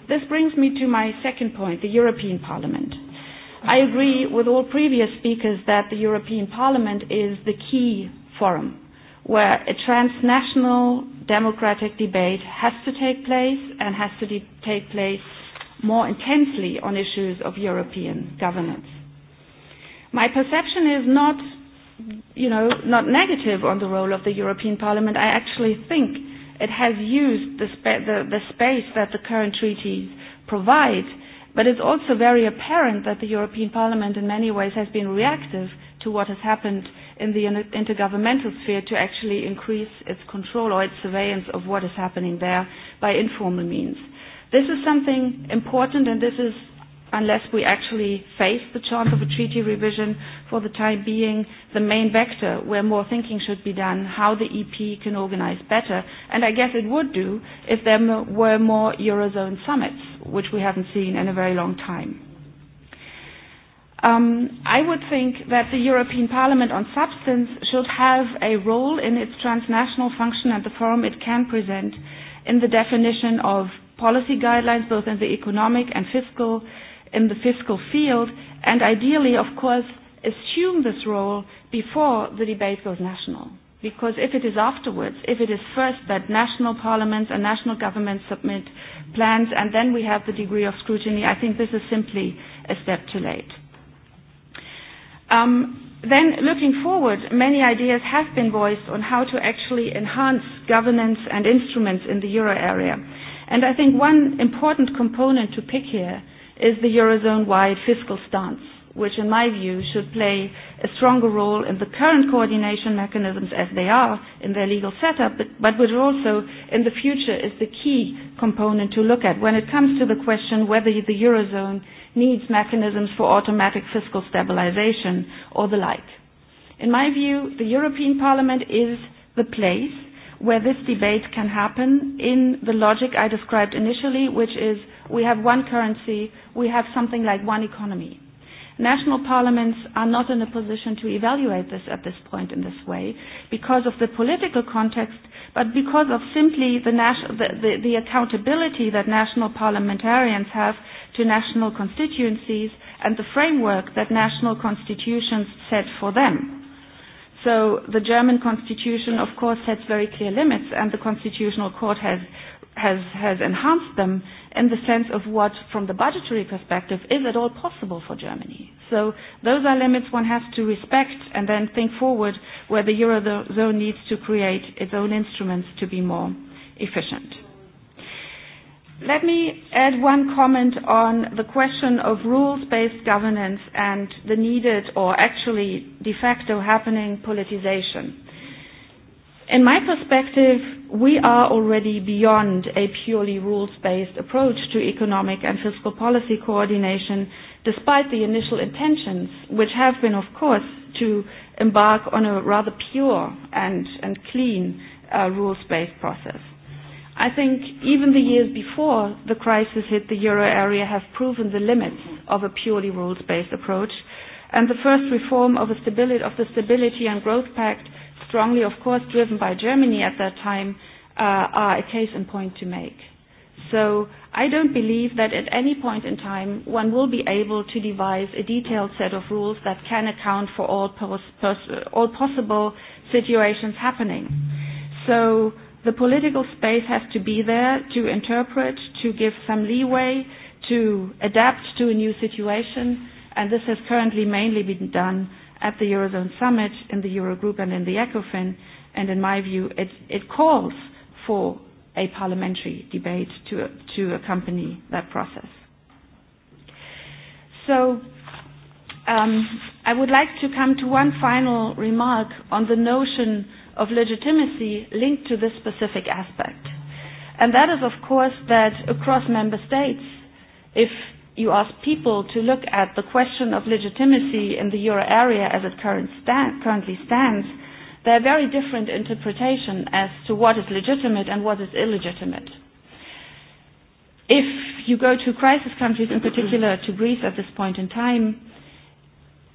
This brings me to my second point, the European Parliament. I agree with all previous speakers that the European Parliament is the key forum where a transnational democratic debate has to take place and has to de- take place more intensely on issues of European governance. My perception is not, you know, not negative on the role of the European Parliament. I actually think it has used the, spa- the, the space that the current treaties provide, but it's also very apparent that the European Parliament in many ways has been reactive to what has happened in the intergovernmental sphere to actually increase its control or its surveillance of what is happening there by informal means. This is something important, and this is unless we actually face the chance of a treaty revision for the time being, the main vector where more thinking should be done, how the EP can organize better. And I guess it would do if there were more Eurozone summits, which we haven't seen in a very long time. Um, I would think that the European Parliament on substance should have a role in its transnational function and the forum it can present in the definition of policy guidelines, both in the economic and fiscal, in the fiscal field, and ideally, of course, assume this role before the debate goes national. Because if it is afterwards, if it is first that national parliaments and national governments submit plans and then we have the degree of scrutiny, I think this is simply a step too late. Um, then looking forward, many ideas have been voiced on how to actually enhance governance and instruments in the euro area. And I think one important component to pick here is the Eurozone-wide fiscal stance, which in my view should play a stronger role in the current coordination mechanisms as they are in their legal setup, but, but which also in the future is the key component to look at when it comes to the question whether the Eurozone needs mechanisms for automatic fiscal stabilization or the like. In my view, the European Parliament is the place where this debate can happen in the logic I described initially, which is we have one currency, we have something like one economy. National parliaments are not in a position to evaluate this at this point in this way because of the political context, but because of simply the, the, the, the accountability that national parliamentarians have to national constituencies and the framework that national constitutions set for them. So the German constitution, of course, sets very clear limits, and the constitutional court has, has, has enhanced them in the sense of what, from the budgetary perspective, is at all possible for Germany. So those are limits one has to respect and then think forward where the Eurozone needs to create its own instruments to be more efficient. Let me add one comment on the question of rules-based governance and the needed or actually de facto happening politicization. In my perspective, we are already beyond a purely rules-based approach to economic and fiscal policy coordination, despite the initial intentions, which have been, of course, to embark on a rather pure and, and clean uh, rules-based process. I think even the years before the crisis hit the euro area have proven the limits of a purely rules-based approach, and the first reform of, a stability, of the Stability and Growth Pact, strongly, of course, driven by Germany at that time, uh, are a case in point to make. So I don't believe that at any point in time one will be able to devise a detailed set of rules that can account for all, pos- pos- all possible situations happening. So The political space has to be there to interpret, to give some leeway, to adapt to a new situation, and this has currently mainly been done at the Eurozone Summit, in the Eurogroup, and in the ECOFIN, and in my view, it, it calls for a parliamentary debate to, to accompany that process. So um, I would like to come to one final remark on the notion of legitimacy linked to this specific aspect. And that is, of course, that across member states, if you ask people to look at the question of legitimacy in the euro area as it current stand, currently stands, there are very different interpretations as to what is legitimate and what is illegitimate. If you go to crisis countries, in particular to Greece at this point in time,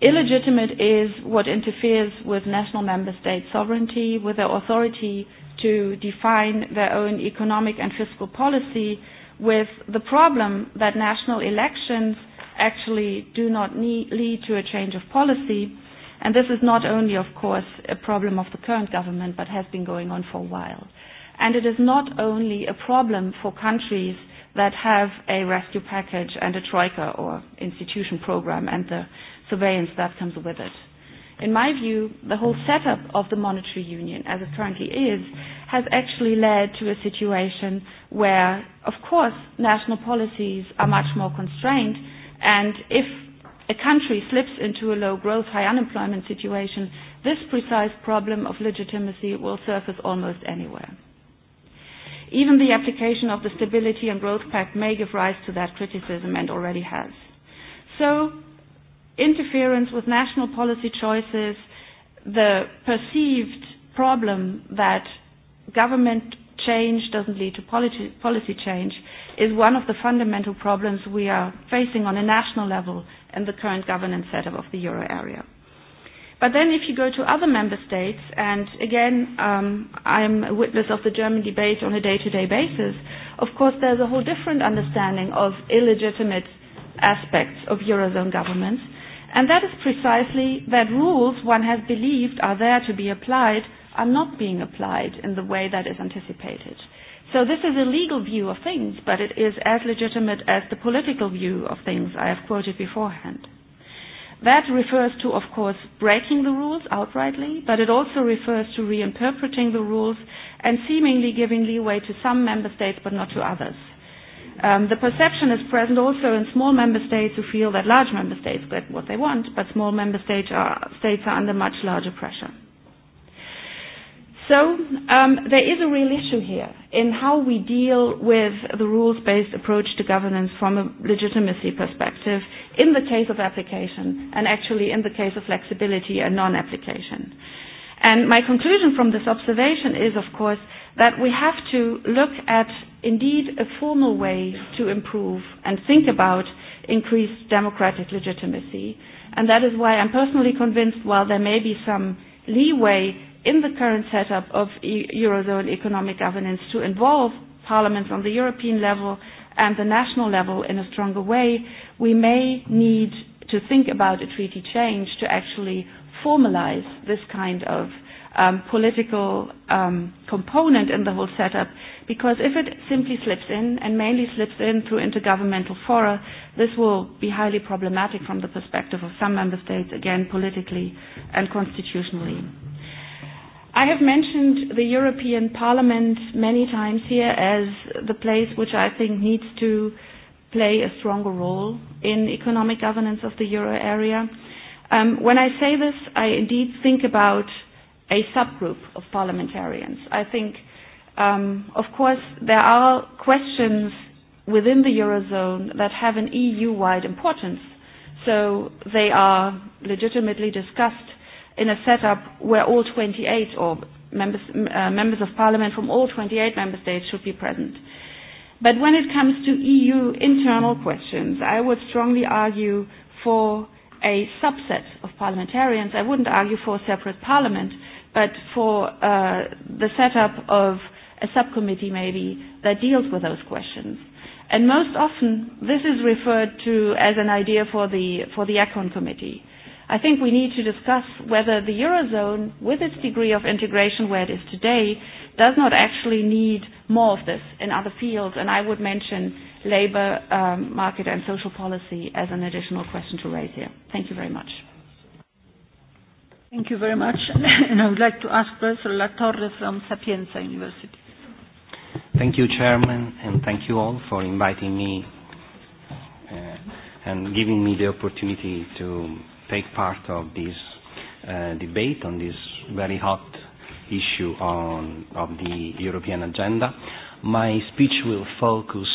Illegitimate is what interferes with national member state sovereignty, with their authority to define their own economic and fiscal policy, with the problem that national elections actually do not need, lead to a change of policy. And this is not only, of course, a problem of the current government, but has been going on for a while. And it is not only a problem for countries that have a rescue package and a troika or institution program and the surveillance that comes with it. In my view, the whole setup of the monetary union, as it currently is, has actually led to a situation where, of course, national policies are much more constrained, and if a country slips into a low growth, high unemployment situation, this precise problem of legitimacy will surface almost anywhere. Even the application of the Stability and Growth Pact may give rise to that criticism and already has. So interference with national policy choices, the perceived problem that government change doesn't lead to policy, policy change is one of the fundamental problems we are facing on a national level in the current governance setup of the euro area. But then if you go to other member states, and again, um, I'm a witness of the German debate on a day-to-day -day basis, of course there's a whole different understanding of illegitimate aspects of Eurozone governments And that is precisely that rules one has believed are there to be applied are not being applied in the way that is anticipated. So this is a legal view of things, but it is as legitimate as the political view of things I have quoted beforehand. That refers to, of course, breaking the rules outrightly, but it also refers to reinterpreting the rules and seemingly giving leeway to some member states but not to others. Um, the perception is present also in small member states who feel that large member states get what they want, but small member states are, states are under much larger pressure. So um, there is a real issue here in how we deal with the rules-based approach to governance from a legitimacy perspective in the case of application and actually in the case of flexibility and non-application. And my conclusion from this observation is, of course, that we have to look at indeed a formal way to improve and think about increased democratic legitimacy. And that is why I'm personally convinced while there may be some leeway in the current setup of e-, Eurozone economic governance to involve parliaments on the European level and the national level in a stronger way, we may need to think about a treaty change to actually formalize this kind of um, political um, component in the whole setup, because if it simply slips in, and mainly slips in through intergovernmental fora, this will be highly problematic from the perspective of some member states, again, politically and constitutionally. I have mentioned the European Parliament many times here as the place which I think needs to play a stronger role in economic governance of the euro area. Um, when I say this, I indeed think about a subgroup of parliamentarians. I think, um, of course, there are questions within the Eurozone that have an EU-wide importance. So they are legitimately discussed in a setup where all 28 or members, uh, members of parliament from all 28 member states should be present. But when it comes to EU internal questions, I would strongly argue for a subset of parliamentarians. I wouldn't argue for a separate parliament but for uh, the setup of a subcommittee maybe that deals with those questions. And most often, this is referred to as an idea for the, for the ECON committee. I think we need to discuss whether the Eurozone, with its degree of integration where it is today, does not actually need more of this in other fields. And I would mention labor, um, market, and social policy as an additional question to raise here. Thank you very much. Thank you very much. [laughs] And I would like to ask Professor Latorre from Sapienza University. Thank you, Chairman, and thank you all for inviting me uh, and giving me the opportunity to take part of this uh, debate on this very hot issue on, of the European agenda. My speech will focus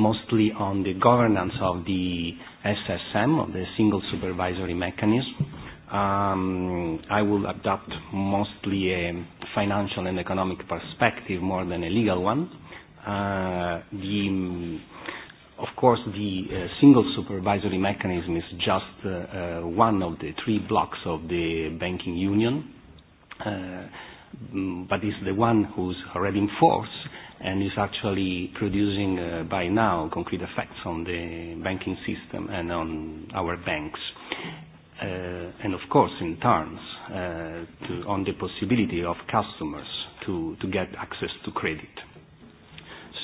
mostly on the governance of the SSM, of the Single Supervisory Mechanism, um, I will adopt mostly a financial and economic perspective more than a legal one. Uh, the, of course, the uh, single supervisory mechanism is just uh, uh, one of the three blocks of the banking union, uh, but it's the one who's already in force and is actually producing uh, by now concrete effects on the banking system and on our banks uh, and of course in terms uh, to, on the possibility of customers to, to get access to credit.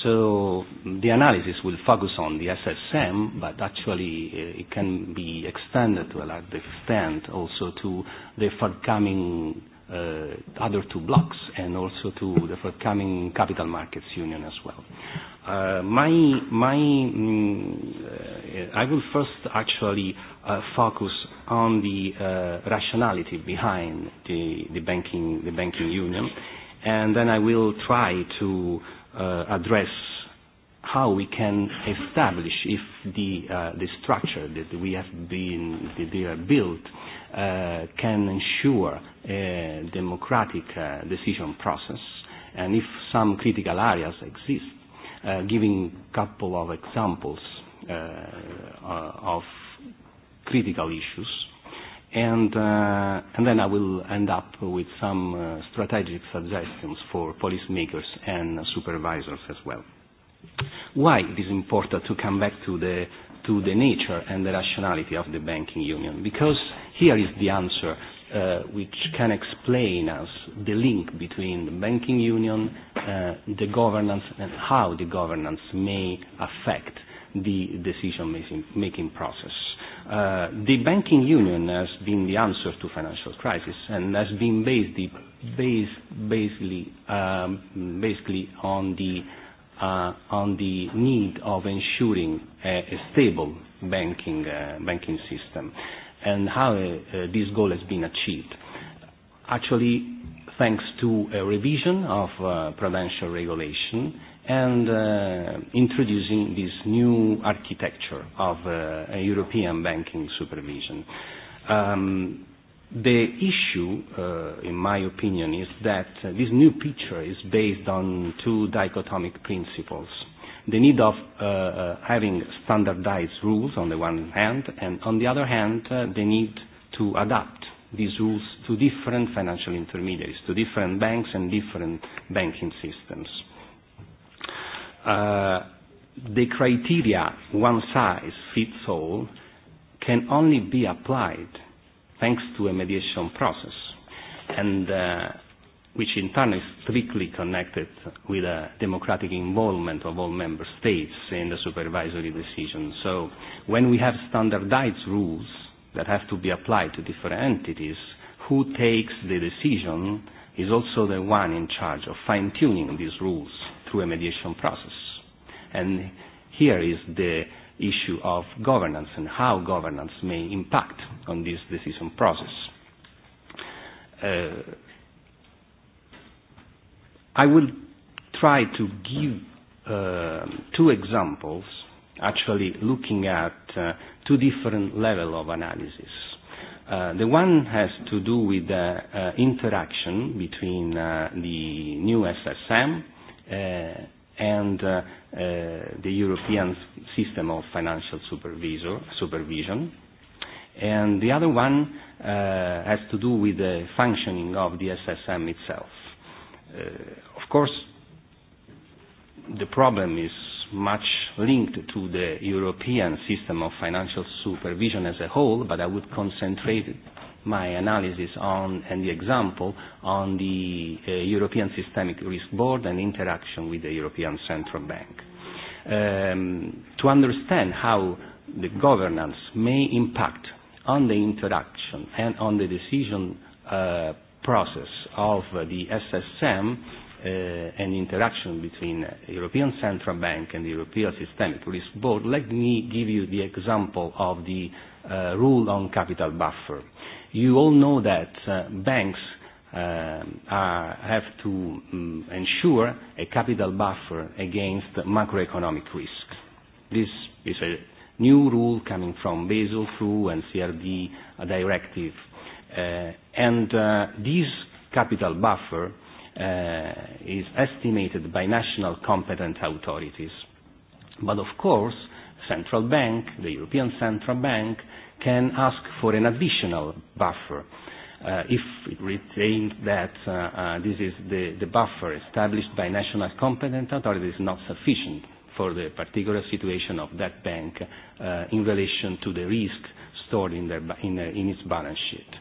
So the analysis will focus on the SSM, but actually uh, it can be extended to a large extent also to the forthcoming uh, other two blocks and also to the forthcoming capital markets union as well. Uh, my my mm, uh, I will first actually uh, focus on the uh, rationality behind the, the banking the banking union, and then I will try to uh, address how we can establish if the uh, the structure that we have been that they are built uh, can ensure a democratic uh, decision process, and if some critical areas exist uh, giving a couple of examples uh, uh, of critical issues. And, uh, and then I will end up with some uh, strategic suggestions for policymakers and supervisors as well. Why it is important to come back to the, to the nature and the rationality of the banking union? Because here is the answer uh, which can explain us the link between the banking union, uh, the governance, and how the governance may affect the decision-making process. Uh, the banking union has been the answer to financial crisis and has been based, the, based basically, um, basically on the uh, on the need of ensuring a, a stable banking uh, banking system and how uh, uh, this goal has been achieved. Actually, thanks to a revision of uh, prudential regulation and uh, introducing this new architecture of uh, a European banking supervision. Um, the issue, uh, in my opinion, is that uh, this new picture is based on two dichotomic principles the need of uh, uh, having standardized rules on the one hand, and on the other hand, uh, the need to adapt these rules to different financial intermediaries, to different banks and different banking systems. Uh, the criteria one size fits all can only be applied thanks to a mediation process. And uh, which in turn is strictly connected with a democratic involvement of all member states in the supervisory decision. So when we have standardized rules that have to be applied to different entities, who takes the decision is also the one in charge of fine-tuning these rules through a mediation process. And here is the issue of governance and how governance may impact on this decision process. Uh, I will try to give uh, two examples, actually looking at uh, two different level of analysis. Uh, the one has to do with the uh, uh, interaction between uh, the new SSM uh, and uh, uh, the European system of financial supervisor, supervision. And the other one uh, has to do with the functioning of the SSM itself. Uh, of course, the problem is much linked to the European system of financial supervision as a whole, but I would concentrate my analysis on and the example on the uh, European Systemic Risk Board and interaction with the European Central Bank. Um, to understand how the governance may impact on the interaction and on the decision uh, process of the SSM uh, and interaction between European Central Bank and the European Systemic Risk Board, let me give you the example of the uh, rule on capital buffer. You all know that uh, banks uh, are, have to um, ensure a capital buffer against macroeconomic risk. This is a new rule coming from Basel II and CRD directive Uh, and uh, this capital buffer uh, is estimated by national competent authorities. But of course, central bank, the European Central Bank, can ask for an additional buffer. Uh, if it retains that uh, uh, this is the, the buffer established by national competent authorities is not sufficient for the particular situation of that bank uh, in relation to the risk stored in, their, in, uh, in its balance sheet.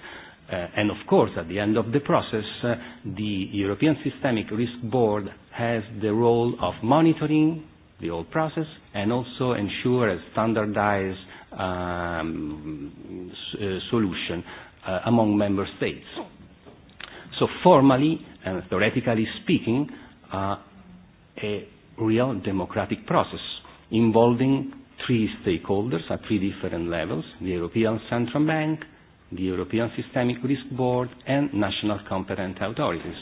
Uh, and of course, at the end of the process, uh, the European Systemic Risk Board has the role of monitoring the whole process and also ensure a standardized um, s- uh, solution uh, among member states. So formally and theoretically speaking, uh, a real democratic process involving three stakeholders at three different levels, the European Central Bank, the European Systemic Risk Board, and national competent authorities.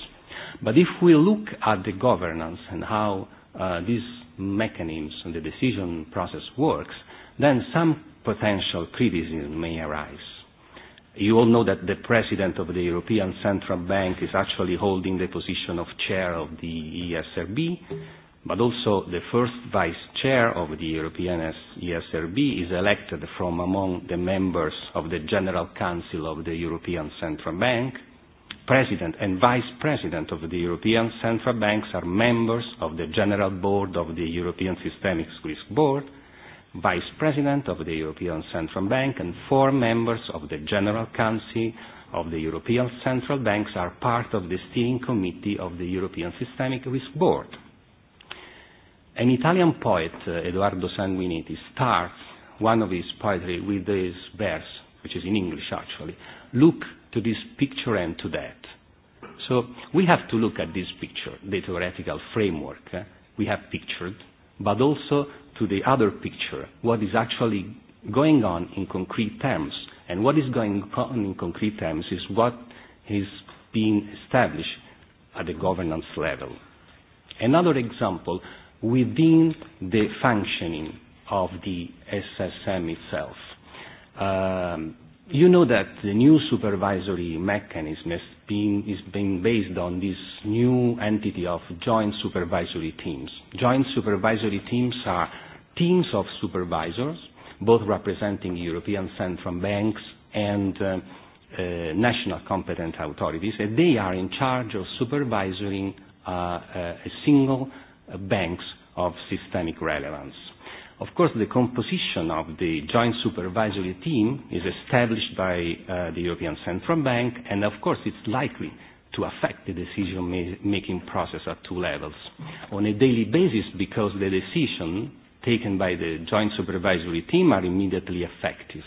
But if we look at the governance and how uh, these mechanisms and the decision process works, then some potential criticism may arise. You all know that the president of the European Central Bank is actually holding the position of chair of the ESRB but also the first vice chair of the European ESRB is elected from among the members of the General Council of the European Central Bank. President and Vice President of the European Central Banks are members of the General Board of the European Systemic Risk Board, Vice President of the European Central Bank and four members of the General Council of the European Central Banks are part of the steering committee of the European Systemic Risk Board. An Italian poet, uh, Eduardo Sanguinetti, starts one of his poetry with this verse, which is in English actually, look to this picture and to that. So we have to look at this picture, the theoretical framework eh, we have pictured, but also to the other picture, what is actually going on in concrete terms. And what is going on in concrete terms is what is being established at the governance level. Another example within the functioning of the SSM itself. Um, you know that the new supervisory mechanism is being, is being based on this new entity of joint supervisory teams. Joint supervisory teams are teams of supervisors, both representing European central banks and uh, uh, national competent authorities, and they are in charge of supervising uh, uh, a single banks of systemic relevance. Of course, the composition of the joint supervisory team is established by uh, the European Central Bank, and of course, it's likely to affect the decision-making process at two levels. On a daily basis, because the decision taken by the joint supervisory team are immediately effective,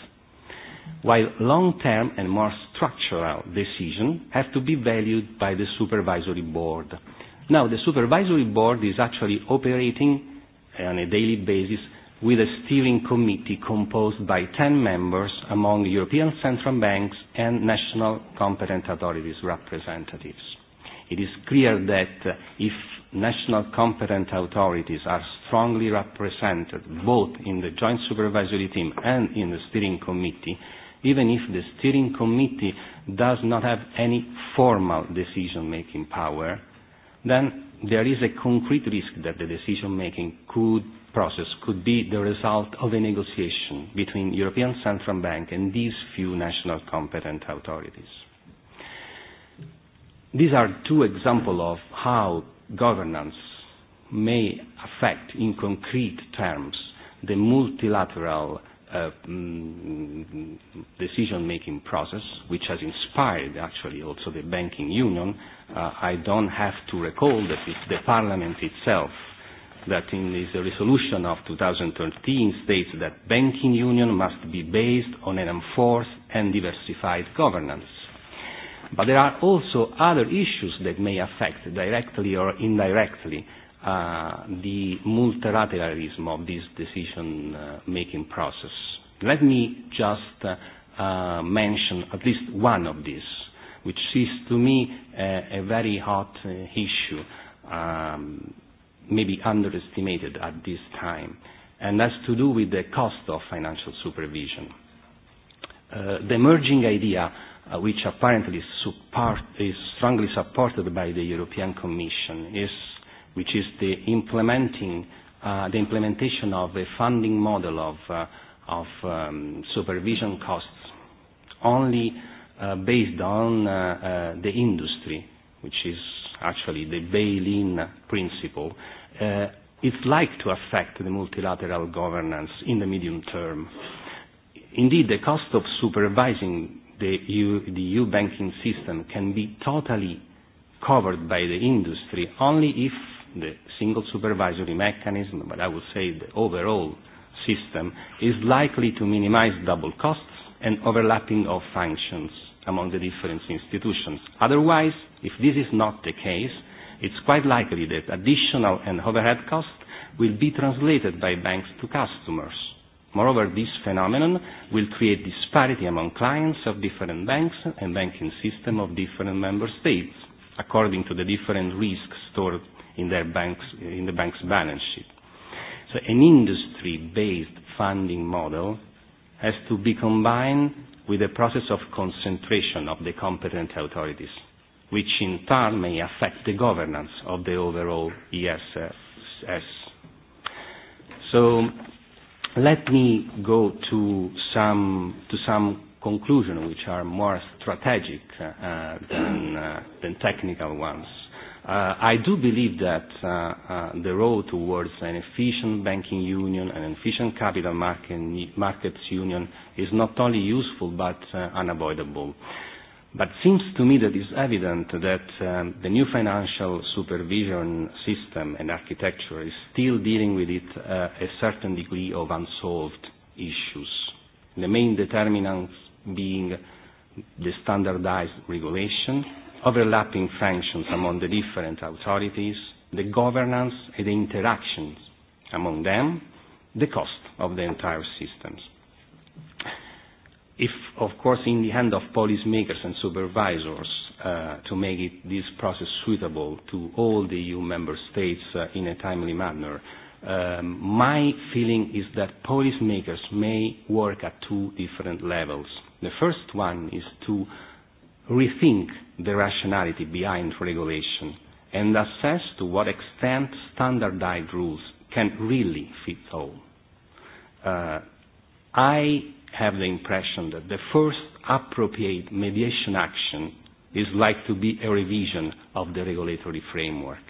while long-term and more structural decisions have to be valued by the supervisory board Now, the supervisory board is actually operating on a daily basis with a steering committee composed by 10 members among European central banks and national competent authorities representatives. It is clear that if national competent authorities are strongly represented both in the joint supervisory team and in the steering committee, even if the steering committee does not have any formal decision-making power, then there is a concrete risk that the decision-making could process could be the result of a negotiation between European Central Bank and these few national competent authorities. These are two examples of how governance may affect in concrete terms the multilateral Uh, mm, decision-making process, which has inspired actually also the banking union, uh, I don't have to recall that it's the parliament itself that in this resolution of 2013 states that banking union must be based on an enforced and diversified governance. But there are also other issues that may affect directly or indirectly uh, the multilateralism of this decision-making uh, process. Let me just uh, uh, mention at least one of these, which is to me a, a very hot uh, issue, um, maybe underestimated at this time, and has to do with the cost of financial supervision. Uh, the emerging idea uh, which apparently support, is strongly supported by the European Commission, is which is the implementing uh, the implementation of a funding model of uh, of um, supervision costs only uh, based on uh, uh, the industry, which is actually the bail-in principle, uh, it's like to affect the multilateral governance in the medium term. Indeed, the cost of supervising the EU, the EU banking system can be totally covered by the industry only if the single supervisory mechanism, but I would say the overall system, is likely to minimize double costs and overlapping of functions among the different institutions. Otherwise, if this is not the case, it's quite likely that additional and overhead costs will be translated by banks to customers. Moreover, this phenomenon will create disparity among clients of different banks and banking system of different member states, according to the different risks stored in their banks, in the bank's balance sheet. So an industry-based funding model has to be combined with a process of concentration of the competent authorities, which in turn may affect the governance of the overall ESS. So let me go to some, to some conclusion which are more strategic uh, than, uh, than technical ones. Uh, I do believe that uh, uh, the road towards an efficient banking union and an efficient capital market, markets union is not only useful but uh, unavoidable. But seems to me that it's evident that um, the new financial supervision system and architecture is still dealing with it uh, a certain degree of unsolved issues. The main determinants being the standardized regulation, overlapping functions among the different authorities, the governance and the interactions among them, the cost of the entire systems. If, of course, in the hand of policymakers and supervisors uh, to make it, this process suitable to all the EU member states uh, in a timely manner, um, my feeling is that policymakers may work at two different levels. The first one is to uh, rethink the rationality behind regulation and assess to what extent standardized rules can really fit all. Uh, I have the impression that the first appropriate mediation action is like to be a revision of the regulatory framework.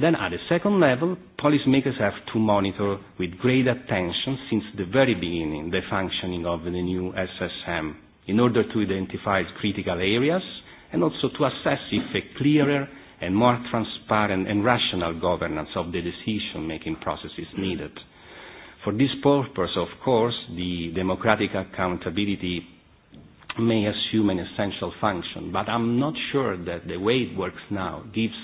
Then at the second level, policymakers have to monitor with great attention since the very beginning the functioning of the new SSM in order to identify critical areas and also to assess if a clearer and more transparent and rational governance of the decision-making process is needed. For this purpose, of course, the democratic accountability may assume an essential function, but I'm not sure that the way it works now gives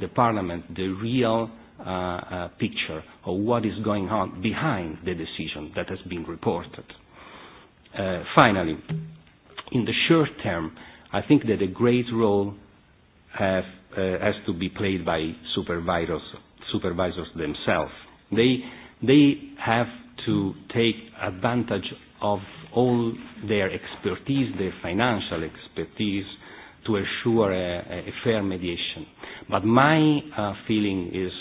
the Parliament the real uh, uh, picture of what is going on behind the decision that has been reported. Uh, finally, in the short term, I think that a great role have, uh, has to be played by supervisors, supervisors themselves. They, they have to take advantage of all their expertise, their financial expertise, to assure a, a fair mediation. But my uh, feeling is,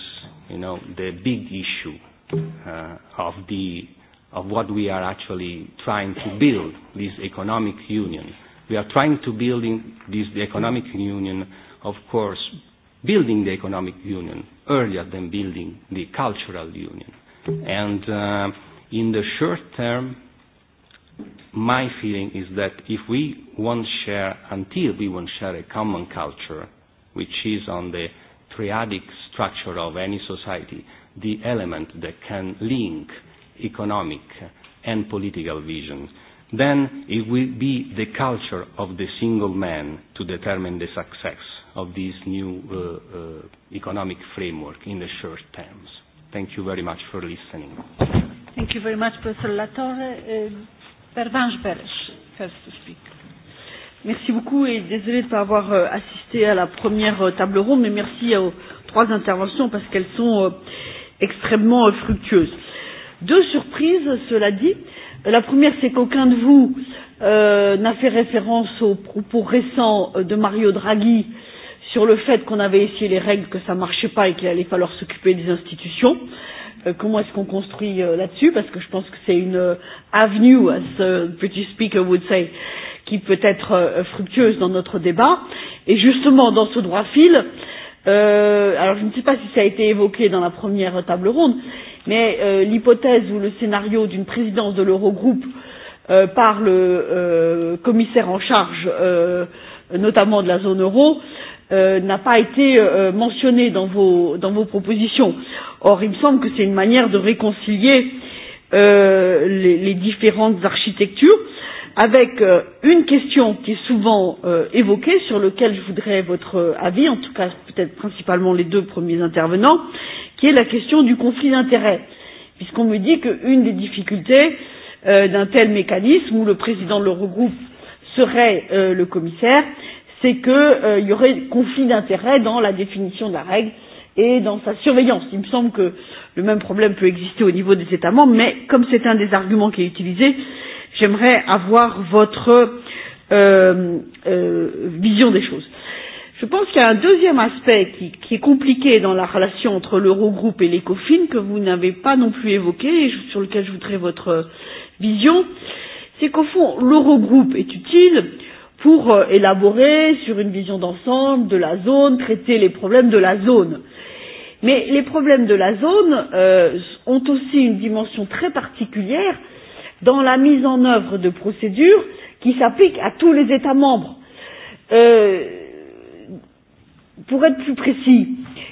you know, the big issue uh, of the of what we are actually trying to build, this economic union. We are trying to build in this the economic union, of course, building the economic union earlier than building the cultural union. And uh, in the short term, my feeling is that if we won't share, until we won't share a common culture, which is on the triadic structure of any society, the element that can link economic and political visions, then it will be the culture of the single man to determine the success of this new uh, uh, economic framework in the short terms. Thank you very much for listening. Thank you very much, Professor Latorre. uh, Beres, first to speak. Merci beaucoup et désolé de ne pas avoir euh, assisté à la première euh, table ronde, mais merci aux trois interventions parce qu'elles sont euh, extrêmement fructueuses. Deux surprises, cela dit. La première, c'est qu'aucun de vous euh, n'a fait référence aux propos récents euh, de Mario Draghi sur le fait qu'on avait essayé les règles, que ça ne marchait pas et qu'il allait falloir s'occuper des institutions. Euh, comment est-ce qu'on construit euh, là-dessus Parce que je pense que c'est une euh, avenue, as the British speaker would say, qui peut être euh, fructueuse dans notre débat. Et justement, dans ce droit fil, euh, alors je ne sais pas si ça a été évoqué dans la première table ronde, euh, mais euh, l'hypothèse ou le scénario d'une présidence de l'Eurogroupe euh, par le euh, commissaire en charge euh, notamment de la zone euro euh, n'a pas été euh, mentionné dans vos, dans vos propositions. Or, il me semble que c'est une manière de réconcilier euh, les, les différentes architectures avec euh, une question qui est souvent euh, évoquée, sur laquelle je voudrais votre avis, en tout cas peut-être principalement les deux premiers intervenants, qui est la question du conflit d'intérêts, puisqu'on me dit qu'une des difficultés euh, d'un tel mécanisme où le président de l'Eurogroupe serait euh, le commissaire, c'est qu'il euh, y aurait conflit d'intérêts dans la définition de la règle et dans sa surveillance. Il me semble que le même problème peut exister au niveau des États membres, mais comme c'est un des arguments qui est utilisé, euh, j'aimerais avoir votre euh, euh, vision des choses. Je pense qu'il y a un deuxième aspect qui, qui est compliqué dans la relation entre l'Eurogroupe et l'ECOFIN que vous n'avez pas non plus évoqué et sur lequel je voudrais votre vision. C'est qu'au fond, l'Eurogroupe est utile pour euh, élaborer sur une vision d'ensemble de la zone, traiter les problèmes de la zone. Mais les problèmes de la zone euh, ont aussi une dimension très particulière euh, dans la mise en œuvre de procédures qui s'appliquent à tous les États membres. Euh, pour être plus précis,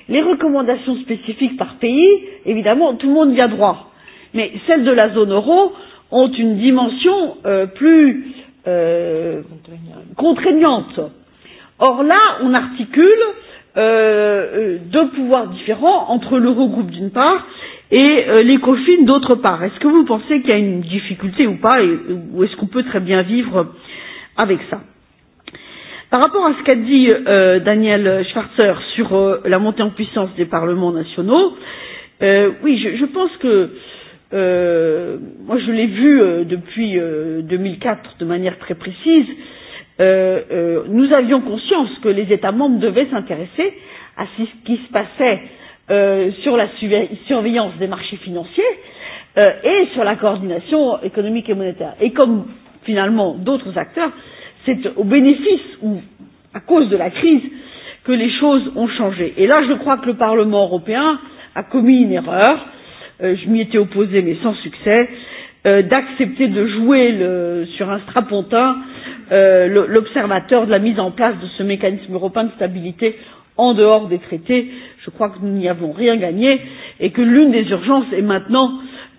les recommandations spécifiques par pays, évidemment, tout le monde y a droit. Mais celles de la zone euro ont une dimension euh, plus euh, contraignante. Or là, on articule euh, euh deux pouvoirs différents entre l'Eurogroupe d'une part et euh, l'ECOFIN d'autre part. Est-ce que vous pensez qu'il y a une difficulté ou pas et, ou est-ce qu'on peut très bien vivre avec ça Par rapport à ce qu'a dit euh, Daniel Schwarzer sur euh, la montée en puissance des parlements nationaux, euh, oui, je, je pense que euh, moi je l'ai vu euh, depuis euh, 2004 de manière très précise. Euh, euh, nous avions conscience que les États membres devaient s'intéresser à ce qui se passait euh, Euh, sur la surveillance des marchés financiers euh, et sur la coordination économique et monétaire. Et comme finalement d'autres acteurs, c'est au bénéfice ou à cause de la crise que les choses ont changé. Et là, je crois que le Parlement européen a commis une erreur, euh, je m'y étais opposé, mais sans succès, euh, d'accepter de jouer le, sur un strapontin euh, l'observateur de la mise en place de ce mécanisme européen de stabilité en dehors des traités Je crois que nous n'y avons rien gagné et que l'une des urgences est maintenant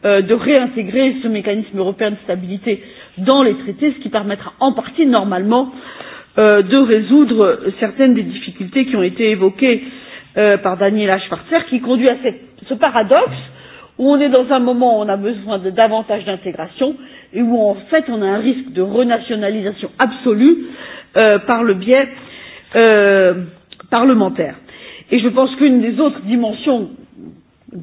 euh, de réintégrer ce mécanisme européen de stabilité dans les traités, ce qui permettra en partie, normalement, euh, de résoudre certaines des difficultés qui ont été évoquées euh, par Daniela Schwarzer, qui conduit à cette, ce paradoxe où on est dans un moment où on a besoin de davantage d'intégration et où en fait on a un risque de renationalisation absolue euh, par le biais euh, parlementaire. Et je pense qu'une des autres dimensions,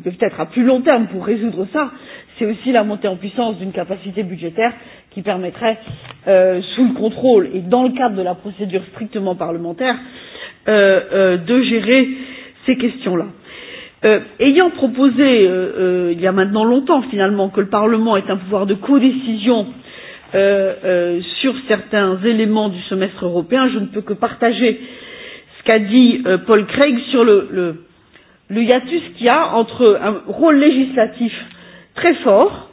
peut-être à plus long terme pour résoudre ça, c'est aussi la montée en puissance d'une capacité budgétaire qui permettrait, euh, sous le contrôle et dans le cadre de la procédure strictement parlementaire, euh, euh, de gérer ces questions-là. Euh, ayant proposé, euh, euh, il y a maintenant longtemps finalement, que le Parlement ait un pouvoir de codécision euh, euh, sur certains éléments du semestre européen, je ne peux que partager euh, qu'a dit euh, Paul Craig sur le, le, le hiatus qu'il y a entre un rôle législatif très fort,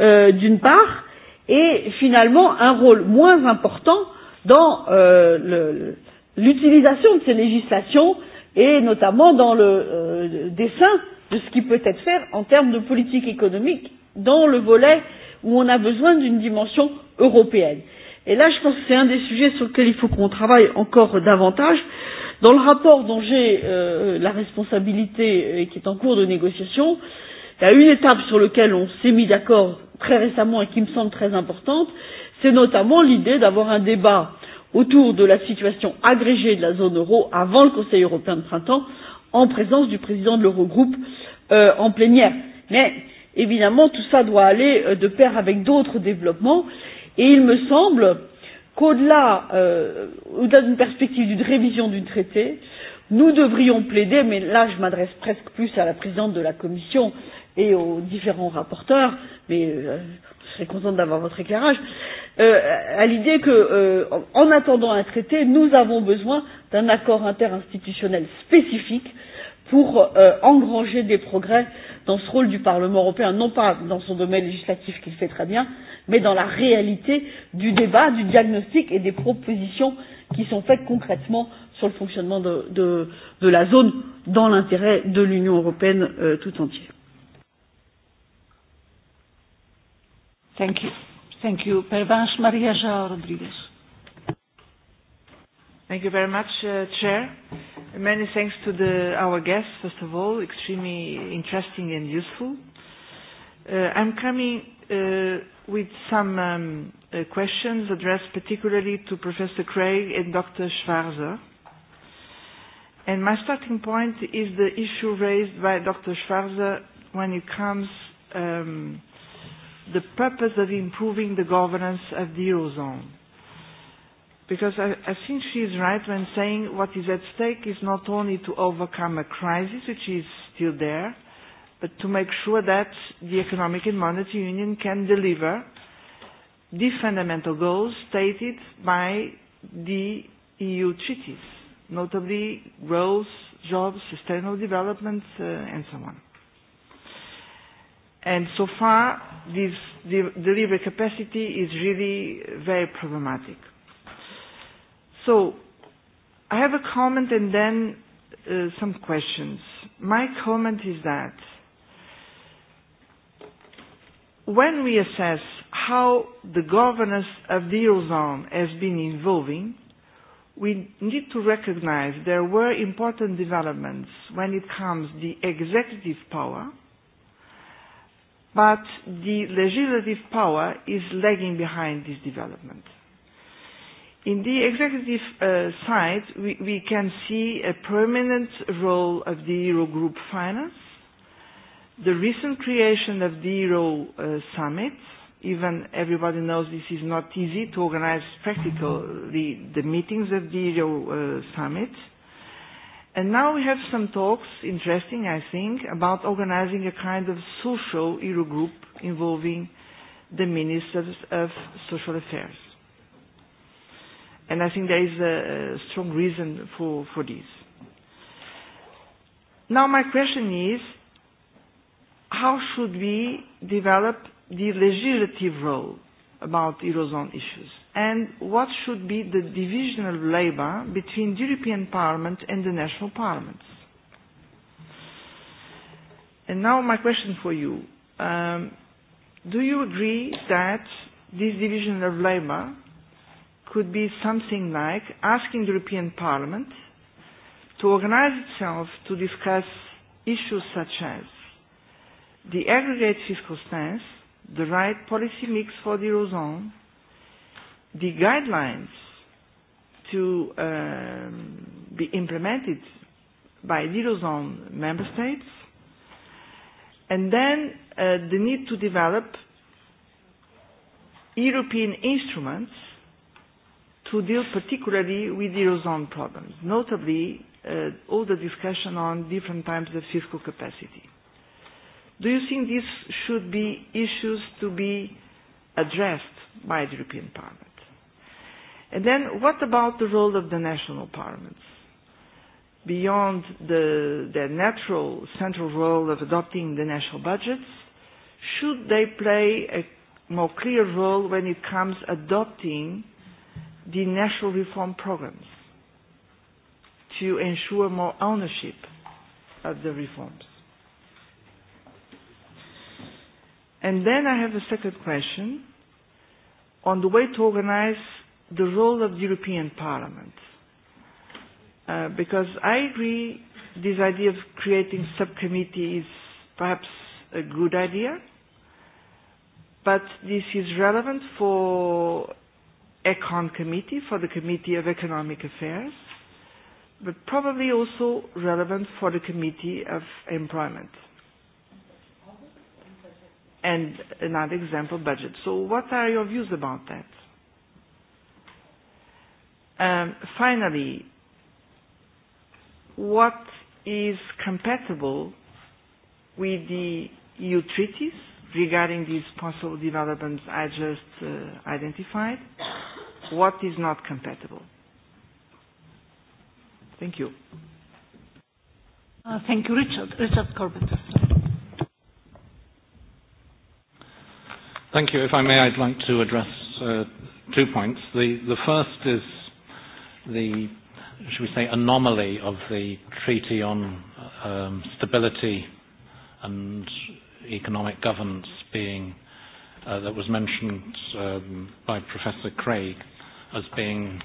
euh, d'une part, et finalement un rôle moins important dans euh, l'utilisation de ces législations et notamment dans le euh, dessin de ce qui peut être fait en termes de politique économique dans le volet où on a besoin d'une dimension européenne. Et là, je pense que c'est un des sujets sur lesquels il faut qu'on travaille encore davantage. Dans le rapport dont j'ai euh, la responsabilité euh, et qui est en cours de négociation, il y a une étape sur laquelle on s'est mis d'accord très récemment et qui me semble très importante, c'est notamment l'idée d'avoir un débat autour de la situation agrégée de la zone euro avant le Conseil européen de printemps, en présence du président de l'Eurogroupe euh, en plénière. Mais évidemment, tout ça doit aller euh, de pair avec d'autres développements et il me semble qu'au-delà euh, au d'une perspective d'une révision du traité, nous devrions plaider, mais là je m'adresse presque plus à la présidente de la Commission et aux différents rapporteurs, mais euh, je serais contente d'avoir votre éclairage, euh, à l'idée que, euh, en attendant un traité, nous avons besoin d'un accord interinstitutionnel spécifique pour euh, engranger des progrès dans ce rôle du Parlement européen, non pas dans son domaine législatif qu'il fait très bien, mais dans la réalité du débat, du diagnostic et des propositions qui sont faites concrètement sur le fonctionnement de, de, de la zone dans l'intérêt de l'Union européenne euh, tout entière. Thank you. Thank you. Pervanche Maria Jao Rodriguez. Thank you very much, uh, Chair. Many thanks to the, our guests, first of all, extremely interesting and useful. Uh, I'm coming uh, with some um, uh, questions addressed particularly to Professor Craig and Dr. Schwarzer. And my starting point is the issue raised by Dr. Schwarzer when it comes um, the purpose of improving the governance of the Eurozone. Because I, I think she is right when saying what is at stake is not only to overcome a crisis, which is still there, but to make sure that the Economic and Monetary Union can deliver the fundamental goals stated by the EU treaties, notably growth, jobs, sustainable development, uh, and so on. And so far, this de delivery capacity is really very problematic. So, I have a comment and then uh, some questions. My comment is that when we assess how the governance of the Eurozone has been evolving, we need to recognize there were important developments when it comes to the executive power, but the legislative power is lagging behind this development. In the executive uh, side, we, we can see a permanent role of the Eurogroup finance, The recent creation of the Euro uh, Summit, even everybody knows this is not easy to organize practically the meetings of the Euro uh, Summit. And now we have some talks, interesting I think, about organizing a kind of social Euro group involving the ministers of social affairs. And I think there is a, a strong reason for, for this. Now my question is, how should we develop the legislative role about Eurozone issues? And what should be the division of labor between the European Parliament and the national parliaments? And now my question for you. Um, do you agree that this division of labor could be something like asking the European Parliament to organize itself to discuss issues such as the aggregate fiscal stance, the right policy mix for the Eurozone, the guidelines to um, be implemented by the Eurozone member states, and then uh, the need to develop European instruments to deal particularly with Eurozone problems, notably uh, all the discussion on different types of fiscal capacity. Do you think these should be issues to be addressed by the European Parliament? And then what about the role of the national parliaments? Beyond the, their natural central role of adopting the national budgets, should they play a more clear role when it comes adopting the national reform programs to ensure more ownership of the reforms? And then I have a second question on the way to organize the role of the European Parliament. Uh, because I agree this idea of creating subcommittees is perhaps a good idea, but this is relevant for Econ Committee, for the Committee of Economic Affairs, but probably also relevant for the Committee of Employment and another example, budget. So what are your views about that? Um, finally, what is compatible with the EU treaties regarding these possible developments I just uh, identified? What is not compatible? Thank you. Uh, thank you, Richard. Richard Corbett. Thank you. If I may, I'd like to address uh, two points. The, the first is the, should we say, anomaly of the Treaty on um, Stability and Economic Governance being, uh, that was mentioned um, by Professor Craig as being,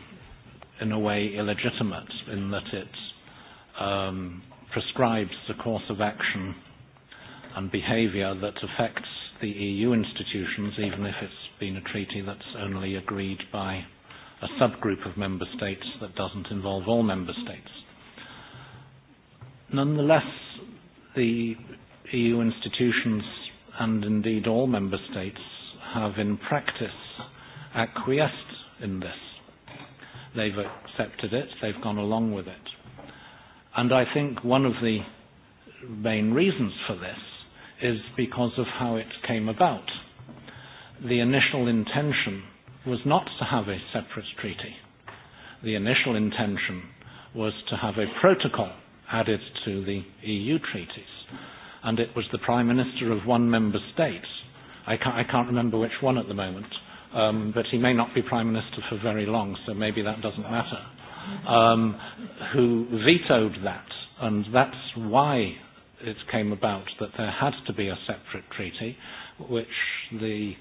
in a way, illegitimate in that it um, prescribes the course of action and behavior that affects the EU institutions, even if it's been a treaty that's only agreed by a subgroup of member states that doesn't involve all member states. Nonetheless, the EU institutions and indeed all member states have in practice acquiesced in this. They've accepted it, they've gone along with it. And I think one of the main reasons for this is because of how it came about. The initial intention was not to have a separate treaty. The initial intention was to have a protocol added to the EU treaties. And it was the Prime Minister of one member state, I can't, I can't remember which one at the moment, um, but he may not be Prime Minister for very long, so maybe that doesn't matter, um, who vetoed that. And that's why it came about that there had to be a separate treaty, which the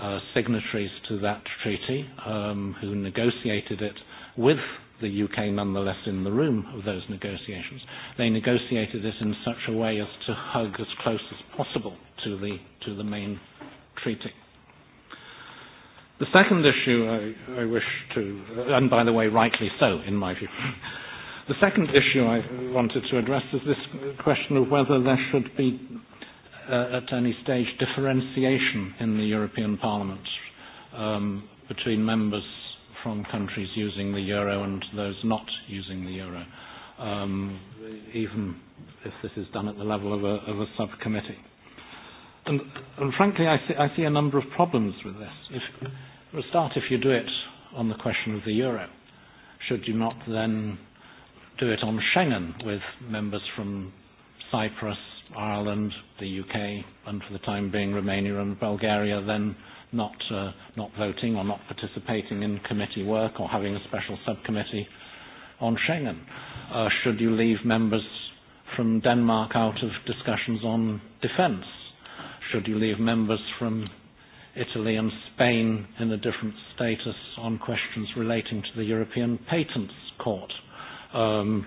uh, signatories to that treaty, um, who negotiated it with the UK nonetheless in the room of those negotiations, they negotiated it in such a way as to hug as close as possible to the, to the main treaty. The second issue I, I wish to, and by the way, rightly so in my view, [laughs] The second issue I wanted to address is this question of whether there should be, uh, at any stage, differentiation in the European Parliament um, between members from countries using the euro and those not using the euro, um, even if this is done at the level of a, of a subcommittee. And, and frankly, I see, I see a number of problems with this. If, for a start, if you do it on the question of the euro, should you not then do it on Schengen with members from Cyprus, Ireland, the UK, and for the time being Romania and Bulgaria, then not, uh, not voting or not participating in committee work or having a special subcommittee on Schengen? Uh, should you leave members from Denmark out of discussions on defence? Should you leave members from Italy and Spain in a different status on questions relating to the European Patents Court? Uh, Um,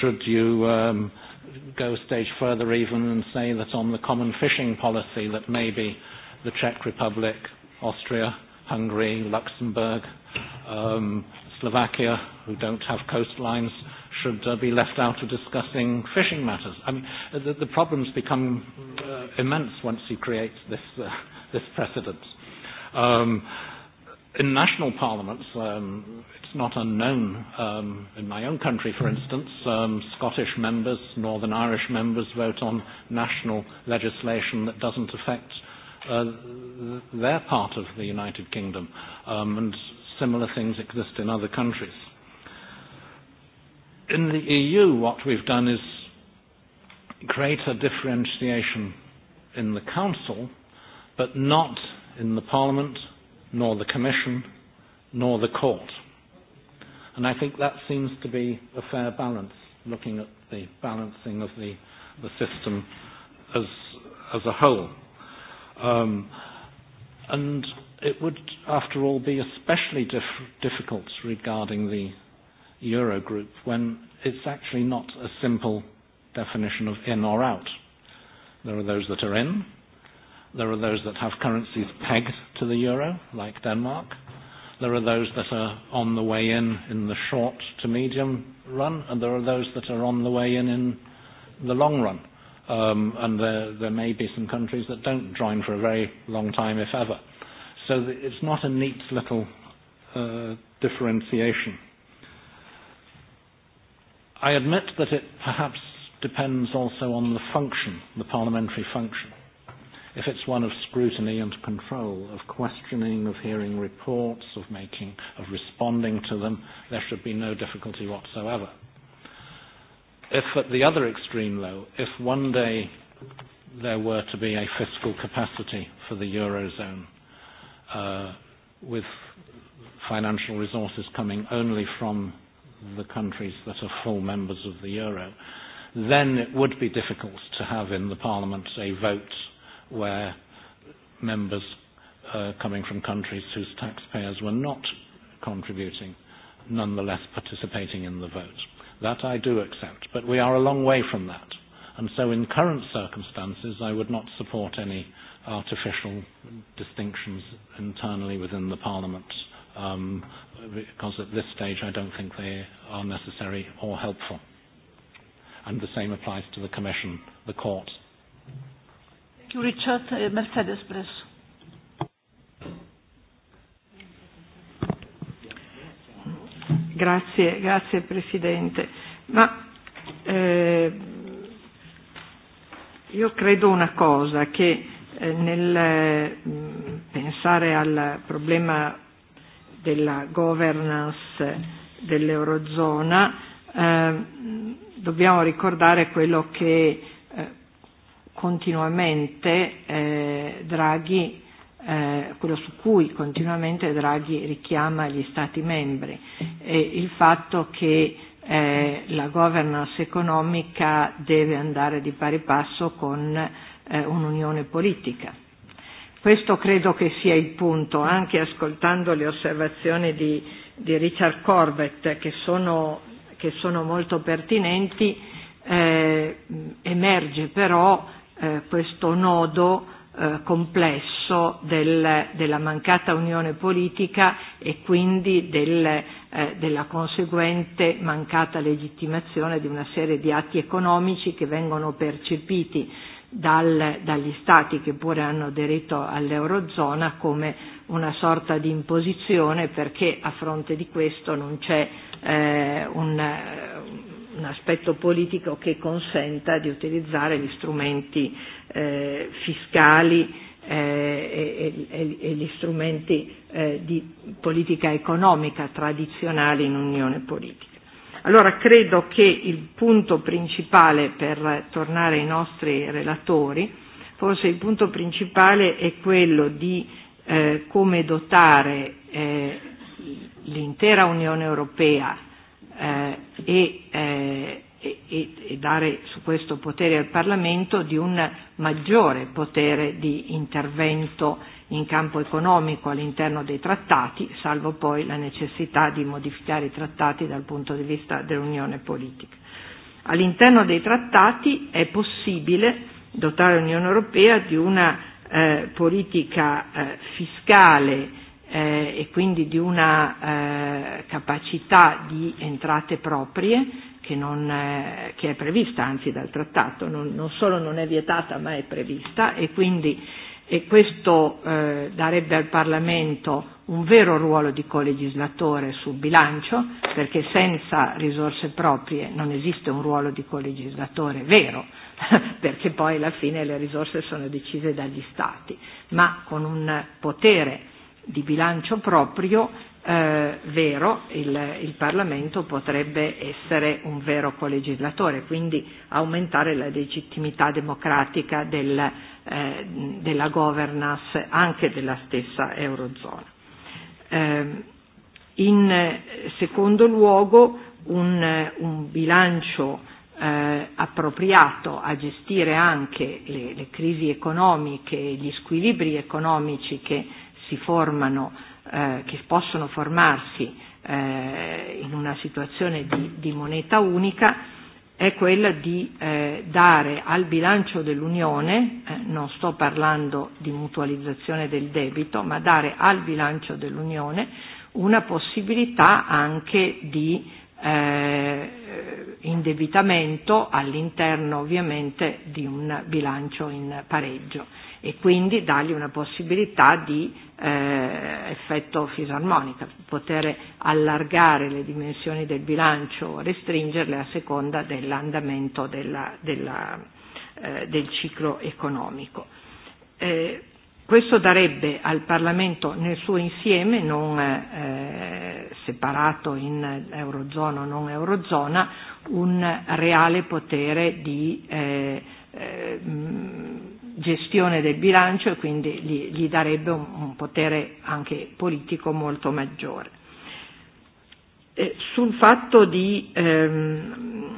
should you um, go a stage further even and say that on the common fishing policy that maybe the Czech Republic, Austria, Hungary, Luxembourg, um, Slovakia, who don't have coastlines, should uh, be left out of discussing fishing matters. I mean, the, the problems become uh, immense once you create this, uh, this precedent. Um, in national parliaments, um, it's not unknown. Um, in my own country, for instance, um, Scottish members, Northern Irish members vote on national legislation that doesn't affect uh, their part of the United Kingdom, um, and similar things exist in other countries. In the EU, what we've done is create a differentiation in the Council, but not in the Parliament nor the Commission, nor the Court. And I think that seems to be a fair balance, looking at the balancing of the, the system as, as a whole. Um, and it would, after all, be especially dif- difficult regarding the Eurogroup when it's actually not a simple definition of in or out. There are those that are in, There are those that have currencies pegged to the euro, like Denmark. There are those that are on the way in in the short to medium run, and there are those that are on the way in in the long run. Um, and there, there may be some countries that don't join for a very long time, if ever. So it's not a neat little uh, differentiation. I admit that it perhaps depends also on the function, the parliamentary function if it's one of scrutiny and control, of questioning, of hearing reports, of making, of responding to them, there should be no difficulty whatsoever. If at the other extreme, though, if one day there were to be a fiscal capacity for the eurozone, uh, with financial resources coming only from the countries that are full members of the euro, then it would be difficult to have in the parliament a vote where members uh, coming from countries whose taxpayers were not contributing, nonetheless participating in the vote. That I do accept, but we are a long way from that. And so in current circumstances, I would not support any artificial distinctions internally within the Parliament, um, because at this stage I don't think they are necessary or helpful. And the same applies to the Commission, the Court, Richard eh, Mercedes Bresso. Grazie, grazie Presidente. Ma eh, io credo una cosa, che eh, nel eh, pensare al problema della governance dell'Eurozona eh, mm, dobbiamo ricordare quello che eh, continuamente eh, Draghi, eh, quello su cui continuamente Draghi richiama gli Stati membri, e il fatto che eh, la governance economica deve andare di pari passo con eh, un'unione politica. Questo credo che sia il punto, anche ascoltando le osservazioni di, di Richard Corbett, che sono, che sono molto pertinenti, eh, emerge però eh, questo nodo eh, complesso del, della mancata unione politica e quindi del, eh, della conseguente mancata legittimazione di una serie di atti economici che vengono percepiti dal, dagli Stati che pure hanno aderito all'Eurozona come una sorta di imposizione perché a fronte di questo non c'è eh, un un aspetto politico che consenta di utilizzare gli strumenti eh, fiscali eh, e, e, e, e gli strumenti eh, di politica economica tradizionali in unione politica. Allora credo che il punto principale per tornare ai nostri relatori, forse il punto principale è quello di eh, come dotare eh, l'intera Unione Europea eh, e, eh, e, e dare su questo potere al Parlamento di un maggiore potere di intervento in campo economico all'interno dei trattati, salvo poi la necessità di modificare i trattati dal punto di vista dell'unione politica. All'interno dei trattati è possibile dotare l'Unione Europea di una eh, politica eh, fiscale eh, eh, e quindi di una eh, capacità di entrate proprie che, non, eh, che è prevista anzi dal trattato, non, non solo non è vietata ma è prevista e quindi e questo eh, darebbe al Parlamento un vero ruolo di colegislatore sul bilancio, perché senza risorse proprie non esiste un ruolo di colegislatore vero, [laughs] perché poi alla fine le risorse sono decise dagli Stati, ma con un potere di bilancio proprio eh, vero, il, il Parlamento potrebbe essere un vero colegislatore, quindi aumentare la legittimità democratica del, eh, della governance anche della stessa Eurozona. Eh, in secondo luogo un, un bilancio eh, appropriato a gestire anche le, le crisi economiche e gli squilibri economici che si formano, eh, che possono formarsi eh, in una situazione di, di moneta unica è quella di eh, dare al bilancio dell'Unione, eh, non sto parlando di mutualizzazione del debito, ma dare al bilancio dell'Unione una possibilità anche di eh, indebitamento all'interno ovviamente di un bilancio in pareggio e quindi dargli una possibilità di eh, effetto fisarmonica, poter allargare le dimensioni del bilancio o restringerle a seconda dell'andamento della, della, eh, del ciclo economico. Eh, questo darebbe al Parlamento nel suo insieme, non eh, separato in Eurozona o non Eurozona, un reale potere di eh, eh, gestione del bilancio e quindi gli, gli darebbe un, un potere anche politico molto maggiore. E sul fatto di ehm,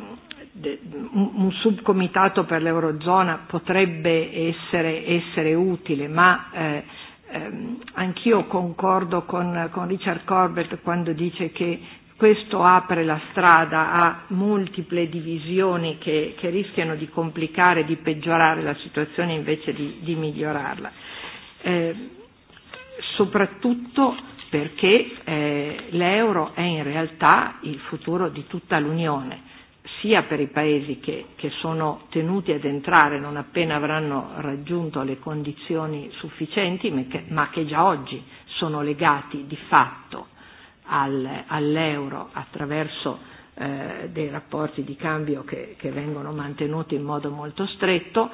de, un, un subcomitato per l'Eurozona potrebbe essere, essere utile, ma eh, ehm, anch'io concordo con, con Richard Corbett quando dice che questo apre la strada a multiple divisioni che, che rischiano di complicare, di peggiorare la situazione invece di, di migliorarla. Eh, soprattutto perché eh, l'euro è in realtà il futuro di tutta l'Unione, sia per i paesi che, che sono tenuti ad entrare non appena avranno raggiunto le condizioni sufficienti, ma che, ma che già oggi sono legati di fatto al, all'euro attraverso eh, dei rapporti di cambio che, che vengono mantenuti in modo molto stretto,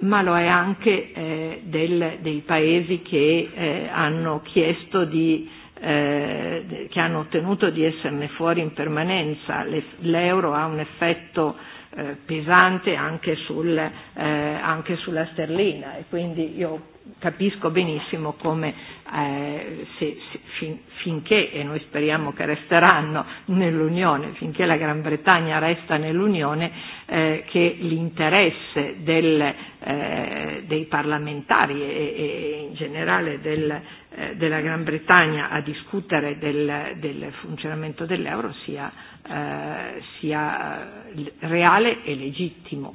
ma lo è anche eh, del, dei paesi che eh, hanno chiesto di eh, che hanno ottenuto di esserne fuori in permanenza. l'euro ha un effetto eh, pesante anche, sul, eh, anche sulla sterlina e quindi io capisco benissimo come eh, se, se, fin, finché, e noi speriamo che resteranno nell'Unione, finché la Gran Bretagna resta nell'Unione, eh, che l'interesse del, eh, dei parlamentari e, e in generale del, eh, della Gran Bretagna a discutere del, del funzionamento dell'euro sia, eh, sia reale e legittimo.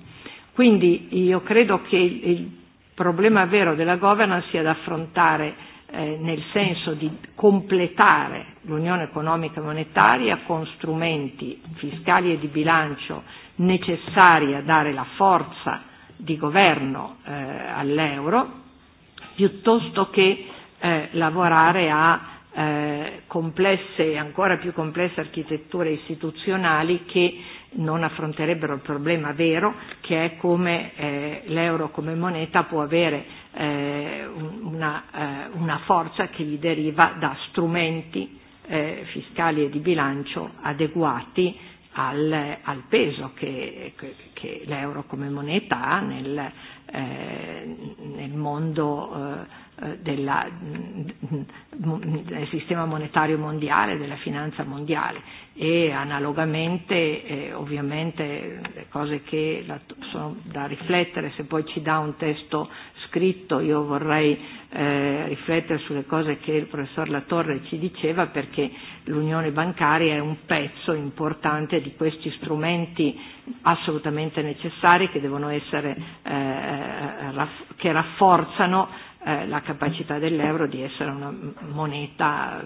Quindi io credo che il problema vero della governance sia da affrontare eh, nel senso di completare l'unione economica e monetaria con strumenti fiscali e di bilancio necessari a dare la forza di governo eh, all'euro, piuttosto che eh, lavorare a eh, complesse e ancora più complesse architetture istituzionali che eh, non affronterebbero il problema vero che è come eh, l'euro come moneta può avere eh, una, eh, una forza che gli deriva da strumenti eh, fiscali e di bilancio adeguati al, al peso che, che, che l'euro come moneta ha nel, eh, nel mondo eh, della, del sistema monetario mondiale, della finanza mondiale e analogamente eh, ovviamente le cose che la, sono da riflettere se poi ci dà un testo scritto io vorrei eh, riflettere sulle cose che il professor Latorre ci diceva perché l'unione bancaria è un pezzo importante di questi strumenti assolutamente necessari che devono essere, eh, raff- che rafforzano eh, la capacità dell'euro di essere una moneta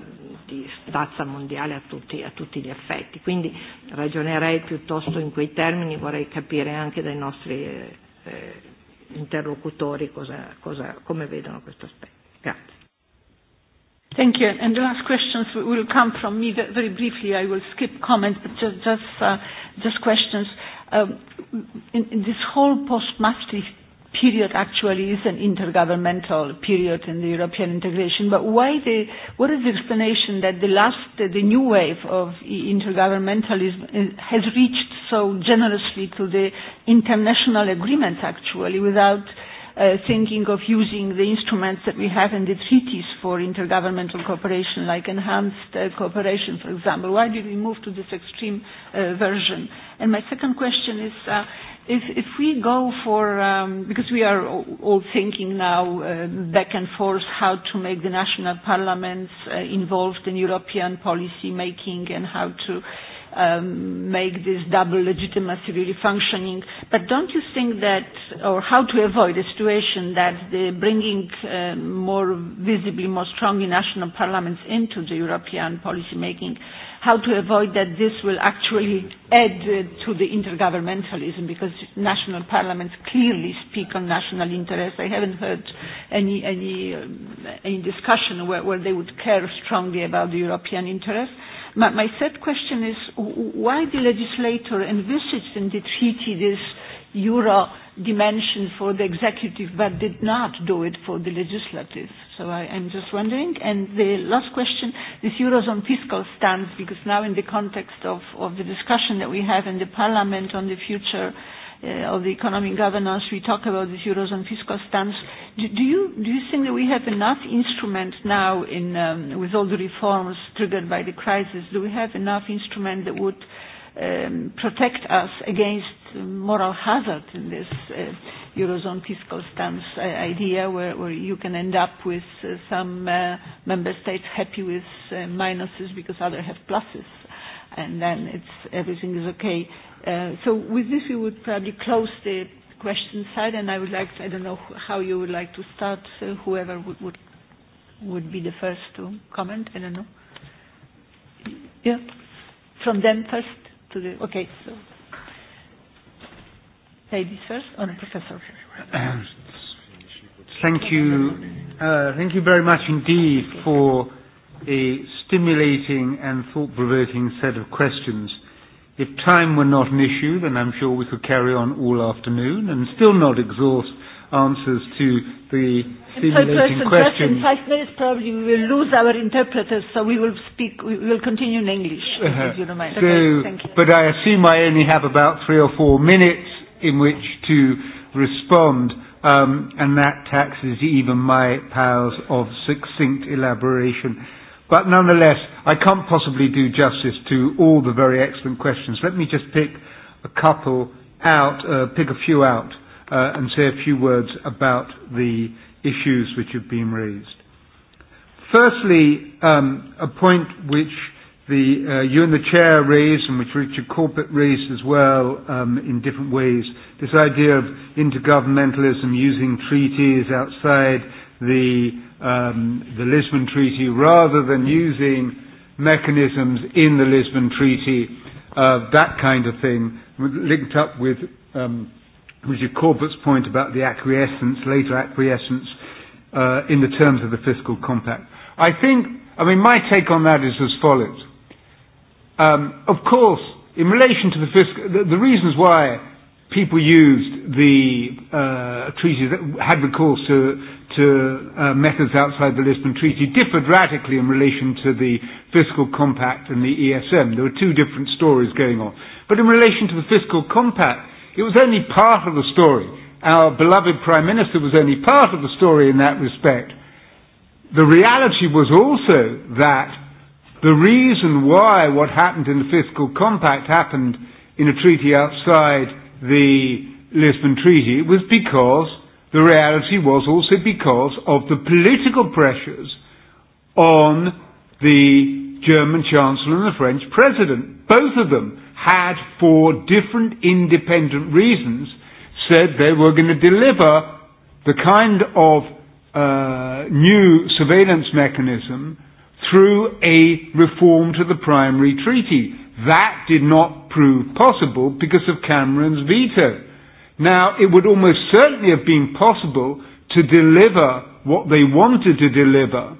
di stazza mondiale a tutti, a tutti gli effetti. Quindi ragionerei piuttosto in quei termini, vorrei capire anche dai nostri eh, interlocutori cosa, cosa, come vedono questo aspetto. Grazie. Thank you. And the last questions will come from me very briefly. I will skip comments, but just, just, uh, just questions. Um, in, in this whole post-Maastricht period actually is an intergovernmental period in the European integration, but why the, what is the explanation that the last, the new wave of intergovernmentalism has reached so generously to the international agreements actually without uh, thinking of using the instruments that we have in the treaties for intergovernmental cooperation, like enhanced uh, cooperation, for example. Why did we move to this extreme uh, version? And my second question is, uh, If, if we go for, um, because we are all thinking now uh, back and forth how to make the national parliaments uh, involved in European policy making and how to um, make this double legitimacy really functioning. But don't you think that, or how to avoid a situation that the bringing uh, more visibly, more strongly national parliaments into the European policy making, how to avoid that this will actually add uh, to the intergovernmentalism because national parliaments clearly speak on national interests. I haven't heard any, any, um, any discussion where, where they would care strongly about the European interests. My, my third question is why the legislator envisaged in the Treaty this euro dimension for the executive but did not do it for the legislative. So I, I'm just wondering. And the last question, this eurozone fiscal stance, because now in the context of, of the discussion that we have in the parliament on the future uh, of the economic governance, we talk about this Eurozone fiscal stance. Do, do, you, do you think that we have enough instruments now in, um, with all the reforms triggered by the crisis? Do we have enough instrument that would um, protect us against moral hazard in this uh, Eurozone fiscal stance uh, idea where, where you can end up with uh, some uh, member states happy with uh, minuses because others have pluses and then it's everything is okay. Uh, so with this, we would probably close the question side, and I would like to, I don't know how you would like to start, whoever would, would, would be the first to comment, I don't know. Yeah, from them first to the, okay, so ladies first, or oh, no, professor. Thank you, uh, thank you very much indeed for a stimulating and thought-provoking set of questions. If time were not an issue, then I'm sure we could carry on all afternoon and still not exhaust answers to the stimulating questions. Just in five minutes, probably we will lose our interpreters, so we will speak. We will continue in English, uh-huh. if you don't mind. So, okay, thank you. But I assume I only have about three or four minutes in which to respond, um, and that taxes even my powers of succinct elaboration. But nonetheless, I can't possibly do justice to all the very excellent questions. Let me just pick a couple out, uh, pick a few out, uh, and say a few words about the issues which have been raised. Firstly, um, a point which the, uh, you and the chair raised, and which Richard Corbett raised as well um, in different ways, this idea of intergovernmentalism using treaties outside the um, the Lisbon Treaty rather than using mechanisms in the Lisbon Treaty, uh, that kind of thing, linked up with um, Richard Corbett's point about the acquiescence, later acquiescence, uh, in the terms of the fiscal compact. I think, I mean, my take on that is as follows. Um, of course, in relation to the fiscal, the, the reasons why people used the uh, treaty that had recourse to to uh, methods outside the Lisbon Treaty differed radically in relation to the fiscal compact and the ESM. There were two different stories going on. But in relation to the fiscal compact, it was only part of the story. Our beloved Prime Minister was only part of the story in that respect. The reality was also that the reason why what happened in the fiscal compact happened in a treaty outside the Lisbon Treaty was because The reality was also because of the political pressures on the German Chancellor and the French President. Both of them had, for different independent reasons, said they were going to deliver the kind of uh, new surveillance mechanism through a reform to the primary treaty. That did not prove possible because of Cameron's veto. Now, it would almost certainly have been possible to deliver what they wanted to deliver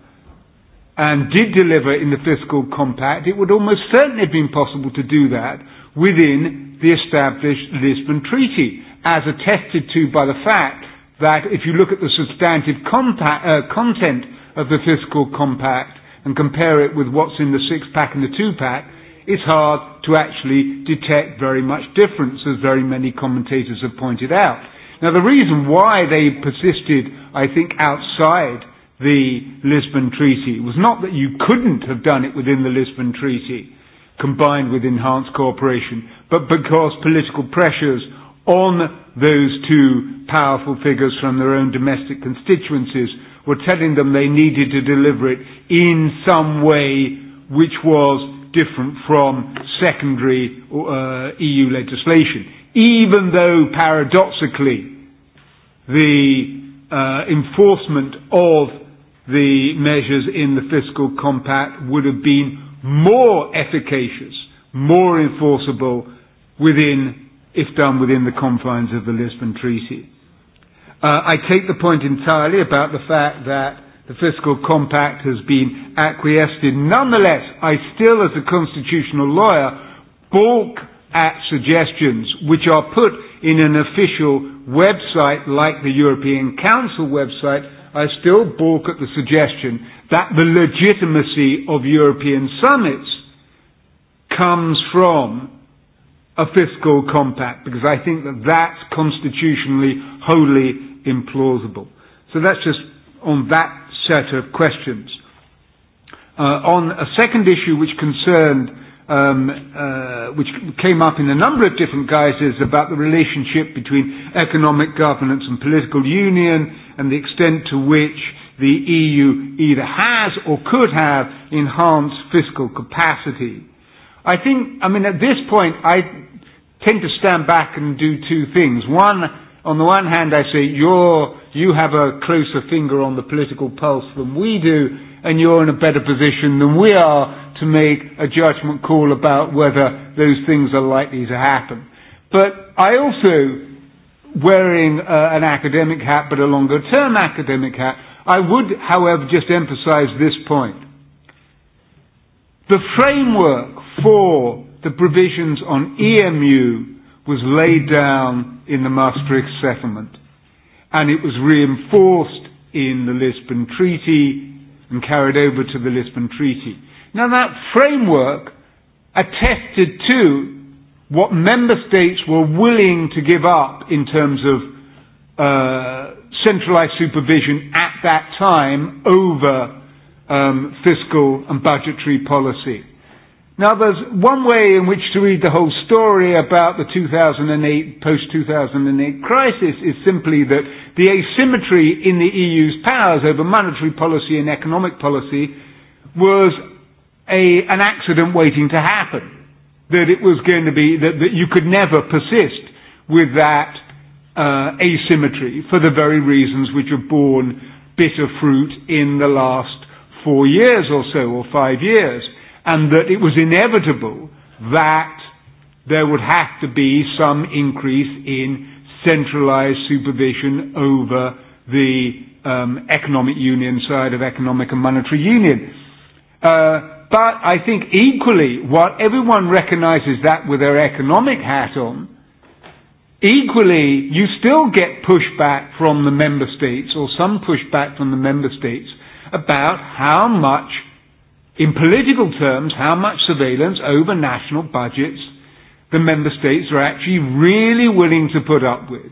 and did deliver in the fiscal compact. It would almost certainly have been possible to do that within the established Lisbon Treaty, as attested to by the fact that if you look at the substantive compact, uh, content of the fiscal compact and compare it with what's in the six pack and the two pack, it's hard to actually detect very much difference, as very many commentators have pointed out. Now, the reason why they persisted, I think, outside the Lisbon Treaty was not that you couldn't have done it within the Lisbon Treaty, combined with enhanced cooperation, but because political pressures on those two powerful figures from their own domestic constituencies were telling them they needed to deliver it in some way which was different from secondary uh, EU legislation, even though paradoxically the uh, enforcement of the measures in the fiscal compact would have been more efficacious, more enforceable within, if done within the confines of the Lisbon Treaty. Uh, I take the point entirely about the fact that the fiscal compact has been acquiesced in. Nonetheless, I still, as a constitutional lawyer, balk at suggestions which are put in an official website like the European Council website. I still balk at the suggestion that the legitimacy of European summits comes from a fiscal compact because I think that that's constitutionally wholly implausible. So that's just on that set of questions. Uh, on a second issue which concerned, um, uh, which came up in a number of different guises about the relationship between economic governance and political union and the extent to which the EU either has or could have enhanced fiscal capacity. I think, I mean, at this point, I tend to stand back and do two things. One, on the one hand, I say you're, you have a closer finger on the political pulse than we do, and you're in a better position than we are to make a judgment call about whether those things are likely to happen. But I also, wearing uh, an academic hat, but a longer term academic hat, I would, however, just emphasize this point. The framework for the provisions on EMU was laid down in the Maastricht settlement and it was reinforced in the Lisbon Treaty and carried over to the Lisbon Treaty. Now that framework attested to what member states were willing to give up in terms of uh, centralized supervision at that time over um, fiscal and budgetary policy. Now, there's one way in which to read the whole story about the 2008, post-2008 crisis is simply that the asymmetry in the EU's powers over monetary policy and economic policy was a, an accident waiting to happen. That it was going to be, that, that you could never persist with that uh, asymmetry for the very reasons which have borne bitter fruit in the last four years or so, or five years and that it was inevitable that there would have to be some increase in centralized supervision over the um, economic union side of economic and monetary union. Uh, but I think equally, while everyone recognizes that with their economic hat on, equally you still get pushback from the member states or some pushback from the member states about how much in political terms, how much surveillance over national budgets the member states are actually really willing to put up with.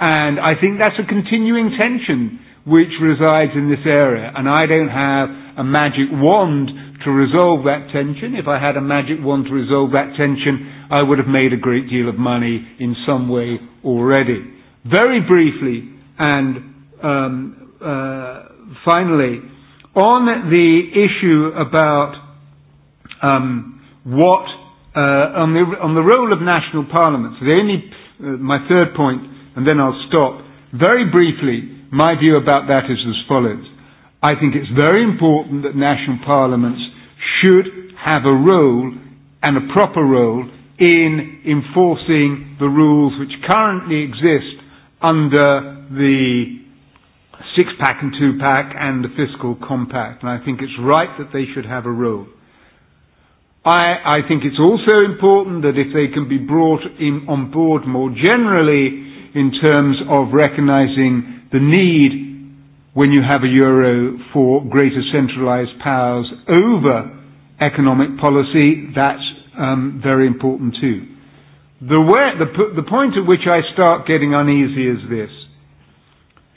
And I think that's a continuing tension which resides in this area. And I don't have a magic wand to resolve that tension. If I had a magic wand to resolve that tension, I would have made a great deal of money in some way already. Very briefly, and um, uh, finally, on the issue about um, what uh, on the on the role of national parliaments, the only uh, my third point, and then I'll stop very briefly. My view about that is as follows: I think it's very important that national parliaments should have a role and a proper role in enforcing the rules which currently exist under the six pack and two pack and the fiscal compact, and I think it's right that they should have a role. I, I think it's also important that if they can be brought in, on board more generally in terms of recognizing the need when you have a euro for greater centralized powers over economic policy, that's um, very important too. The, where, the, the point at which I start getting uneasy is this.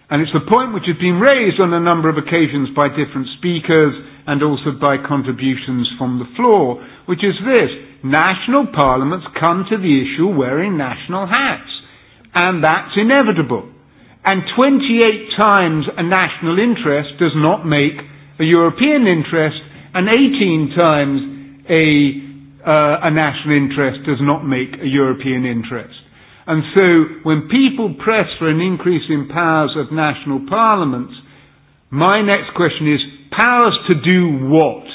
And it's the point which has been raised on a number of occasions by different speakers and also by contributions from the floor, which is this. National parliaments come to the issue wearing national hats. And that's inevitable. And 28 times a national interest does not make a European interest, and 18 times a, uh, a national interest does not make a European interest. And so when people press for an increase in powers of national parliaments, my next question is powers to do what?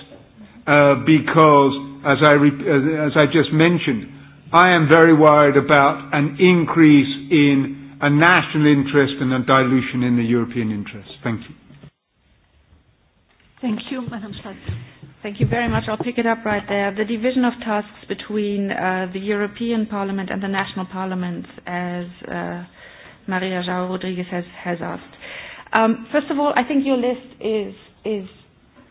Uh, because, as I, re- as I just mentioned, I am very worried about an increase in a national interest and a dilution in the European interest. Thank you. Thank you, Madam Speaker. Thank you very much. I'll pick it up right there. The division of tasks between uh, the European Parliament and the national parliaments, as uh, Maria João Rodriguez has, has asked. Um, first of all, I think your list is, is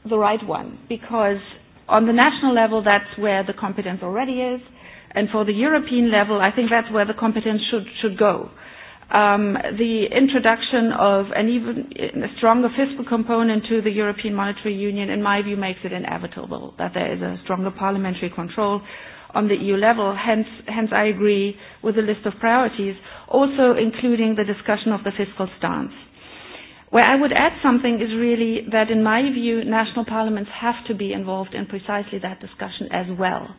the right one because on the national level, that's where the competence already is. And for the European level, I think that's where the competence should, should go. Uh, um, the introduction of an even a stronger fiscal component to the European Monetary Union, in my view, makes it inevitable that there is a stronger parliamentary control on the EU level. Hence, hence I agree with the list of priorities, also including the discussion of the fiscal stance. Where I would add something is really that, in my view, national parliaments have to be involved in precisely that discussion as well.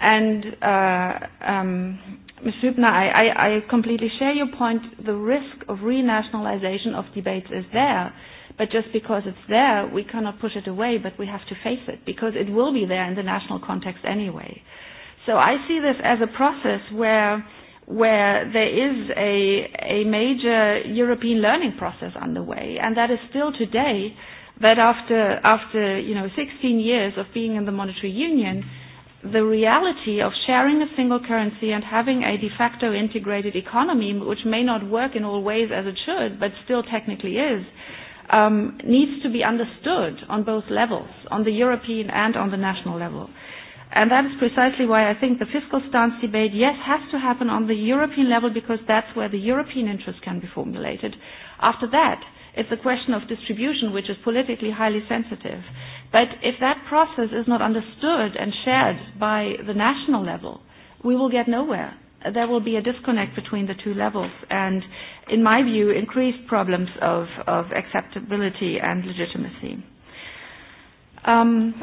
And uh, um, Ms. Hübner, I, I, I completely share your point. The risk of renationalization of debates is there. But just because it's there, we cannot push it away, but we have to face it because it will be there in the national context anyway. So I see this as a process where where there is a, a major European learning process underway, and that is still today that after, after you know, 16 years of being in the monetary union, mm-hmm the reality of sharing a single currency and having a de facto integrated economy, which may not work in all ways as it should, but still technically is, um, needs to be understood on both levels, on the European and on the national level. And that is precisely why I think the fiscal stance debate, yes, has to happen on the European level because that's where the European interest can be formulated. After that, It's a question of distribution, which is politically highly sensitive. But if that process is not understood and shared by the national level, we will get nowhere. There will be a disconnect between the two levels, and in my view, increased problems of, of acceptability and legitimacy. Um,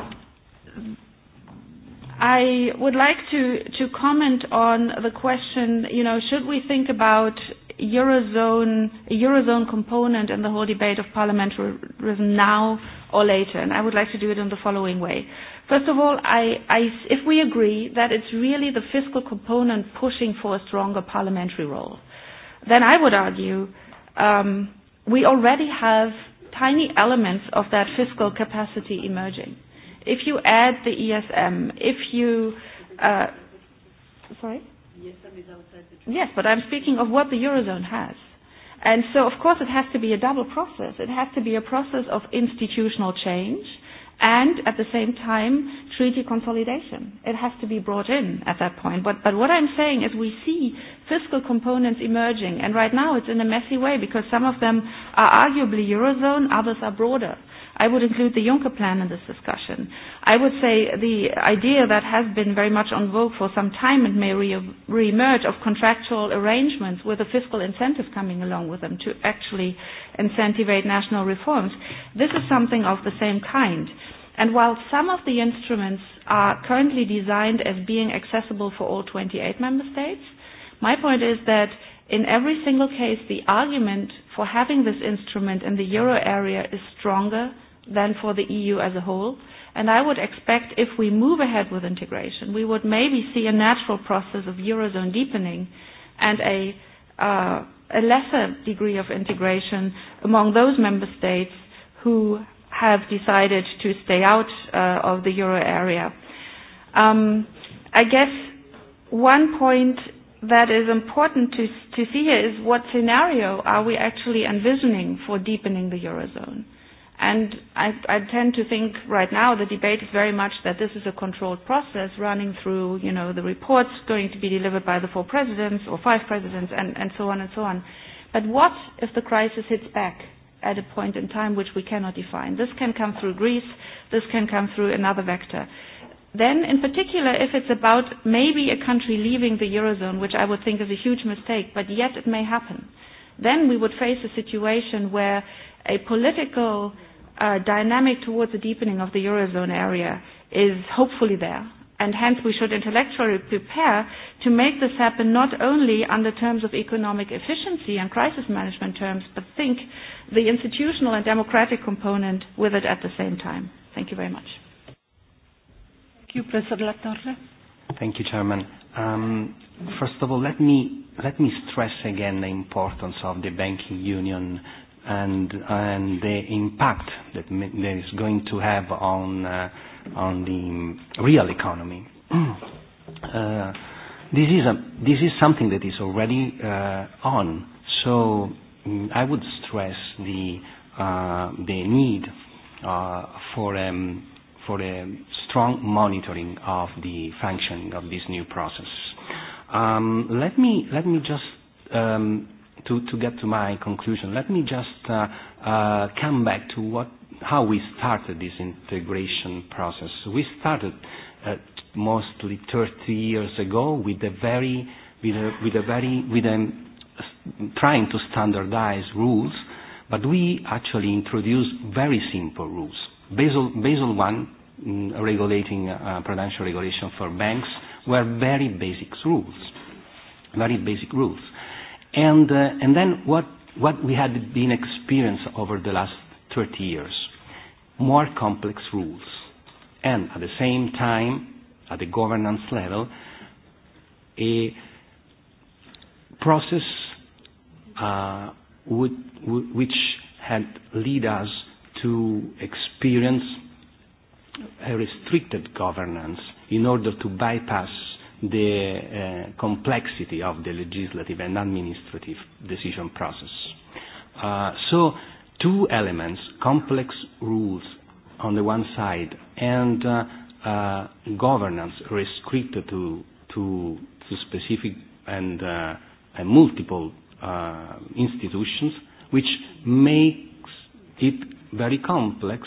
I would like to, to comment on the question, you know, should we think about Eurozone, Eurozone component in the whole debate of parliamentarism now or later. And I would like to do it in the following way. First of all, I, I, if we agree that it's really the fiscal component pushing for a stronger parliamentary role, then I would argue um, we already have tiny elements of that fiscal capacity emerging. If you add the ESM, if you. Uh, sorry? ESM is outside Yes, but I'm speaking of what the Eurozone has. And so, of course, it has to be a double process. It has to be a process of institutional change and, at the same time, treaty consolidation. It has to be brought in at that point. But, but what I'm saying is we see fiscal components emerging, and right now it's in a messy way because some of them are arguably Eurozone, others are broader. I would include the Juncker plan in this discussion. I would say the idea that has been very much on vogue for some time and may re- reemerge of contractual arrangements with a fiscal incentive coming along with them to actually incentivate national reforms. This is something of the same kind. And while some of the instruments are currently designed as being accessible for all 28 member states, my point is that in every single case, the argument for having this instrument in the euro area is stronger than for the EU as a whole. And I would expect if we move ahead with integration, we would maybe see a natural process of Eurozone deepening and a, uh, a lesser degree of integration among those member states who have decided to stay out uh, of the euro area. Um, I guess one point that is important to, to see here is what scenario are we actually envisioning for deepening the eurozone? And I, I tend to think right now the debate is very much that this is a controlled process running through, you know, the reports going to be delivered by the four presidents or five presidents and, and so on and so on. But what if the crisis hits back at a point in time which we cannot define? This can come through Greece. This can come through another vector. Then, in particular, if it's about maybe a country leaving the Eurozone, which I would think is a huge mistake, but yet it may happen, then we would face a situation where a political uh, dynamic towards the deepening of the Eurozone area is hopefully there. And hence we should intellectually prepare to make this happen not only under terms of economic efficiency and crisis management terms, but think the institutional and democratic component with it at the same time. Thank you very much. Thank you, Professor Latorre. Thank you, Chairman. Um, first of all, let me, let me stress again the importance of the banking union and and the impact that that is going to have on uh, on the real economy. [clears throat] uh, this is a this is something that is already uh, on. So mm, I would stress the uh, the need uh, for um, for a strong monitoring of the functioning of this new process. Um, let me let me just um, to, to get to my conclusion, let me just uh, uh, come back to what, how we started this integration process. We started uh, mostly 30 years ago with a very, with a, with a very, with a, trying to standardize rules, but we actually introduced very simple rules. Basel, Basel I, mm, regulating uh, uh prudential regulation for banks were very basic rules, very basic rules. And, uh, and then what, what we had been experienced over the last 30 years, more complex rules. And at the same time, at the governance level, a process uh, would, would, which had lead us to experience a restricted governance in order to bypass the uh, complexity of the legislative and administrative decision process. Uh, so, two elements, complex rules on the one side and uh, uh, governance restricted to, to, to specific and, uh, and multiple uh, institutions, which makes it very complex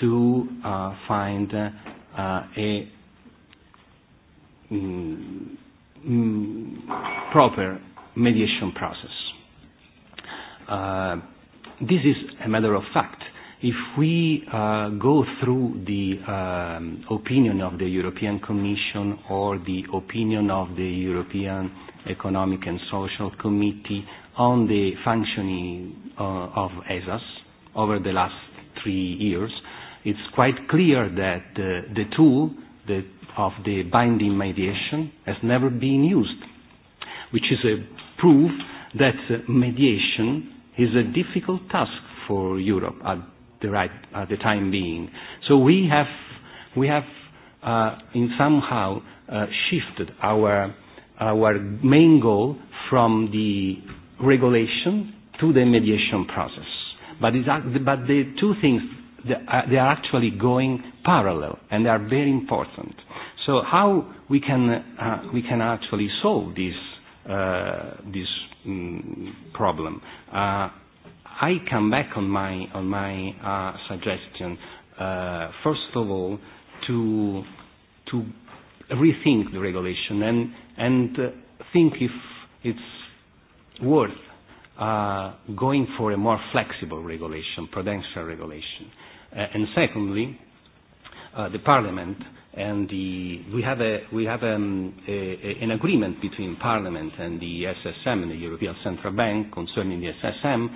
to uh, find uh, uh, a um, proper mediation process. Uh, this is a matter of fact. If we uh, go through the um, opinion of the European Commission or the opinion of the European Economic and Social Committee on the functioning uh, of ESAS over the last three years, it's quite clear that uh, the tool that of the binding mediation has never been used, which is a proof that uh, mediation is a difficult task for Europe at the right at the time being. So we have we have uh, in somehow uh, shifted our our main goal from the regulation to the mediation process. But, it's, but the two things, they are actually going parallel and they are very important. So how we can, uh, we can actually solve this, uh, this mm, problem? Uh, I come back on my, on my uh, suggestion, uh, first of all, to, to rethink the regulation and, and uh, think if it's worth uh, going for a more flexible regulation, prudential regulation. Uh, and secondly, uh, the Parliament uh, and the, we have, a, we have um, a, a, an agreement between Parliament and the SSM and the European Central Bank concerning the SSM.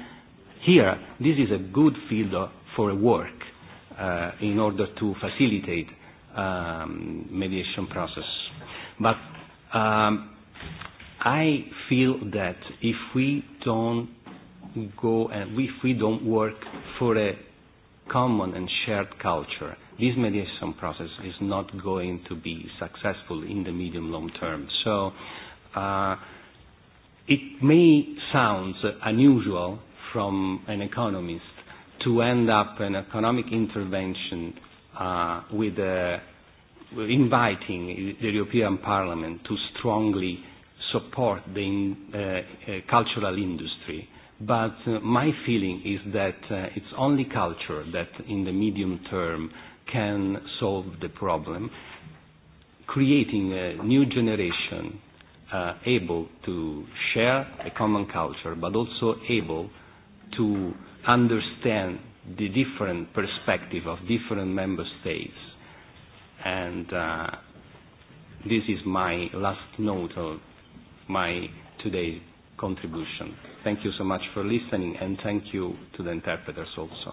Here, this is a good field for work uh, in order to facilitate um, mediation process. But um, I feel that if we don't go and if we don't work for a common and shared culture, this mediation process is not going to be successful in the medium long term. So uh, it may sound unusual from an economist to end up an economic intervention uh, with a, uh, inviting the European Parliament to strongly support the in, uh, uh, cultural industry But uh, my feeling is that uh, it's only culture that in the medium term can solve the problem, creating a new generation uh, able to share a common culture, but also able to understand the different perspective of different member states. And uh, this is my last note of my today's contribution. Thank you so much for listening and thank you to the interpreters also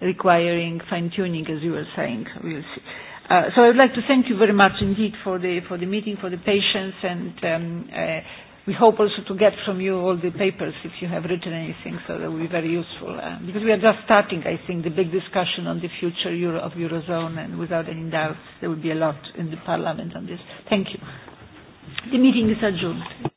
requiring fine-tuning, as you were saying. We'll see. Uh, so I would like to thank you very much indeed for the, for the meeting, for the patience, and um, uh, we hope also to get from you all the papers if you have written anything, so that will be very useful. Uh, because we are just starting, I think, the big discussion on the future Euro of Eurozone, and without any doubt, there will be a lot in the Parliament on this. Thank you. The meeting is adjourned.